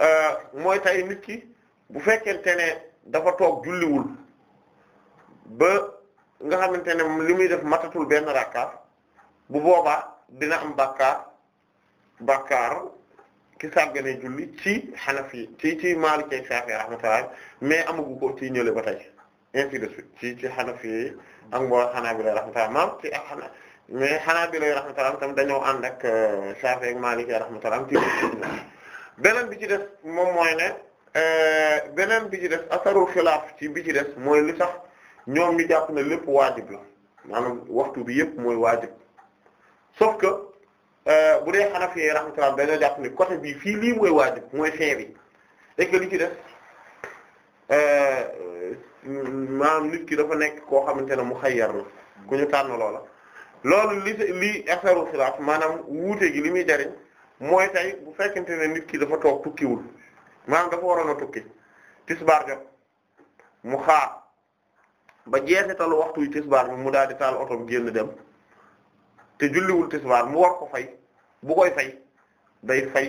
euh, mooy tey nit ki bu fekkente ne dafa toog julliwul ba nga xamante ne li muy def matatul benn rakkaat bu boobaa dina am bakkaar bakkaar ki saggane julli ci Hanafi ci ci Maalik ak Shaafi'i rahmatullah mais amagu ko ci ñële ba tey ainsi de suite ci ci Hanafi ak mbooloo Hanaabila rahmatullah maam ci ak Hanafi mais Hanaabila rahmatullah tam dañoo ànd ak euh, Shaafi'i ak Maalik rahmatullah ci beneen bi ci def moom mooy ne euh, beneen bi ci def asarul xilaaf ci bi ci def mooy li tax. ñoom ñu jàpp na lépp waajib la maanaam waxtu bi yëpp mooy waajib sauf que euh, bu dee Hanafi rahmatullah dañoo jàpp ni côté bii fii lii mooy waajib mooy fin bi et que li ci def euh, maanaam nit ki dafa nekk koo xamante ne mu xayyar la ku ñu tànn loola loolu li li affaire xilaaf maanaam wuute gi li muy jariñ mooy tey bu fekkente ne nit ki dafa toog tukkiwul maanaam dafa waroon a tukki tisbaar jot mu xaar ba jeexitalu waxtu wi tisbaar bi mu daal di taal oto bi génn dem te julliwul tisbaar mu war ko fay bu koy fay day fay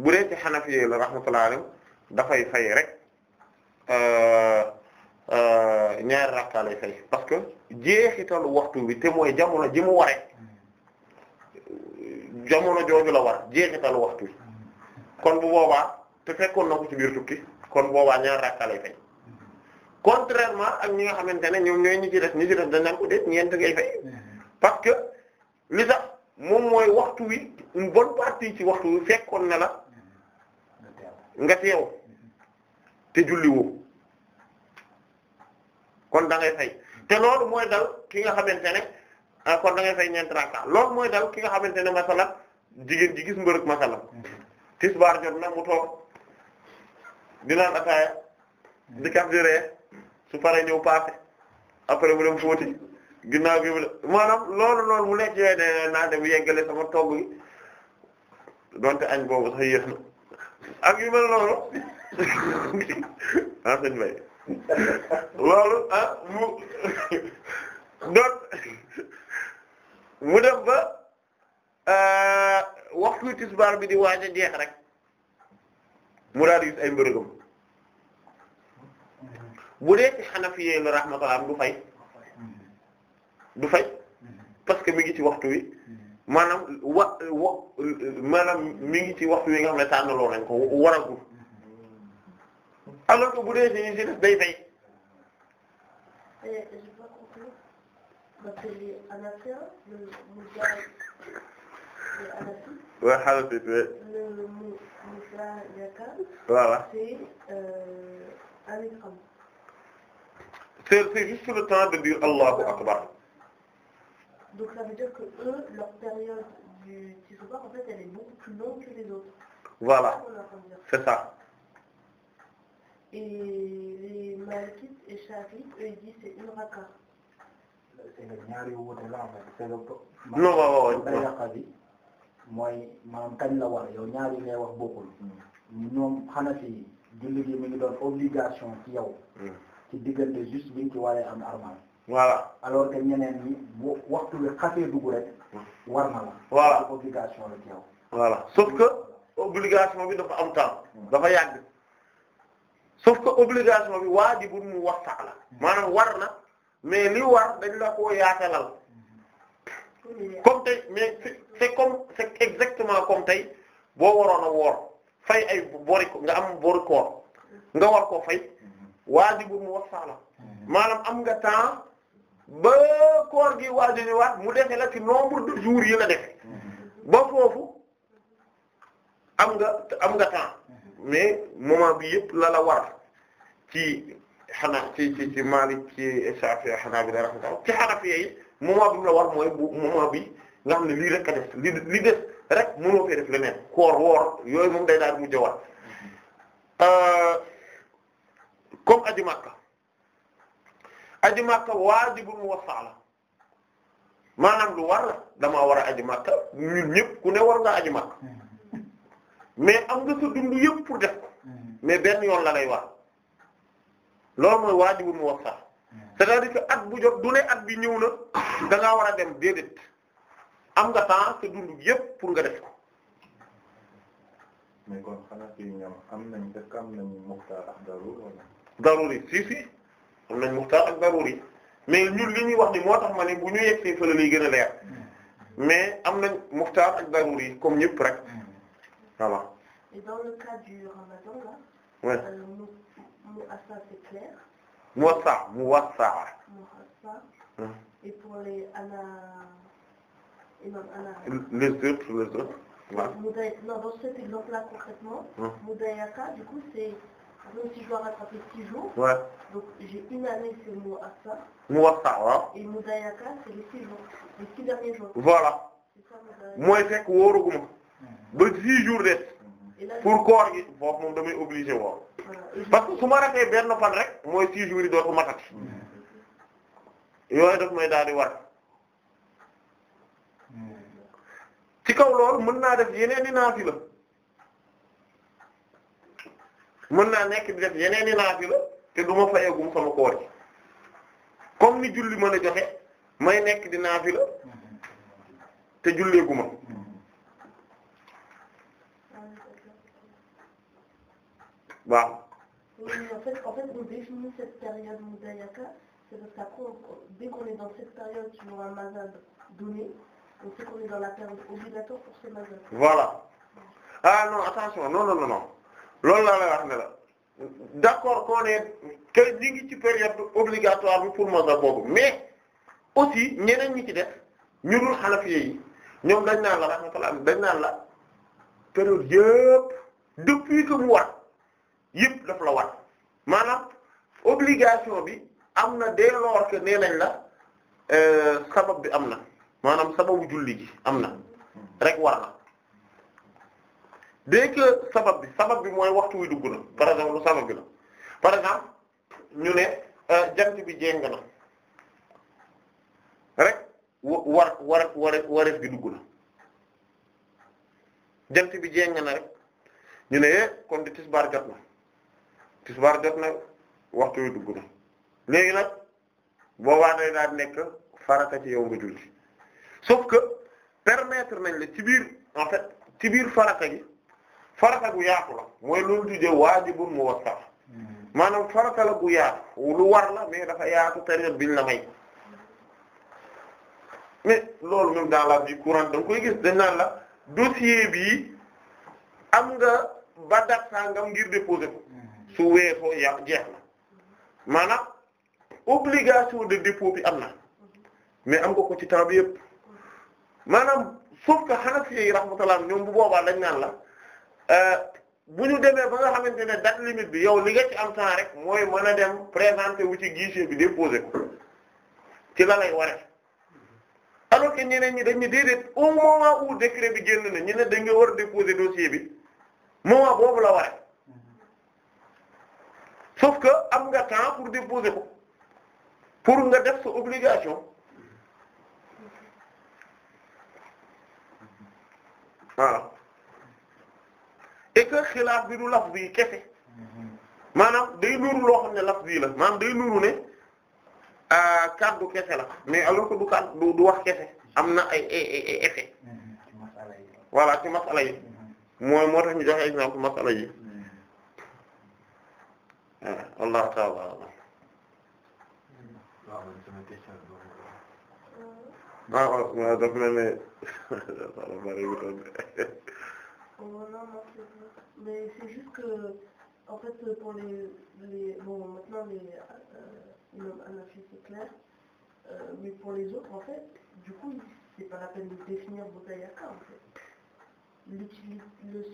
bu dee ci Hanafi la rahmatullahi alayhi dafay fay euh, euh, ñaari rakka lay fay parce que jeexitalu waxtu bi te mooy jamono ji mu waree jamono jooju la war jeexitalu waxtu bi kon bu boobaa te fekkoon na ci biir tukki kon boobaa ñaari rakka lay fay contrairement ak ñi nga xamante ne ñoom ñooy ñi ci def ñi ci def dañ naan ko ngay mm-hmm. parce que li tax moom mooy waxtu wi une bonne partie ci waxtu wi fekkoon na la mm-hmm. nga teew te julliwoo kon da ngay fay te loolu mooy dal ki nga xamante ne ah, kon da ngay fay ñeent rakka loolu mooy dal ki nga xamante ne masala jigéen ji gis mbërëg masala mm-hmm. tisbaar jot na mu toog di naan ataaya di su paree ñëw paase après mu dem fóoti ginnaaw bi mu de maanaam loolu lool mu lekk yooyu ne naa dem yeggale sama togg yi donte añ boobu sax yéex na ak yu mel loolu ah sëñ bay loolu ah mu (laughs) doon (laughs) mu dem ba euh, waxtu tisbaar bi di waaj a jeex rek mu daal di gis ay mbërëgam bu dee ci xanafiye la rahmatullah du fay du fay parce que mi ngi ci waxtu wi maanaam mi ngi ci waxtu wi nga xam ne tànnaloo nañ ko waragul alors que bu dee ci si def day fay waaw c'est c'est juste le temps de dire Allahu akbar. donc ça veut dire que eux leur période du tissubar en fait elle est beaucoup plus voilà c'est ça. et les malikites la c'est le. non waaw waaw mooy maanaam kañ la war yow ñaari ngay wax bokkul. ñoom xanaa si julli gi mi ngi doon obligation ci yow. Hmm. ci diggante bis biñ ci waree am armal voilà alors que ñeneen ñi bu waxtu bi xasee dugg rek war na la voilà obligation que obligation bi dafa am temps hmm. dafa yàgg sauf que obligation bi waajibul mu wax sax la hmm. maanaam war na mais li war dañ la ko yaatalal hmm. comme tey mais c'est comme comme tey boo waroon a woor fay ay bori nga am bori nga war koo fay waajibu mu wax saala maanaam am nga temps ba koor gi waajini waat mu defe la ci nombre de jours yi la defe ba foofu am nga am nga temps mais moment bi yëpp la la war ci xanaa ci ci ci Maalik ci Shaafi xanaa bi la raxmata ci Hanafi yi moment bi mu la war mooy bu moment bi nga xam ne lii rek a def li li def rek mu fee def leneen koor woor yooyu moom day daal mu jëwaat comme aji màkka aji màkka waajibul muwassa la maanaam lu war la damaa war a aji màkka ñëpp ku ne war ngaa aji màkka mm-hmm. mais am nga sa dund yëpp pour def ko mm-hmm. mais benn yoon la lay war loolu mooy waajibul muwassa mm-hmm. c'est-à-dire que at bu jot du ne at bi ñëw na da ngaa war a dem déedéet am nga temps sa dund yëpp pour nga def ko. am nañ daruri si si am nañ muxtaar ak daruri mais ñun li ñuy wax ni moo tax ma ne bu ñu yegg see fële lay gën a leer mais am nañ muxtaar ak daruri comme ñëpp rek voilà. et dans le cas du ramadan là. oui euh, mu muassa c'est clair. muassa muassa. muassa. et pour les ana imam ana. les autres les autres. waaw. Mudaya non dans cet exemple là concrètement. Mudayaka du coup c'est. donc je dois rattraper six jours. Ouais. donc j'ai mu wassa. mu voilà. mooy fekk wóoruguma ba six jours des. pour koor gi foofu moom damay obligé woor. parce que su ma ratee benn fan rek mooy six jours yi dootu matati. yooyu daf may daal war. ci kaw loolu mën naa def yeneen i naafila. mën naa nekk di def yeneen i naafila te du ma fayagum sama koor gi ni julli mën a joxe may nekk di naafila te julleeguma waaw. Voilà. Ah attention, non, non, non. loolu laa lay wax ne la d'accord qu'on est que ñi ngi ci période obligatoire bi pour mazhab boobu mais aussi ñeneen ñi ci def ñu dul xanafiye yi ñoom dañ naan la rahmatullah dañ naan la période yëpp depuis que mu war yëpp daf la war maanaam obligation bi am na dès lors que nee nañ la euh, sabab bi am na maanaam sababu julli gi am na rek war na dès que sabab bi sabab bi mooy waxtu wi dugg na par exemple lu sabab bi la par exemple ñu ne euh, jant bi jéng na rek war war war wareef gi dugg na jant bi jéng na rek ñu ne eh, kon di tisbaar jot na tisbaar jot na waxtu wi dugg na léegi nag boo day daal nekk farata ci yow nga julli sauf que permettre nañ la ci biir en fait ci biir farata gi farata gu yaatu la mooy loolu tuddee waajibul muwassaf mm-hmm. maanaam farata la gu yaatu lu war la mais dafa yaatu période biñ la may mais loolu même dans la vie courante da nga koy gis dañ naan la dossier bi am nga ba date sangam ngir déposer ko mm-hmm. su weesoo ya jeex na maanaam obligation de dépôt bi am na mm-hmm. mais am nga ko ci temps bi yëpp maanaam sauf que Hanafi yi rahmatullah ñoom bu boobaa dañ naan la. Euh, bu ñu demee ba nga xamante ne date limite bi yow li nga ci am temps rek mooy mën a dem présenter wu ci guichet bi déposer ko ci lala lay waree alors que ñeneen ñi dañuy déedéet au moment où décret bi génn na ñu ne dañ nga war a déposer dossier bi moment boobu la waree sauf que am nga temps pour déposer ko pour nga def sa obligation waaw. et que xilaaf bi du laf bi kese maanaam day nuru loo xam ne laf bii la maanaam day nuru ne euh, kaddu kese la mais alors que du kaddu du wax kese am na ay ay ay effet voilà ci masala yi mooy moo tax ñu joxe exemple masala yi Allah ta'ala waaw waaw daf mel ne (laughs) (laughs) comprendre, oh, non, non, c'est Mais c'est juste que, en fait, pour les, les bon, maintenant, les, euh, les c'est clair, euh, mais pour les autres, en fait, du coup, c'est pas la peine de Le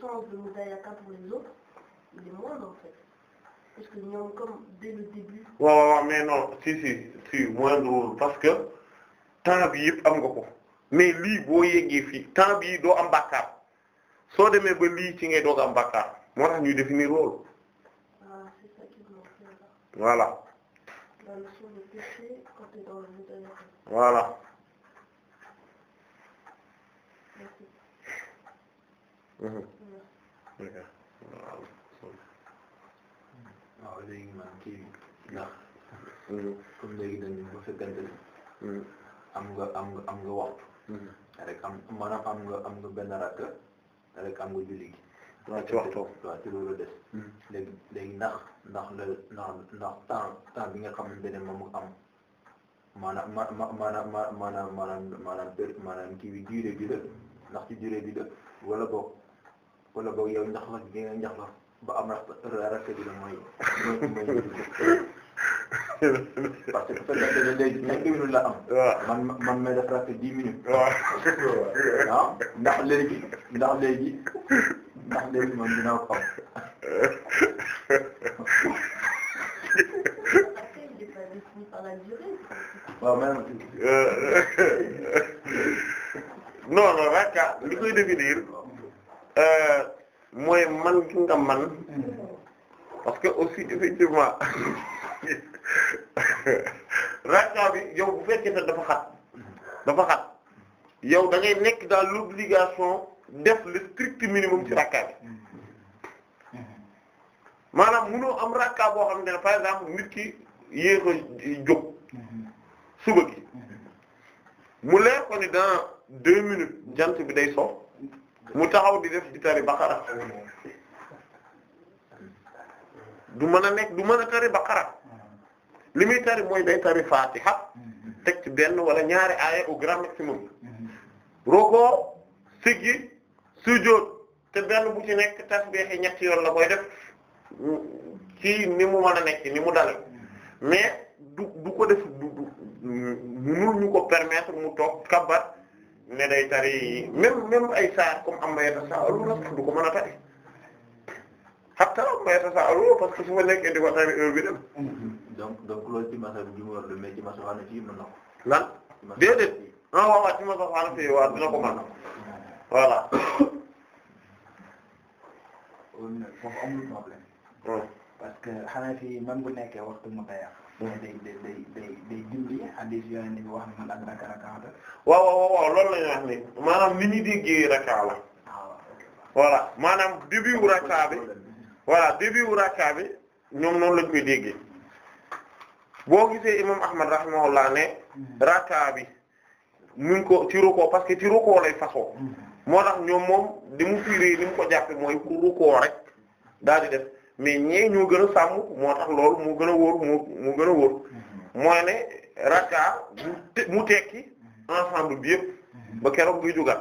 sens de Bodayaka pour les autres, il est moindre, en fait. Parce que non, comme le début. waaw ouais, non si si si moindre parce que temps bi yëpp am nga ko mais lii boo yeggee fii temps bii doo soo demee ba lii ci ngay doog am bàkkaar moo tax ñuy définir loolu voilà voilà mhm. waaw léegi man kii ndax mhm. comme léegi dañu ba fekkante mhm. am nga am nga am nga waxtu rek am maanaam am nga am nga benn rakk avec am nga julli gi waaw ah, ci waxtu waaw ci loolu des hmm. léegi léegi ndax ndax le ndax ndax temps temps bi nga xamante ne moom am maanaam ma ma maanaam ma maanaam maanaam maanaam maanaam kii bi durée bi la ndax ci durée bi la wala boog wala boog yow njaxla gi nga njaxla ba am rafet bi la mooy mooy mooy (laughs) parce que bu fekkee ne léegi cinq ko xam. (laughs) waaw euh, (laughs) ah, euh, man ki nga man mm. parce aussi effectivement. (laughs) (laughs) rakka bi yow bu fekkee ne dafa xat dafa xat yow da nekk dans l'obligation def le strict minimum ci rakka bi maanaam mënoo am rakka boo xam ne par exemple nit ki yéex a jóg suba gi mu leer ko ni dans deux minutes jant bi day sox mu taxaw di def di tari Baqara du mën a nekk du mën a tari Baqara li muy tari mooy day tari fatiha mm-hmm. teg ci benn wala ñaari aaya au grand maximum mm-hmm. roko siggi sujjóot te benn bu ci nekk tasbih ñetti yoon la koy def mm, ci ni mu mën a nekk ni mu dale mm-hmm. mais du du ko def du du ñu ko permettre mu toog kabar ne day tari même même ay saar comme am mayata saaluna sax du ko mën a tari hatta am mayata saaluna parce que su fa nekkee di ko tari heure dem donc donc loolu ci masal bi mu war mais ci masal xanaa fii mën na ko. lan déedéet non non waaw ci masal xanaa fii waaw dina ko mën voilà. (coughs) foofu amul problème. parce que xanaa fii man bu nekkee waxtu mu day day day day day julli hadith yooyu ni wax man ak raka raka la. waaw waaw waaw loolu la ñuy boo gisee imam ahmad rahimahullah ne raka bi mu ko ci rukkoo parce que ci rukkoo lay fasoo mm-hmm. moo tax ñoom moom di mu fiiree ni mu ko jàppe mooy ku rukkoo rek daal di def mais ñee ñoo gën a sàmm moo tax loolu moo gën a wóor moo moo gën a wóor mm-hmm. mooy mu tekki ensemble bi yëpp mm-hmm. ba keroog buy dugal